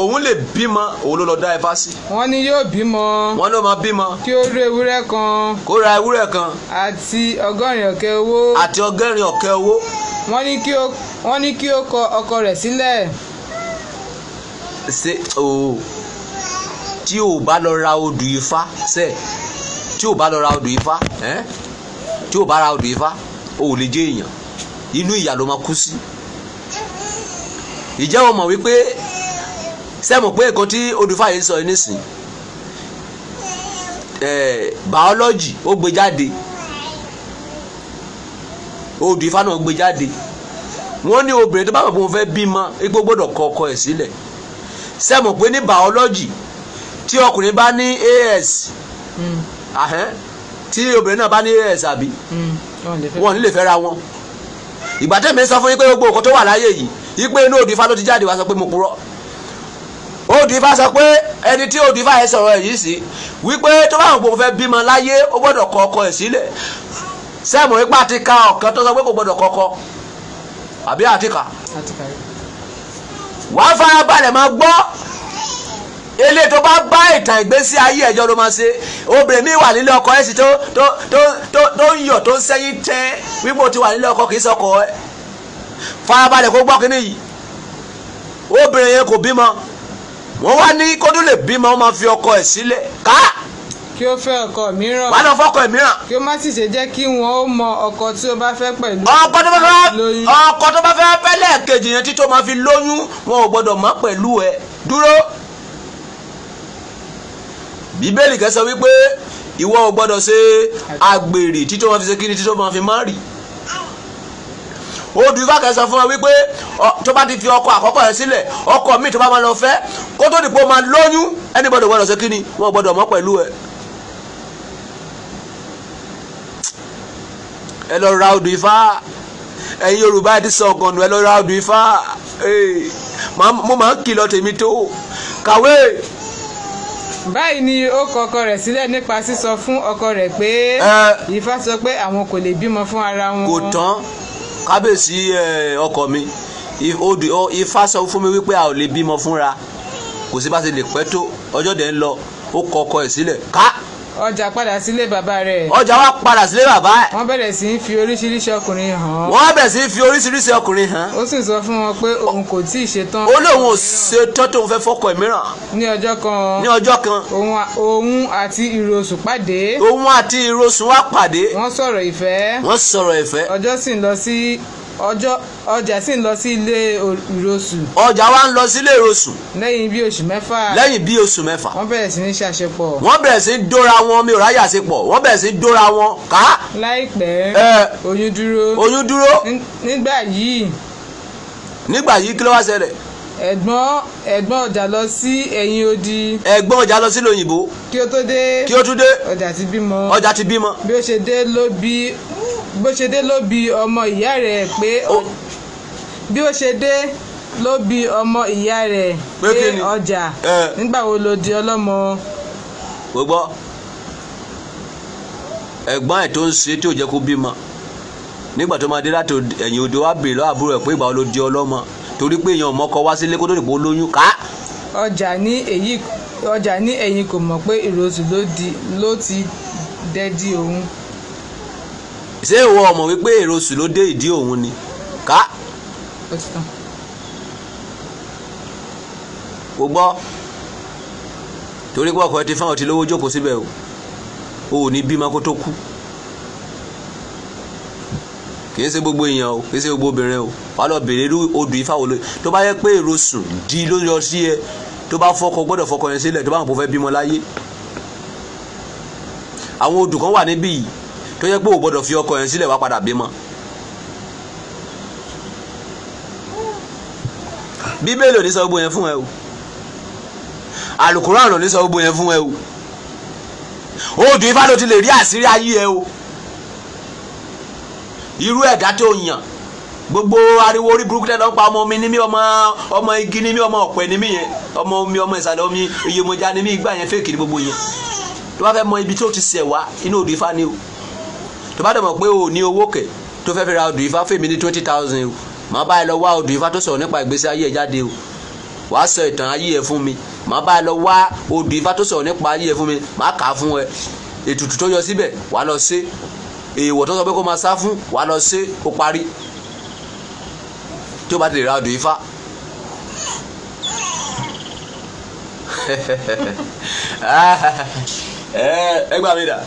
òun lè bímọ òun ló lọ dá ifá sí. wọ́n ní yóò bímọ. wọ́n ló máa bímọ. kí ó rí ewúrẹ́ kan. kó ra ewúrẹ́ kan. àti ọgọ́rin ọ̀kẹ́ owó. àti ọgọ́rin ọ̀kẹ́ owó. wọ́n ní kí ó kọ ọkọ rẹ̀ sílẹ̀ ṣe o tí o bá lọ ra odù ifá ṣe tí o bá lọ ra odù ifá ẹ tí o bá ra odù ifá o ò lè jẹ èèyàn inú ìyà ló máa kú sí ìjẹ́ wọn mọ̀ wípé sẹ́mu pé nǹkan tí odù ifá yìí sọ yìí nísìn ẹ̀ bàọ́lọ́jì ó gbé jáde odù ifá náà gbé jáde wọ́n ní obìnrin tó bá mọ̀ pé wọ́n fẹ́ bímọ igbó gbọ́dọ̀ kọ ọkọ ẹ̀ sílẹ̀. Si sẹ́mu pé ní biology tí ọkùnrin bá ní AS hmm. tí obìnrin náà bá ní AS àbí hmm. wọn ò ní lè fẹ́ ra wọn ìgbà tẹ̀mí sọ fún yín pé gbogbo nǹkan tó wà láyé yìí yí pé inú òdìfá ló ti jáde wá sọ pé mo purọ́ òdìfá sọ pé ẹni tí òdìfá yẹn sọ̀rọ̀ yìí sí wípé tó bá wọn kò fẹ́ bímọ láyé ó gbọ́dọ̀ kọ ọkọ ẹ̀ sílẹ̀ sẹ́mu ipá ti ka ọ̀kan tó sọ pé kò gbọ́dọ̀ kọ́kọ́ àbí àtìkà. àtìkà yìí wàá fara balẹ̀ máa gbọ́ ilé tó bá bá ìtàn ìgbésí ayé ẹjọ́ ló máa ṣe obìnrin mi wà nílé ọkọ ẹ̀ sì tó tó tó tó ń yọ̀ tó ń sẹ́yìn tẹ́ wípé o ti wà nílé ọkọ kì í sọkọ ẹ̀ farabalẹ̀ kó gbọ́ kínní yìí obìnrin yẹn kò bímọ wọ́n wá ní kó tó lè bímọ wọ́n máa fi ọkọ ẹ̀ sílẹ̀ ká kí ó fẹ́ ọkọ mìíràn. wàá lọ fọkọ mìíràn. kí ó má sì ṣe jẹ́ kí wọn ó mọ ọkọ tí ó bá fẹ́ pẹ̀lú. ọkọ tó bá fẹ́ ọkọ tó bá fẹ́ fẹ́ lẹ́ẹ̀kejì yẹn títí ó máa fi lóyún wọn ò gbọdọ̀ mọ̀ pẹ̀lú ẹ dúró. bíbélì kẹsọ wípé ìwọ ò gbọdọ̀ ṣe àgbèrè títí ó máa fi ṣe kíni títí ó máa fi má rì. odù ifá kẹsàn fún wa wípé tó bá ti fi ọkọ àkọ́kọ́ yẹn sílẹ̀ ọkọ míì tó bá máa lọ fẹ́ kó tó dìpọ̀ máa lóyún ẹni gbọdọ̀ gbọdọ̀ ṣe kíni wọn ò gbọdọ̀ pẹ̀lú ẹ. ẹ lọ ra odò ifá ẹ̀yin yorùbá ti sọ ọ̀gànnù ẹ lọ ra odò ifá mo máa ń kìlọ̀ tèmi tó kàwé báyìí ni ó kọ ọkọ rẹ̀ sílẹ̀ nípa sísọ fún ọkọ rẹ̀ pé Ifá sọ pé àwọn kò lè bímọ fún ara wọn. kò tán kábèsí ọkọ mi Ifá sọ fún mi wípé a ò lè bímọ fúnra kò sí bá ṣe lè pẹ́ tó ọjọ́ dẹ̀ ń lọ ó kọ ọkọ ẹ̀ sílẹ̀ ká ọjà padà sílé bàbá rẹ̀. ọjà wa padà sílé bàbá ẹ̀. wọ́n bẹ̀rẹ̀ sí í fi oríṣiríṣi ọkùnrin hàn. wọ́n bẹ̀rẹ̀ sí í fi oríṣiríṣi ọkùnrin hàn. ó sì sọ fún wọn pé òun kò tí ì ṣetán. ó lóun ò ṣetán tóun fẹ́ fọkọ ẹ̀ mìíràn. ní ọjọ́ kan. ní ọjọ́ kan. òun àti ìrosùn pàdé. òun àti ìrosùn wá pàdé. wọ́n sọ̀rọ̀ ìfẹ́. wọ́n sọ̀rọ̀ ìfẹ́. ọjọ́ sì ń lọ sí ọjọ́ ọjà sì ń lọ sí ilé ìrosù. ọjà wa ń lọ sí ilé ìrosù. lẹ́yìn bí oṣù mẹ́fà. lẹ́yìn bí oṣù mẹ́fà. wọ́n bẹ̀rẹ̀ sí ní ṣàṣepọ̀. wọ́n bẹ̀rẹ̀ sí ní dóra wọn mi ò ráyà sí pọ̀ wọ́n bẹ̀rẹ̀ sí ní dóra wọn ká. láìpẹ́ oyún dúró. oyún dúró. nígbà yìí. nígbà yìí kí ló wá ṣẹlẹ̀ ẹ̀gbọ́n ẹ̀gbọ́n ọjà lọ sí ẹ̀yìn odi. ẹ̀gbọ́n ọjà lọ sí lóyìnbó. kí ó tó dé. kí ó tó dé. ọjà ti bímọ. ọjà ti bímọ. bí ó ṣe dé ló bí bó ṣe dé ló bí ọmọ ìyá rẹ̀ pé bí ó ṣe dé ló bí ọmọ ìyá rẹ̀ pé ọjà nígbà wo ló di ọlọ́mọ. gbogbo ẹ̀gbọ́n ẹ̀ tó ń ṣe tí ò jẹ́ kó bímọ nígbà tó máa dé láti ẹ̀yìn odò wa bèrè lọ́wọ́ àbúrò ẹ̀ pé ìgbà wo ló di ọlọ́mọ torí pé èèyàn mọ́kọ wá sílé kó tó dìbò lóyún ká. ọjà ní èyí ọjà ní ẹ̀yìn kò mọ̀ pé ìrosùn ló ti dẹ́dí òun. ṣé ìwọ ọmọ wípé ìrosùn ló dé ìdí òun ni ká. o gbọ́ torí pé ọkọ ẹ ti fáwọn ti lówó jókòó síbẹ̀ o ò ní bímọ kó tó kú kì í ṣe gbogbo èèyàn o kì í ṣe gbogbo obìnrin o wàá lọ bèrè irú odù ifá wo tó bá yẹ pé èrò sùn di ló yọ sí ẹ tó bá fọkọ gbọ́dọ̀ fọkọ yẹn sílẹ̀ tó bá wọn kò fẹ́ bímọ láyé àwọn odù kan wà níbí yìí tó yẹ pé o gbọ́dọ̀ fi ọkọ yẹn sílẹ̀ wá padà bímọ. bíbélì ò ní sọ gbogbo yẹn fún ẹ o àlùkùránì ò ní sọ gbogbo yẹn fún ẹ o odù ifá ló ti lè rí àṣírí ayé ẹ o irú ẹ̀dá tó yàn gbogbo ariwo orí burúkú tẹ́lẹ̀ ọ̀pá ọmọ mi ní mí ọmọ ọmọ igi ní mí ọmọ ọ̀pẹ ní mí yẹn ọmọ omi ọmọ ìsàlẹ̀ omi iyemọja ní mí ìgbà yẹn fèkì ní gbogbo yẹn tó bá fẹ́ mọ ibi tó ti sẹ̀ wá inú odò ifá ni o tó bá dẹ̀ mọ̀ pé o ní owó kẹ̀ tó fẹ́ fi ra odò ifá fèmí ní twenty thousand o màá bá ẹ lọ wá odò ifá tó sọ̀rọ̀ nípa ìgbésí ayé ẹ jáde o wàá sọ ìtàn ayé ẹ fún mi màá bá ẹ lọ wá odò ifá tó sọ̀rọ̀ nípa ayé ẹ fún mi màá kà á fún ẹ ètùtù tó yọ síbẹ̀ wàá lọ ṣe èèwọ̀ tó sọ pé kó máa sá fún wàá lọ ṣe ó parí tó bá ti lè ra odò ifá *laughs* eh, ẹ gbà mí dà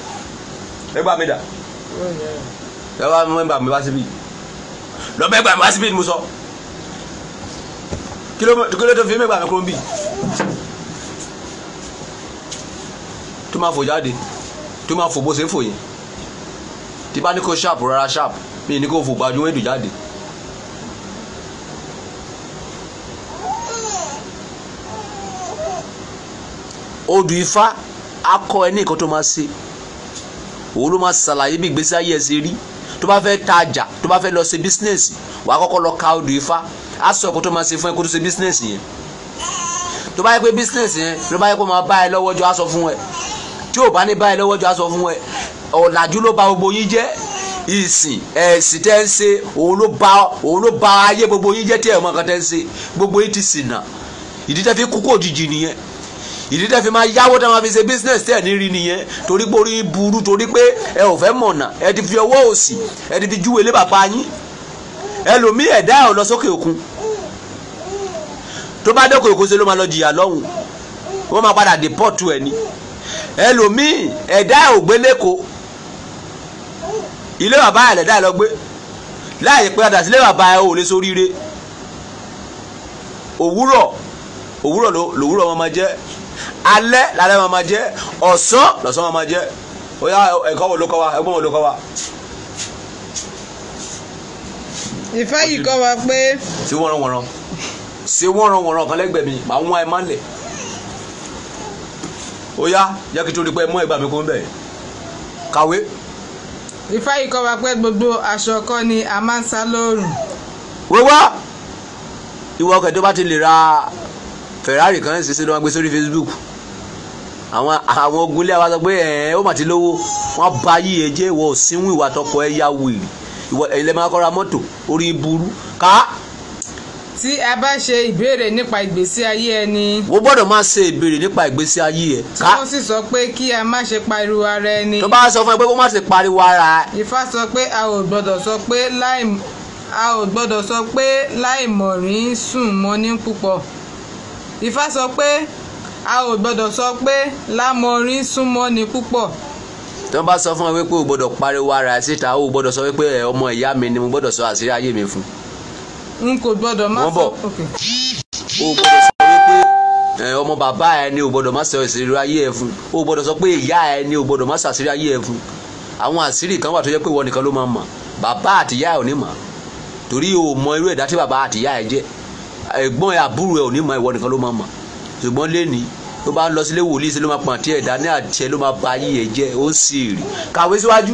ẹ gbà mí dà ẹ bá mẹ́mbà mi wá síbí lọ bẹ́ẹ̀ gbà mí wá síbí ni mo sọ kí ló tó fi mẹ́gbà mi kúrò ń bì tó máa fò jáde tó máa fò bó ṣe ń fò yẹn tí bá ní kó ṣàpù rárá ṣàpù mi ní kó fò gbajúmọ̀ èdè jáde. odù ifá akọ ẹ ní nǹkan tó máa ṣe òun ló máa ṣàlàyé bí ìgbésí ayé ẹ ṣe rí tó bá fẹ́ tajà tó bá fẹ́ lọ ṣe bísínẹ́sì wàá kọ́kọ́ lọ ka odù ifá á sọ nǹkan tó máa ṣe fún ẹ kó tó ṣe bísínẹ́sì yẹn tó bá yẹ pé bísínẹ́sì yẹn ló bá yẹ kó máa bá ẹ lọ́wọ́ á sọ fún ẹ tí ò bá ní bá ẹ lọ́wọ́ á sọ fún ẹ ọ̀làjú ló ba gbogbo yín jẹ́ ìsìn ẹ̀sìn tẹ́ ń ṣe òun ló ba òun ló ba ayé gbogbo yín jẹ́ tí ẹ̀ mọ̀ nǹkan tẹ́ ń ṣe gbogbo yín ti sìn nà ìdí tẹ́ fi kúkú òjijì nìyẹn ìdí tẹ́ fi máa yáwó tẹ́ máa fi ṣe business tẹ́ ní rí nìyẹn torí pé orí burú torí pé ẹ ò fẹ́ mọ̀nà ẹ ti fi ọwọ́ òsì ẹ ti fi júwe lé bàbá yín ẹlòmíì ẹ̀dá ẹ̀ lọ sókè òkun tó bá dẹ́kun òkun ṣe ló máa lọ jìyà lọ́hùn wọ́n máa padà dé ẹ̀ ni ẹlòmíì ẹ̀dá ẹ̀ ò gbé lẹ́kọ̀ọ́ ilé bàbá àlẹ́dá lọ gbé láàyè pé adà sílé bàbá ẹ ò lè soríire òwúrọ̀ òwúrọ̀ lòwúrọ̀ wọn máa jẹ́ alẹ́ lálẹ́ wọn máa jẹ́ ọ̀sán lọ́sán wọn máa jẹ́ bóyá ẹ̀kọ́ wo ló kọ́ wa ẹ̀gbọ́n wo ló kọ́ wa. ìfẹ́ yìí kọ́ wa pé. ṣé wọ́n rán wọ́n rán ṣé wọ́n rán wọ́n rán kan lẹ́gbẹ̀ẹ́ mi màá wọ́n ẹ má lẹ̀ ó yá jẹ́ kí torí pé ẹ mú ẹgbàá mi kó ń kàwé. Ifáyìí kọ́ wa pé gbogbo aṣọ kọ́ ni a máa ń sá lóòrùn. wíwá ìwọ ọkọ̀ tó bá ti lè ra Ferrari kan ṣe ṣe ló máa gbé sórí Facebook àwọn àwọn ogunlé wa sọ pé ẹ ó mà ti lówó wọn bá yí ẹ jẹ́ ìwọ òsínwó ìwà tọkọ ẹ yá wìrì ìwọ ẹ lè máa kọ́ra mọ́tò orí burú ká tí a bá ṣe ìbéèrè nípa ìgbésí ayé ẹni. wo gbọ́dọ̀ máa ṣe ìbéèrè nípa ìgbésí ayé ẹ̀. tí wọ́n sì sọ pé kí a má ṣe pariwo ara ẹni. tó bá sọ fún ẹ pé kó má ṣe pariwo ara. Ifá sọ pé a ò gbọ́dọ̀ sọ pé láì a ò gbọ́dọ̀ sọ pé láì mọ̀rín sùn mọ́ni púpọ̀ Ifá sọ pé a ò gbọ́dọ̀ sọ pé lámọ̀rín sùn mọ́ni púpọ̀ tí wọ́n bá sọ fún ẹ pé o gbọ́dọ̀ pariwo ara ẹ síta o gbọ́dọ̀ sọ pé ọmọ ìyá mi ni mo gbọ́dọ̀ sọ àṣírí ayé mi fún un n kò gbọ́dọ̀ má sọ o gbọ́dọ̀ sọ wípé ọmọ bàbá ẹ ni o gbọ́dọ̀ má sọ àṣírí ayé ẹ fún o gbọ́dọ̀ sọ pé ìyá ẹ ni o gbọ́dọ̀ má sọ àṣírí ayé ẹ fún àwọn àṣírí kan wà tó jẹ́ pé ìwọ nìkan ló máa mọ̀ bàbá àtìyá ẹ ò ní mọ̀ torí o mọ irú ẹ̀dá tí bàbá àtìyá ẹ jẹ́ ẹ̀gbọ́n ẹ àbúrò ẹ ò ní mọ̀ ìwọ nìkan ló máa mọ̀ ṣùgbọ́n lẹ́ni tó bá ń lọ sílé wòlíì sí ló máa pàǹtí ẹ̀dá ní àjẹ ló máa ba ayé ẹ jẹ́ ó sì rí kàwé síwájú.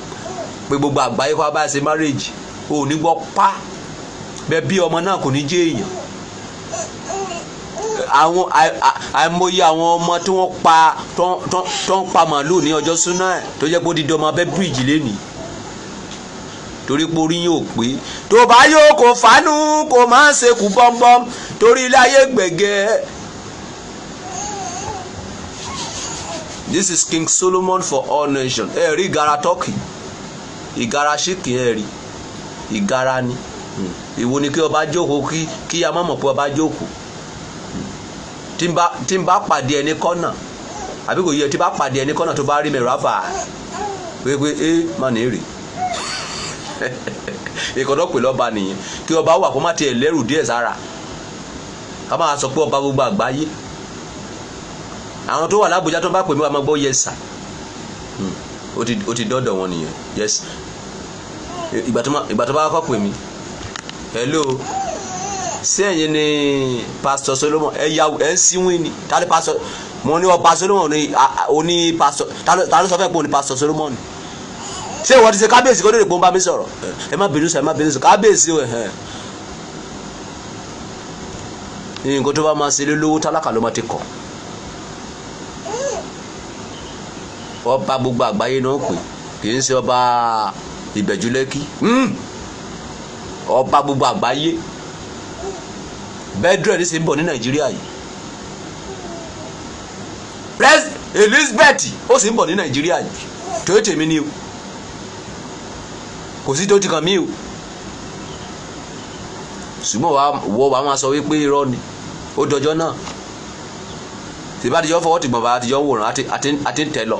pé gbogbo àgbáyé kó a bá ṣe marriage o ò ní gbọ́ pa bẹ́ẹ̀ bí ọmọ náà kò ní jẹ́ èèyàn àwọn àìmọye àwọn ọmọ tí wọ́n pa tó ń pa màálù ní ọjọ́ súná ẹ̀ tó jẹ́ pé ó di abẹ́ bíríìjì lẹ́nìí torí pé orí yóò pé tó bá yóò kó fánú kó máa ń sekú bọ́m̀bọ́m torí ilé ayé gbẹ̀gẹ́ This is King Solomon for all nations ẹ rí gara turkey ìgara ṣìkì ẹ̀ rí ìgara ni ìwo hmm. ni kí ọba jókòó kí kí a má mọ̀ pé ọba jókòó tí n bá pàdé ẹni kọ́nà àbí kò yẹ tí n bá pàdé ẹni kọ́nà tó bá rí mẹ́rọ àbà pé pé é má ní rè ìkọ̀dọ̀ *laughs* pè lọ́ba nìyẹn kí ọba wà kó má tiẹ̀ lẹ́rù díẹ̀ sára ká máa sọ pé ọba gbogbo àgbáyé àwọn tó wà lábújá tó bá pè mí wà máa gbọ́ yẹsà hmm. ó ti dọ́dọ̀ wọn nìyẹn ìgbà tó bá kọ́ pè mí hello ṣé ẹ̀yin ni pastor Solomon ẹ yà ẹ ń síwìn ni ta pastor mo ní ọ pastor Solomon ni o ní pastor ta ló sọ fẹ́ pé o pastor Solomon ṣé ìwọ ti ṣe kábíyèsí kó lè gbóhùn bá mi sọ̀rọ̀ ẹ má bínú sọ ẹ má bínú sọ kábíyèsí o ẹ̀hẹ́n nǹkan tó bá máa ṣe lólówó tálákà ló máa ti kọ̀ ọba gbogbo àgbáyé náà pè kì í ṣe ọba ìbẹ̀jú lẹ́kì hmm. ọba gbogbo àgbáyé bẹ́ẹ̀dúrẹ́dì sì ń bọ̀ ní nàìjíríà yìí pres elizabeth ó sì ń bọ̀ ní nàìjíríà yìí tó tèmi ni o kò sí tó ti kàn mí o ṣùgbọ́n wọ́n wàá máa sọ wípé irọ́ ni ó dọjọ́ náà tìbá àtijọ́ fọwọ́ tìgbọ̀n bá àtijọ́ wòran àti àti àti ń tẹ̀ lọ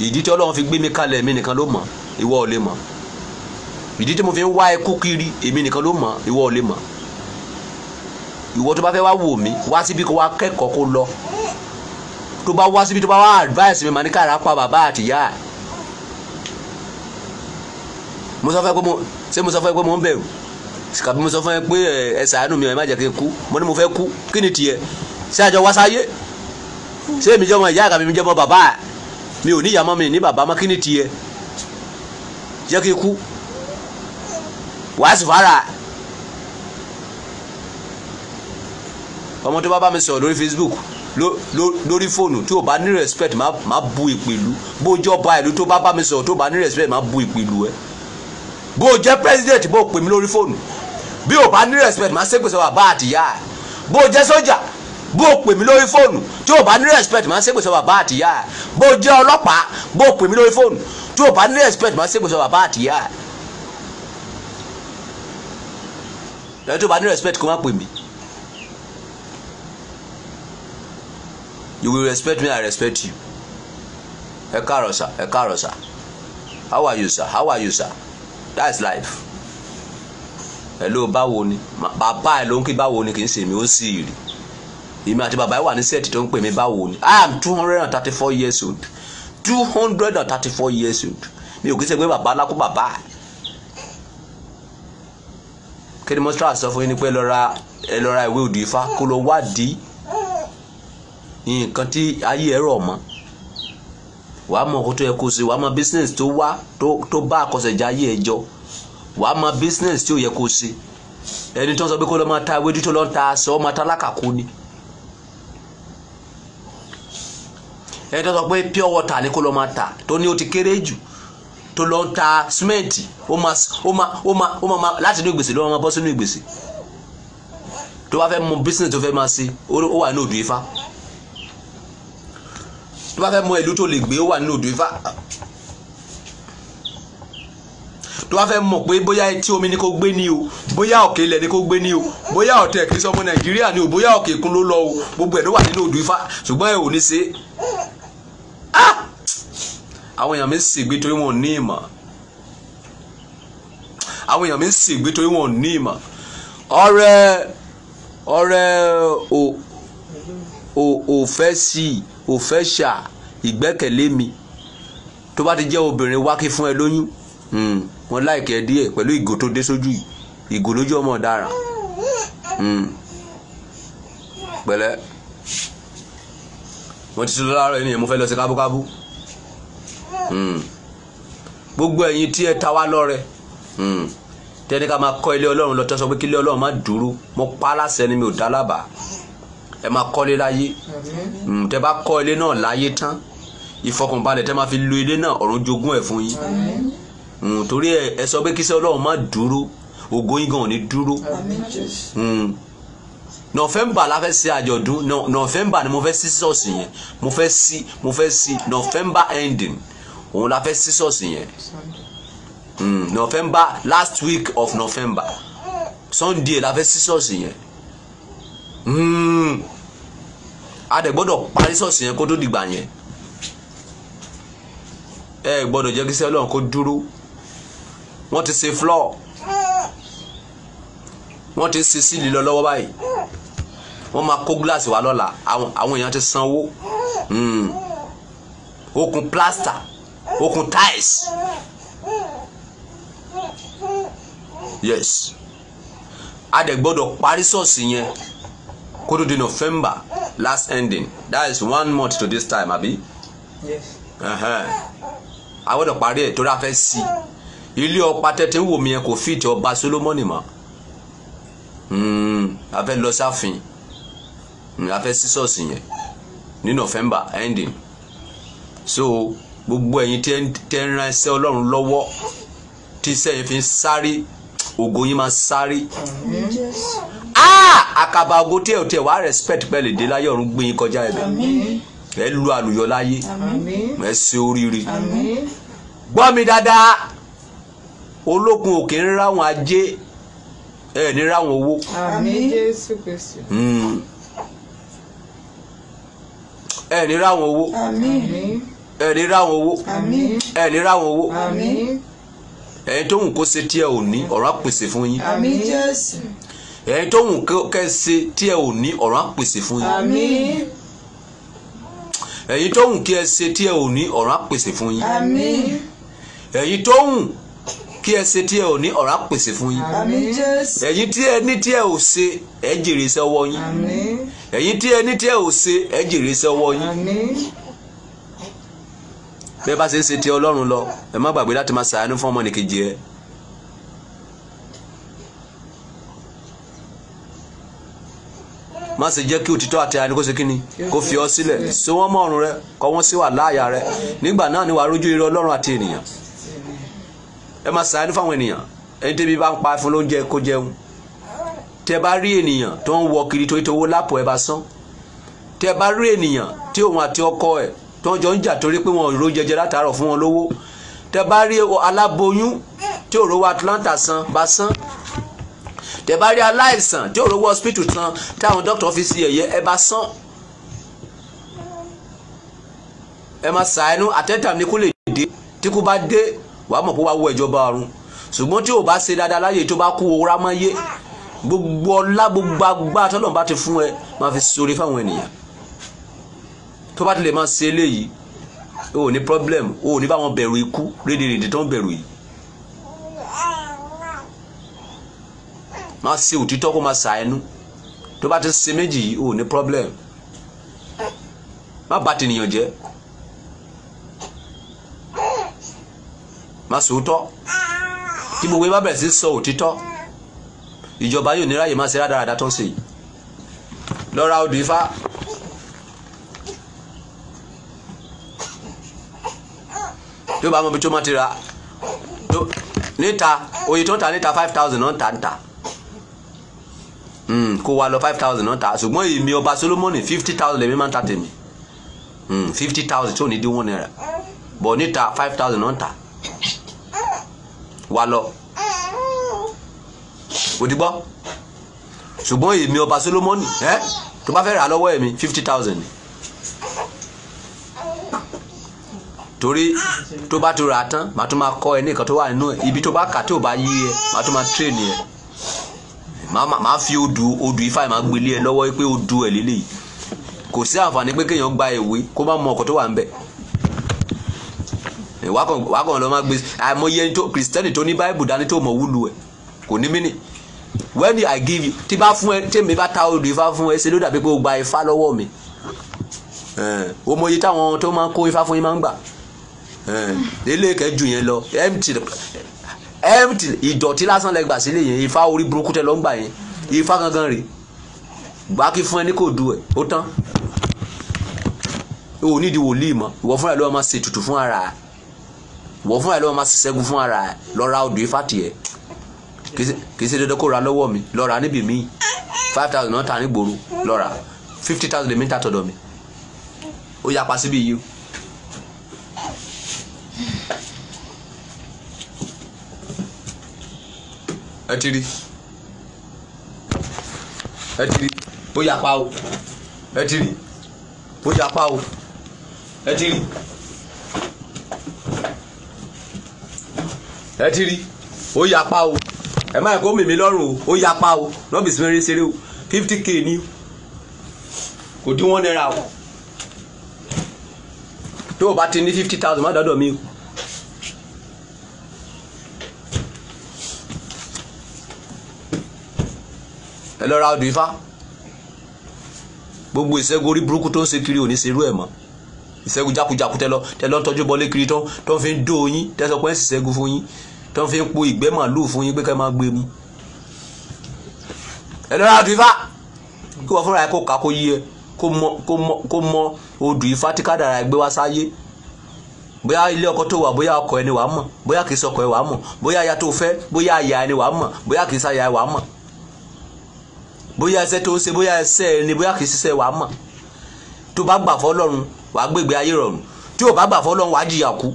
ìdí tí ọlọ́run fi gbé mi kalẹ̀ mi nìkan ló mọ̀ ìwọ ò lè mọ̀ ìdí tí mo fi ń wá ikú kiri èmi nìkan ló mọ̀ ìwọ ò lè mọ̀ ìwọ tó bá fẹ́ wá wò mí wá síbi kó wá kẹ́kọ̀ọ́ kó lọ tó bá wá síbi tó bá wá advice mi mà ní kára pa bàbá àtìyá ẹ̀ mo sọ fún ẹ pé mo ṣé mo sọ fún ẹ pé mo ń bẹ̀rù kàbí mo sọ fún ẹ pé ẹ ṣàánú mi ẹ má jẹ́ kí n kú mo ní mo fẹ́ kú kí ni tiẹ̀ ṣé àjọ wá sáyé ṣé èmi jẹ́ ọmọ ìyá àkàbí mi jẹ́ ọmọ bàbá ẹ̀ mi ò níyàá mọ́ mi ní bàbá mọ́ kí ni tiẹ̀ jẹ́ kí n kú wàá sùfàrà ọmọ tó bá bá mi sọ̀rọ̀ lórí Facebook lórí fóònù tí o bá ní respect má bu ìpìlú bójú ọba ìlú tó bá bá mi sọ̀rọ̀ tó bá ní respect má bu ìpìlú ẹ bó o jẹ́ president bó o pè mí lórí fóònù bí o bá ní respect má ṣépè sọ bàbá àtìyá ẹ bó o jẹ́ sójà. So bó o pè mí lórí fóònù tí o bá ní respect máa ṣépè sọ bàbá àtìyá ẹ bó o jẹ́ ọlọ́pàá bó o pè mí lórí fóònù tí o bá ní respect máa ṣépè sọ bàbá àtìyá ẹ. lẹ́yìn tí o bá ní respect kó má pè mí. you will respect me i respect you. ẹ káàárọ̀ sà ẹ káàárọ̀ sà how are you sir how are you sir that's life. hello báwo ni bàbá ẹ ló ń kí báwo ni kì í ṣèmi ó sì rí èmi àti bàbá yìí wà ní sẹ́ẹ̀tì tó ń pè mí báwo ni I am two hundred and thirty four years old two hundred and thirty four years old mi ò kí ń sẹ́ pé bàbá ńlá kó bàbá kéde mọ́tàlá sọ fún yín ni pé ẹ lọ ra ìwé òdì ifá kó lọ wádìí nǹkan tí ayé ẹ rọ̀ mọ́ wàá mọ ohun tó yẹ kó o ṣe wàá mọ business tó wá tó bá àkọsẹ̀já ayé ẹ jọ wàá mọ business tí ò yẹ kó ṣe ẹni tó ń sọ pé kó lọ máa ta ewédú tó lọ ta aṣọ máa ta lákàkú ni ẹni tó sọ pé pure water ni kó lọ́ọ́ máa tà tó ní ó ti kéré jù tó lọ́ọ́ ta símẹ́ǹtì ó máa ó máa ó máa ó máa láti inú ìgbèsè lọ́wọ́ máa bọ́ sínú ìgbèsè tó bá fẹ́ mú business tó fẹ́ máa ṣe ó wà ní odù ifá tó bá fẹ́ mú ìlú tó lè gbé ó wà ní odù ifá tó bá fẹ́ mọ̀ pé bóyá etí omi ni kò gbé ní o bóyá òkè ilẹ̀ ni kò gbé ní o bóyá ọ̀tẹ̀ kì í sọmọ nàìjíríà ni o bóyá òkè kún ló lọ o gbogbo ẹ̀ ló wà nínú odù ifá ṣùgbọ́n ẹ̀ ò ní ṣe Ah! àwọn èèyàn mi ń ṣègbé torí wọn ò ní ìmọ̀ àwọn èèyàn mi ń ṣègbé torí wọn ò ní ìmọ̀ ọ̀rẹ́ ọ̀rẹ́ ò ò fẹ́ sí ò fẹ́ ṣà ìgbẹ́kẹ̀lé mi tó bá ti jẹ́ obìnrin wákí fún ẹ lóyún wọn hmm, láìkẹ́ ẹ díẹ̀ pẹ̀lú ìgò tó dé sójú ìgò lójú ọmọ ọ̀daràn hmm. pẹ̀lẹ́ mo ti sọ láàárọ̀ ẹni yẹn mo fẹ́ lọ sí kábúkábú hmm. gbogbo ẹ̀yin tí ẹ ta wá lọ́rẹ hmm. tẹ́ni ká máa kọ́ ilé ọlọ́run lọ tẹ́sọ pé kí ilé ọlọ́run má dúró mo pa á láṣẹ ni mi ò dá lábàá ẹ máa kọ́lé láyé hmm. tẹ́ bá kọ́ ilé náà láyé tán ìfọkànbalẹ̀ tẹ́ máa fi lu ilé náà ọ̀run jogún ẹ̀ fún yín torí ẹ sọ pé kí iṣẹ́ ọlọ́run má dúró ògo yín gan ò ní dúró. November, la fẹ́ ṣe àjọ̀dún nọfẹmbà ni mo fẹ́ sí ṣọ́ọ̀ṣì yẹn mo fẹ́ sí mo fẹ́ sí nọfẹmbà ending òun la fẹ́ sí ṣọ́ọ̀ṣì yẹn hmm, nọfẹmbà last week of November. sunday la fẹ́ sí ṣọ́ọ̀ṣì yẹn hmm. a dẹ̀ gbọ́dọ̀ parí ṣọ́ọ̀ṣì yẹn kó tó dìgbà yẹn ẹ gbọ́dọ̀ jẹ́ kí sẹ́lọ̀ kó dúró wọ́n ti ṣe floor wọ́n ti ṣe sílì lọ lọ́wọ́ báyìí wọ́n máa kó gíláàsì wá lọ́la àwọn èèyàn ti sanwó hmm. okùn plásítà okùn tiles yes a dẹ̀ gbọ́dọ̀ parí ṣọ́ọ̀ṣì yẹn kó tó di November last ending that is one month to this time Abi. yes a gbọ́dọ̀ parí ẹ̀ torí a fẹ́ sí ilé ọpa tẹ́tẹ́ wò mí yẹn kò fìtì ọba Solomoni mọ́ hmm. a fẹ́ lọ sáfin afẹ́ sí ṣọ́ọ̀ṣì yẹn ní November ending so gbogbo ẹ̀yin tẹ́ ń ran iṣẹ́ Ọlọ́run lọ́wọ́ tí iṣẹ́ yẹn fi ń sáré ògo yín máa sáré ah! àkàbà ògo tí ẹ ò tẹ wàá respect pẹ̀lú èdè láyé ọ̀run gbé yín kọjá ẹ̀bẹ̀ ẹ lu àlùyọ láyé ẹ ṣe oríire gbọ́ mi dáadáa ológun òkè ń ráwọn ajé ẹ ní ráwọn owó ẹ ní ráwọn owó ẹ ní ráwọn owó ẹ ní ráwọn owó ẹ̀yin tó wù kó ṣe tí ẹ ò ní ọ̀rọ̀ á pèsè fún yín ẹ̀yin tó wù kẹ́ ṣe tí ẹ ò ní ọ̀rọ̀ á pèsè fún yín ẹ̀yin tó wù kí ẹ ṣe tí ẹ ò ní ọ̀rọ̀ á pèsè fún yín ẹ̀yin tó wù kí ẹ ṣe tí ẹ ò ní ọ̀rọ̀ á pèsè fún yín ẹ̀yin tí ẹ ní tí ẹ ò ṣe ẹ jèrè iṣẹ́ ọwọ́ yín ẹ̀yin tí ẹni tí ẹ ò ṣe ẹ jèrè sí ọwọ́ yín bẹ́ẹ̀ bá ṣe ń ṣe ti ọlọ́run lọ ẹ má gbàgbé láti máa ṣàánú fún ọmọnìkejì ẹ. má ṣe jẹ́ kí òtítọ́ àti àánú kó ṣe kíni kó fi ọ́ sílẹ̀ so wọ́n mọ́ rẹ kọ́ wọ́n sí wà láàyà rẹ nígbà náà ni wàá rójú irọ́ ọlọ́run àti ènìyàn ẹ máa ṣàánú fáwọn ènìyàn ẹni tẹ́bi bá ń pa fún lóúnjẹ kó jẹun tẹ bá rí ènìyàn tó ń wọ kiri torí towó lápò ẹ bá san tẹ bá rí ènìyàn tí òun àti ọkọ ẹ tó ń jọ ń jà torí pé wọn ò ro jẹjẹ látàárọ̀ fún wọn lówó tẹ bá rí aláboyún tí òun rówó Atlanta san bá san tẹ bá rí aláìsàn tí òun rówó hospital san táwọn dókítà fi sí ẹ̀yẹ ẹ bá san ẹ máa ṣàánú àtẹ́tà ní kó lè dé tí kò bá dé wàá mọ̀ pé wàá wọ ìjọba ọ̀run ṣùgbọ́n tí ò bá ṣe dáadáa láyè tó bá kú owó rámáyé gbogbo ọlá gbogbo agbára tọ́lọ́run bá ti fún ẹ máa fi sori fáwọn ènìyàn tó bá ti lè máa ṣe eléyìí o ò ní problem o ò ní báwọn bẹ̀rù ikú rédèrèdè tó ń bẹ̀rù yìí máa ṣe òtítọ́ kó máa ṣà ẹnu tó bá ti ṣe méjì yìí o ò ní problem má bà tènìyàn jẹ́ má sòótọ́ tí gbogbo ẹ bá bẹ̀rẹ̀ sí sọ òtítọ́ ìjọba yóò níráyè máa ṣe rádaràda tó ń ṣe yìí lọ́ra odò ifá tó bá mọ ibi tó máa ti ra níta oye tó ń ta níta five thousand náà ń ta ń ta hmm, kó wa lọ five thousand náà ta ṣùgbọ́n èmi ọba Solomoni fifty thousand lèmi máa ń ta tèmi hmm, fifty thousand tí ò ní dín one naira bọ̀ níta five thousand náà ń ta wa lọ kò ti gbọ́ ṣùgbọ́n èmi ọba Solomoni ẹ tó bá fẹ́ rà lọ́wọ́ èmi fifty thousand torí tó bá ti rà tán màá tún máa kọ́ ẹ ní nǹkan tó wà nínú ẹ ibi tó bá kà tí ò bá yí ẹ màá tún máa tírèèni ẹ màá fi odù odù ifá ẹ máa gbélé ẹ lọ́wọ́ pé odù ẹ lélẹ́yìí kò sí àǹfààní pé kéèyàn gba ìwé kó má mọ ọkọ tó wà ń bẹ wákàn lọ má gbé àìmọye kristẹni tó ní báìbù dání tó mọ wúlò ẹ kò ní mínì when I give you tí bá fún ẹ tèmi bá ta odò ifá fún ẹ ṣe ló dàbí pé o gba ifá lọ́wọ́ mi o mọ iye táwọn tó máa ń kó ifá fún yín máa ń gbà ilé kẹjù yẹn lọ empty empty ìdọ̀tí lásán lẹ gbà sílé yẹn ifá orí burúkú tẹ lọ ń gbà yẹn ifá gangan rèé gbà kí fún ẹ ní kò du ẹ ó tán o ò nídìí wòlíì mọ ìwọ fúnra ẹ lọ́wọ́ máa ṣe ètùtù fún ara ẹ ìwọ fúnra ẹ lọ́wọ́ máa ṣiṣẹ́gun fún ara ẹ lọ́ra odò ifá tiẹ̀ kì í ṣe dandan kó ra lọ́wọ́ mi lọ́ra níbi mi. five thousand náà ta ní gbòòrò lọ́ra fifty thousand èmi ń ta tọ̀dọ̀ mi ó yapa síbí yìí ẹ ti rí ẹ ti rí ó yapa o ẹ ti rí ó yapa o ẹ ti rí ẹ ti rí ó yapa o ẹ má yẹ kó mèmí lọ́rùn o ó yapa o lọ́bì sí mẹ́rin ṣeré o fifty k ní kò dín wọ́n náírà o tó o bá ti ní fifty thousand má dọ́dọ̀ mi o. ẹ lọ ra ọdún ifá gbogbo ìṣẹ́gun orí burúkú tó ń ṣe kiri ò ní ṣerú ẹ̀ mọ́ ìṣẹ́gun jákujáku tẹ́ lọ tẹ́ lọ tọ́jú bọ́lé kiri tán tó ń fi ń dó yín tẹ́ sọ pé ń ṣiṣẹ́gun fún yín tó ń fi po ìgbẹ́ màálù fún yín pé ká máa gbé mu ẹni rárá du ifá kí wọ́n fúnra ẹ kó ka kó yí ẹ kó mọ odù ifá tí kádàrá ẹ gbé wá sáyé bóyá ilé ọkọ tó wà bóyá ọkọ ẹni wà á mọ̀ bóyá kìí sọkọ ẹ wà á mọ̀ bóyá aya tó fẹ́ bóyá aya ẹni wà á mọ̀ bóyá kìí sáya ẹ wà á mọ̀ bóyá ẹsẹ tó ń ṣe bóyá ẹsẹ ẹni bóyá kìí ṣiṣẹ́ wà á mọ̀ tó bá gbà fọ́ lọ́run wàá gbégbé ayé rọrùn tí ò bá gbà fọ́ lọ́run wàá jìyà kú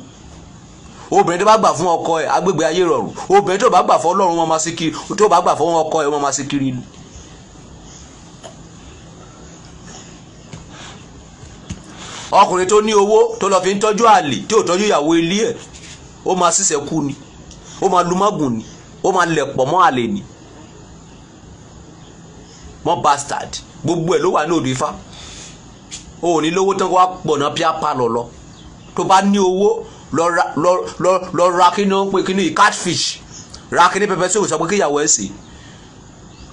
obìnrin tó bá gbà fún ọkọ ẹ̀ agbègbè ayé rọrùn obìnrin tó bá gbà fún ọlọ́run wọn máa ṣe kiri tó bá gbà fún ọkọ ẹ̀ wọn máa ṣe kiri ni. ọkùnrin tó ní owó tó lọ fi ń tọ́jú àlè tí ò tọ́jú ìyàwó ilé ẹ̀ ó máa ṣiṣẹ́ kú ni ó máa lu mágùn ni ó máa lẹ̀ pọ̀ mọ́ àlè ni mọ́ bastard gbogbo ẹ̀ ló wà ní òdìfá o ò ní lówó tán kó wá pọ̀nà pí apá lọ lọ tó bá ní owó lọ ra kí ni ó ń pè kí ni catfish ra kí ni pẹpẹ tí òun sọ pé kí ìyàwó ẹ sè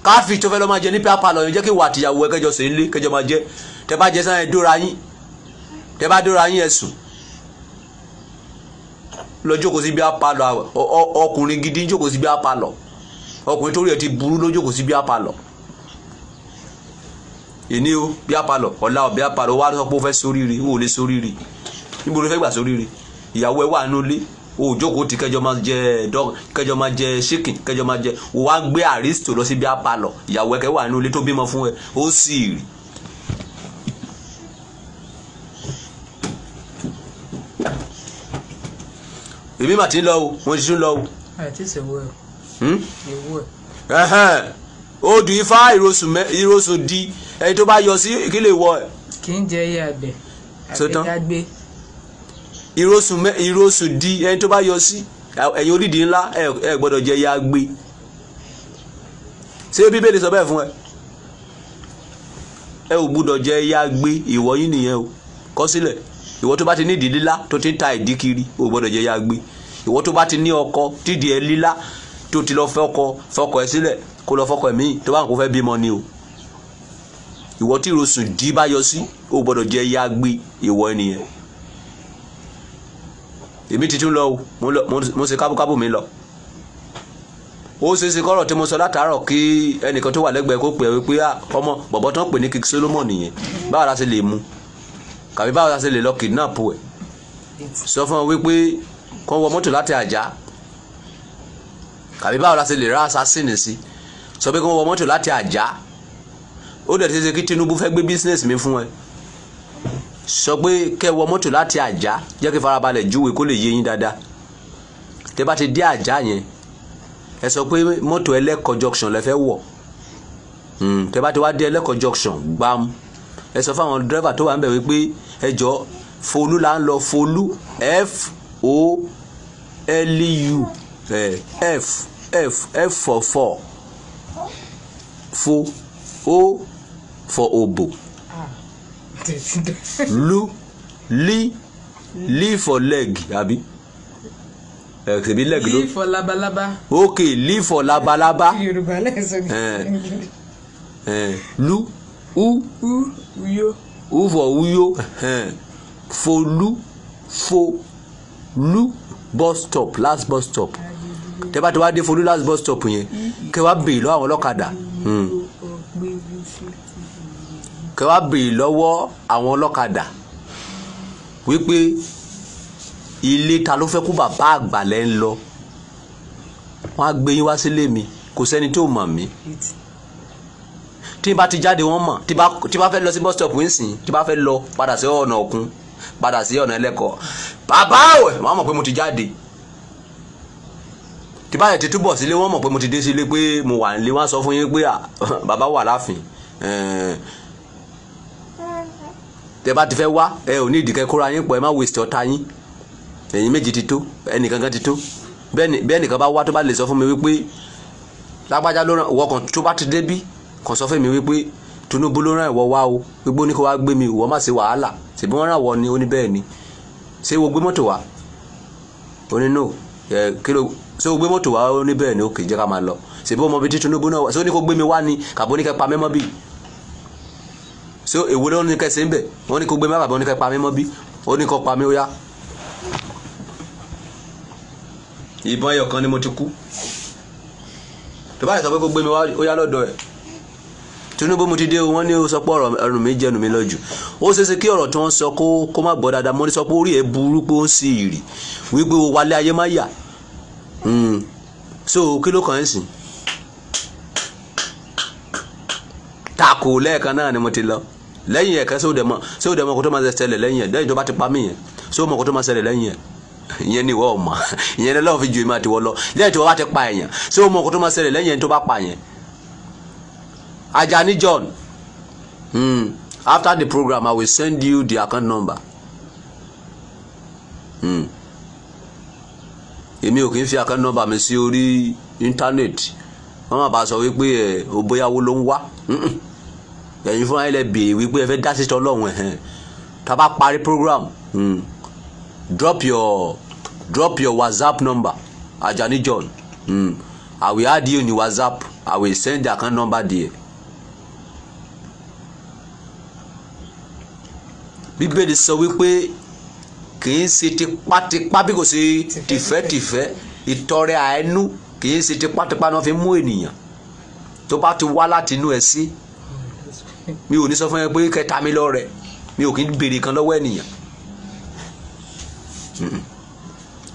catfish tó fẹ́ lọ́ máa jẹ ní pípa lọ yẹn jẹ́ kí ìwà àtìyàwó ẹ kẹjọ sè ń lé kẹjọ máa jẹ tẹ bá jẹ sáyẹn dóra yín tẹ bá dóra yín ẹ sùn lọ sí bí apalọ ọkùnrin gidi jókòó sí bí apalọ ọkùnrin tó rí ẹ ti burú ló sí bí apalọ èní o bí apalọ ọ̀la ọ̀ bí apalọ wà á sọ pé ó fẹ́ sóríire ó lè sóríire níbo ló fẹ́ gbà sóríire ìyàwó ẹ wà nulẹ òjòkó ti kẹjọ máa jẹ dọ kẹjọ máa jẹ ṣíkìn kẹjọ máa jẹ o wá gbé àrísítò lọ sí bí apalọ ìyàwó ẹ kẹ wà nulẹ tó bímọ fún ẹ ó sì rí. èmi mà ti ń lọ o mo ti tún lọ o. àti ìṣèwọ ẹ. ìwọ hmm? ẹ. odù ifá ìrosùn di ẹni tó bá yọ sí kí lè wọ ẹ. kì í jẹ iye àgbẹ̀ àgbẹ̀ dágbé ìrosùn mẹ ìrosùn di ẹni tó bá yọ sí ẹ̀yin onídìí ńlá ẹ gbọ́dọ̀ jẹ ya gbé ṣé bíbélì sọ bẹ́ẹ̀ fún ẹ ẹ ò gbọ́dọ̀ jẹ ya gbé ìwọ yín nìyẹn o kọ sílẹ̀ ìwọ tó bá ti ní ìdí lílá tó ti ń ta ìdí kiri ò gbọ́dọ̀ jẹ ya gbé ìwọ tó bá ti ní ọkọ tídì ẹ lílá tó ti lọ fọkọ fọkọ ẹ sílẹ̀ kó lọ fọkọ ẹ míì tó bá ń kó fẹ́ bímọ ni o ìwọ tí ìrosùn dí bá yọ sí ò gbọ́dọ̀ jẹ ya gbé ìwọ ẹnìyẹn èmi ti tún lọ o mo ṣe kábúkábù mi lọ ó ṣeé ṣe kọ́rọ̀ tí mo sọ látàárọ̀ kí ẹnìkan tó wà lẹ́gbẹ̀ẹ́ kó pè é pé ah, ọmọ bọ̀bọ̀ tán pè ní King Solomon nìyẹn báwo la ṣe lè mú kàbí báwo la ṣe lè lọ kidnap ẹ̀ sọ fún ọ wípé kó wọ mọ́tò láti àjà kàbí báwo la ṣe lè rá assassin sí sọ pé kó wọ mọ́tò láti àjà ó dẹ̀ ṣeé kí Tinubu fẹ́ gbé business mi fún ẹ sọ pé kẹ́ wọ mọ́tò láti àjà jẹ́ kí farabalẹ̀ júwe kó lè yé yín dáadáa tẹ́ bá ti dé àjà yẹn ẹ sọ pé mọ́tò ẹlẹ́kọ̀ junction lẹ fẹ́ wọ̀ hmm, tẹ́ bá ti wá dé ẹlẹ́kọ̀ junction gbam ẹ sọ fáwọn dírẹ́fà tó wà ń bẹ̀ wípé ẹ jọ folú là ń lọ folú f o l u eh, f f f for four fo o for obo lu li li for leg abi. ẹ leg ló. li for labalábá. ok li for labalábá. lu u. u uyo. u for uyo fo lu fo lu bus stop last bus stop tẹ́ bá ti wá dé folú last bus stop yẹn kẹ́ wá bèè lọ àwọn ọlọ́kadà kẹ́ wá béèrè lọ́wọ́ àwọn ọlọ́kadà wípé ilé ta ló fẹ́ kó bàbá àgbà lẹ́ ń lọ wọ́n á gbé yín wá sílé mi kò sẹ́ni tó mọ̀ mí tí n bá ti jáde wọ́n mọ̀ tí n bá fẹ́ lọ sí bus stop wínsìn tí n bá fẹ́ lọ padà sí ọ̀nà òkun padà sí ọ̀nà ẹlẹ́kọ̀ọ́ bàbá àwẹ̀ wọ́n mọ̀ pé mo ti jáde tí báyìí ti túbọ̀ sílé wọ́n mọ̀ pé mo ti dé sílé pé mo wà nílé wọ́n á sọ fún yín pé bàbá wà láàfin tẹ bá ti fẹ́ wá ẹ ò ní ìdíkẹ́ kóra yín pọ̀ ẹ má waste ọ̀tá yín ẹ̀yin méjì ti tó ẹnìkan kan ti tó bẹ́ẹ̀ nìkan bá wá tó bá lè sọ fún mi wípé lágbájá ló ràn ìwọ kan tó bá ti débí kan sọ fún mi wípé Tinubu ló ràn ìwọ wá o gbogbo oníkó wá gbé mi ìwọ má ṣe wàhálà ṣèbí wọn ràn wọ ni ó ní bẹ́ẹ̀ ni ṣé wo gbé mọ́tò wá ó ní no ẹ kí ṣé o gbé mọ́tò wá ó ní bẹ́ẹ̀ ni ó kì í jẹ́ ká máa lọ ṣèbí ọmọ bíi Tinubu náà ṣé ó gbé mi wá ni kàbó pa mẹ́mọ́ bíi so èwo ni wọ́n ní kẹsẹ̀ ń bẹ̀ wọ́n ní kó gbé má bàbá wọ́n ní kẹ́ pa mí mọ́ bí wọ́n ní kó pa mí ó ìbọn ẹyọ kan ni mo ti kú tó bá yẹ sọ pé kó gbé mi wá ó yá lọ́dọ̀ ẹ̀ Tinubu mo ti dé wọ́n ní ó sọ pé ẹnu mi jẹnu mi lọ́jù ó ṣeéṣe kí ọ̀rọ̀ tí wọ́n sọ kó kó má gbọ́ dáadáa mo ní sọ pé orí ẹ̀ burú pé ó ń sí ìrì wípé o wálé ayé má yà hmm. so kí ló kàn ń sìn tako lẹ́ẹ̀kan náà ni mo ti lọ lẹ́yìn ẹ̀kẹ́ sóò dẹ̀mọ́ sóò dẹ̀mọ́ kó tó máa ṣẹlẹ̀ lẹ́yìn ẹ̀ lẹ́yìn tó bá ti pa mí yẹn sóò mọ̀ kó tó máa ṣẹlẹ̀ lẹ́yìn ẹ̀ ìyẹn ni ìwọ ọmọ *laughs* ìyẹn ni lọ́wọ́ fi ju èmi àti wọ́n lọ tó bá ti pa èèyàn sóò mọ̀ kó tó máa ṣẹlẹ̀ lẹ́yìn tó bá pa yẹn. Ajani John hmm. after the program I will send you the account number hmm. èmi ò kì í fi account number mi sí orí íńtánẹ́ẹ̀tì wọ́n má bàa sọ wípé ẹ̀ ò bóyá owó ló ń wá. Mm -mm ẹ̀yin fúnra yín lẹ béèrè wípé ẹ fẹ́ dá sí tọ́lọ́hún ẹ̀hẹ́n tá a bá parí program mm. drop your drop your whatsapp number Ajani John mm. I will add you ní whatsapp I will send the account number there. bíbélì sọ wípé kì í ṣe tipátipá bí kò ṣe tìfẹ́tìfẹ́ ìtọrẹ àánú kì í ṣe tipátipá náà fi mú ènìyàn tó bá ti wá láti inú ẹ sí. Si mi ò ní sọ fún ẹ pé kẹta mi lọ rẹ mi ò kí ń béèrè kan lọ́wọ́ ènìyàn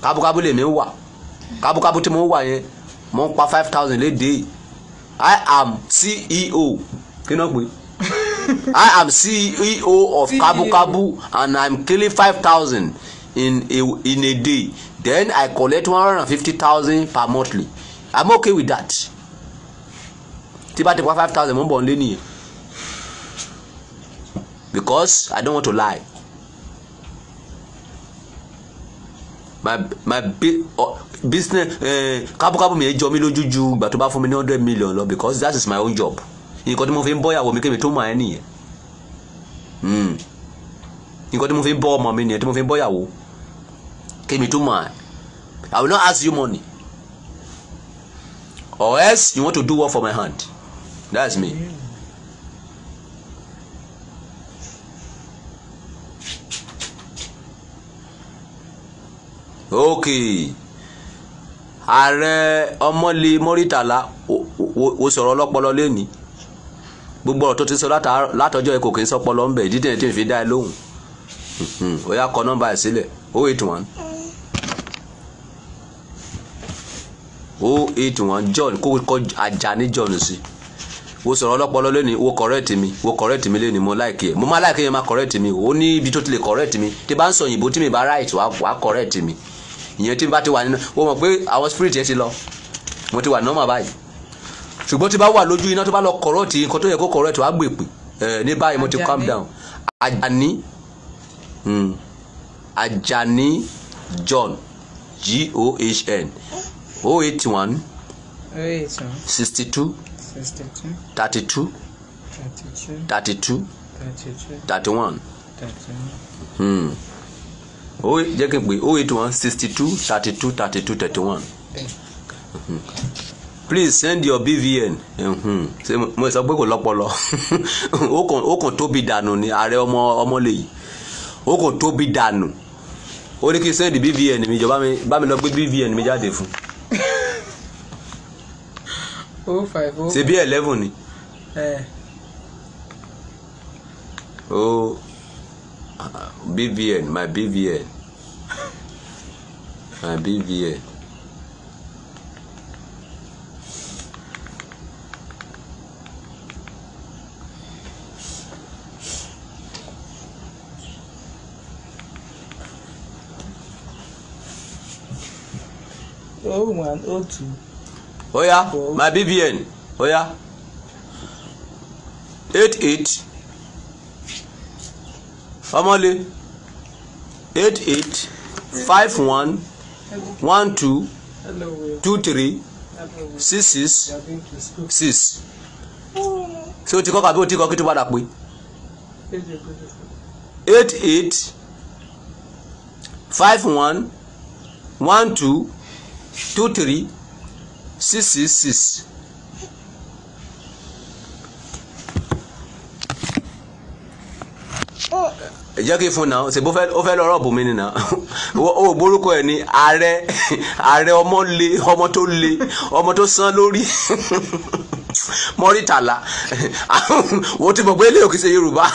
kábúkábú lèmi wà kábúkábú tí mo wà yẹn mo pa five thousand léde I am CEO kí náà pé *laughs* I am CEO of e kábúkábú and I'm killing five thousand in a in a day then I collect one hundred and fifty thousand per monthly I'm okay with that tí bá ti pa five thousand mo ń bọ̀ ń lé nìyẹn because I don't want to lie. my my oh, business eh, kábọ̀kábọ̀ mi jọ mí lójúju ìgbà to bá fún mi ní hundred million lọ because that is my own job nǹkan tí mo fi ń bọ́ ìyàwó mi kébi tó mọ̀ ẹ́ nìyẹn hmm. nǹkan tí mo fi ń bọ́ ọmọ mi nìyẹn tí mo fi ń bọ́ ìyàwó kébi tó mọ̀ ẹ́ I will not ask you money or else you want to do work for my hand that's me. Yeah. ok ààrẹ ọmọlé mọ́rítàlá wo sọ̀rọ̀ ọlọ́pọlọ lẹ́ni gbogbo ọ̀rọ̀ tó ti sọ látọjọ́ ẹ kò kì í sọpọlọ ń bẹ̀ dídẹ̀ tí n fi dá ẹ lóhùn hmm, ó yá kọ nọ́mbà ẹ sílẹ̀ o oh eight one o oh eight one john kó kọ Àjàní john sí wo sọ̀rọ̀ ọlọ́pọlọ lẹ́ni wo correct mi wo correct mi lẹ́ni mo like mo má like ẹ yẹn má correct mi o ní ibi tó ti lè correct mi tí bá ń sọ òyìnbó tí mi bá right wá correct mi ìyẹn tí n bá ti wà nínú o mọ̀ pé àwọn spirit yẹn ti lọ mo ti wà normal báyìí ṣùgbọ́n tí bá wà lójú iná tó bá lọ correct nǹkan tó yẹ kó correct wàá gbèpè e ẹ ní báyìí mo ti calm down Ajani Ajani hmm. John G O H N o eight one sixty two thirty two thirty two thirty one. Hmm o jẹ́ kí n pè o eight one sixty two thirty two thirty two thirty one please send your BVN ṣe mo sọ pé kò lọ́pọlọ *laughs* ó kàn tóbi dànù ni ààrẹ ọmọ ọmọ lè yìí ó kàn tóbi dànù ó ní kí n send BVN mi jọ bá mi lọ gbé BVN mi jáde fún. ṣe *laughs* oh oh bí eleven ni. Eh. o oh, uh, BVN my BVN. My vl. Oh one, oh two. Oya, oh. my BVN. Oya. Eight eight. Famole. Eight eight. Five one one two two three six six six ṣé o ti kọ́ kàbí o ti kọ́ kí tó padà pé eight eight five one one two two three six six six. jẹ́ kí fún náà ṣèbó ó fẹ́ lọ́rọ̀ bùnmi nìna *laughs* ó borúkọ ẹ̀ ní ààrẹ ààrẹ ọmọ le ọmọ tó le ọmọ tó sán lórí *laughs* mọ́rítàlá *laughs* wọ́n ti mọ̀ pé eléyìí kì í ṣe Yorùbá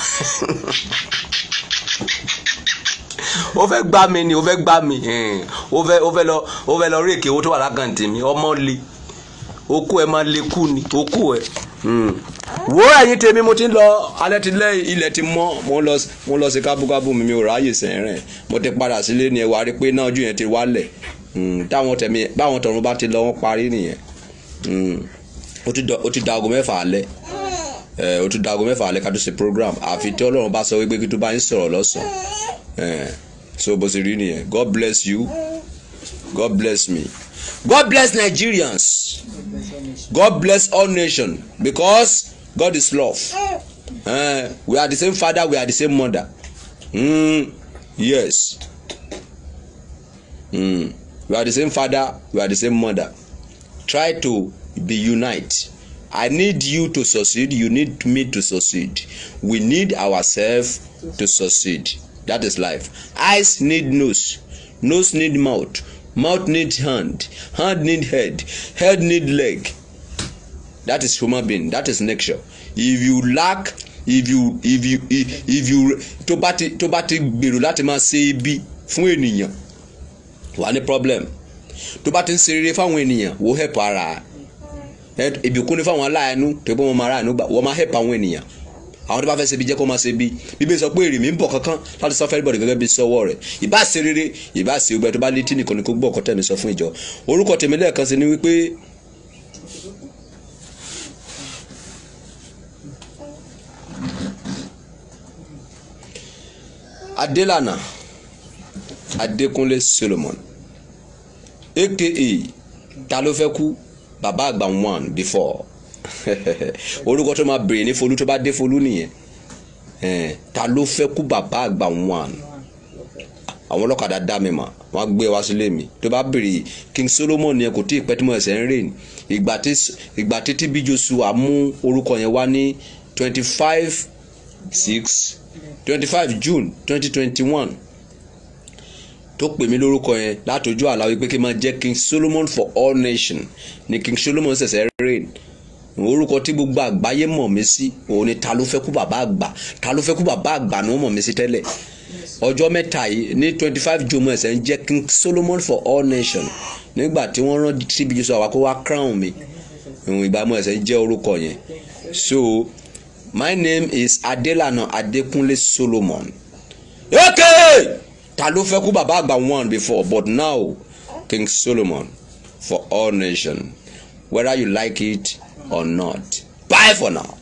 ó fẹ́ gbá mi ni ó fẹ́ gbá mi ó fẹ́ ó fẹ́ lọ ó fẹ́ lọ rí èké tó wà lákàntì mi ọmọ le okú ẹ máa lekú ni okú ẹ wo ẹ̀yin tèmi mo ti ń lọ alẹ́ ti lẹ́ ilẹ̀ ti mọ́ mo ń lọ mo ń lọ sí kábúkábù mi mi ò ráyè sẹ́rìn mo ti padà sílé ni ẹ wá rí pé náà ojú yẹn ti wálẹ̀ hmm, táwọn tẹ̀mí báwọn tọ̀run bá ti lọ wọ́n parí nìyẹn hmm, ó ti da aago mẹ́fà alẹ́ eh, ó ti da aago mẹ́fà alẹ́ ká tó program àfi tí ọlọ́run bá sọ wípé kí tó bá ń sọ̀rọ̀ lọ́sàn eh, so bó ṣe rí nìyẹn God bless you God bless me. God bless Nigerians. God bless all nations because God is love. Uh, we are the same father, we are the same mother. Mm, yes. Mm, we are the same father, we are the same mother. Try to be unite. I need you to succeed, you need me to succeed. We need ourselves to succeed. That is life. Eyes need nose, nose need mouth Mouth needs hand, hand need head, head need leg. That is human being. That is nature. If you lack, if you if you if, you tó bá ti tó bá ti gbèrò láti máa ṣe ibi fún ènìyàn wà ní problem tó bá ti ń ṣe rere fáwọn ènìyàn wò help ara ibi kún ní fáwọn aláàánú tó gbọ́n wọn máa aráàánú gbà wọ́n máa help àwọn ènìyàn àwọn tó bá fẹ́ ṣe bí jẹ́ kó máa ṣe bí bíbí sọ pé èrè ń bọ̀ kankan láti sọ fẹ́rẹ́ bọ̀dì gẹ́gẹ́ bí sọ́wọ́ rẹ̀ ìbá ṣe rere ìbá ṣe ogbẹ́ tó bá létí nìkan ni kó gbọ́ ọ̀kọ́ tẹ̀mí sọ fún ìjọ orúkọ tèmi lẹ́ẹ̀kan sí ni wípé Adélànà Adékúnlé Solomon aka ta ló fẹ́ kú bàbá àgbà one before orúkọ tó máa bèrè ní Folú tó bá dé Folú nìyẹn ta ló fẹ́ kú bàbá àgbà wọn àwọn ọlọ́kadà dá mi mà wọ́n á gbé wá sílé mi tó bá bèrè King Solomon yẹn kò tí ì pẹ́ tí mo ẹ̀sẹ̀ ń rìn ìgbà títí bí Joshua mú orúkọ yẹn wá ní twenty five six twenty five June twenty twenty one tó pè mí lórúkọ yẹn látọjú àlàó pé kí n máa jẹ́ King Solomon for all nations ni King Solomon ṣẹ̀ṣẹ̀ reign orúkọ tí gbogbo àgbáyé mọ̀ mí sí òun ni ta ló fẹ́ kú bàbá àgbà ta ló fẹ́ kú bàbá àgbà ni wọ́n mọ̀ mí sí tẹ́lẹ̀ ọjọ́ mẹ́ta yìí ní twenty five jomo ẹ̀sẹ̀ ń jẹ́ King Solomon for all nations nígbà tí wọ́n rán síbi jù sọ àwa kó wá crown mi ìwọ̀n ìbámu ẹ̀sẹ̀ jẹ́ orúkọ yẹn so my name is Adelana Adekunle Solomon Okay. ta ló fẹ́ kú bàbá àgbà one before but now King Solomon for all nations whether you like it or not. Bye for now.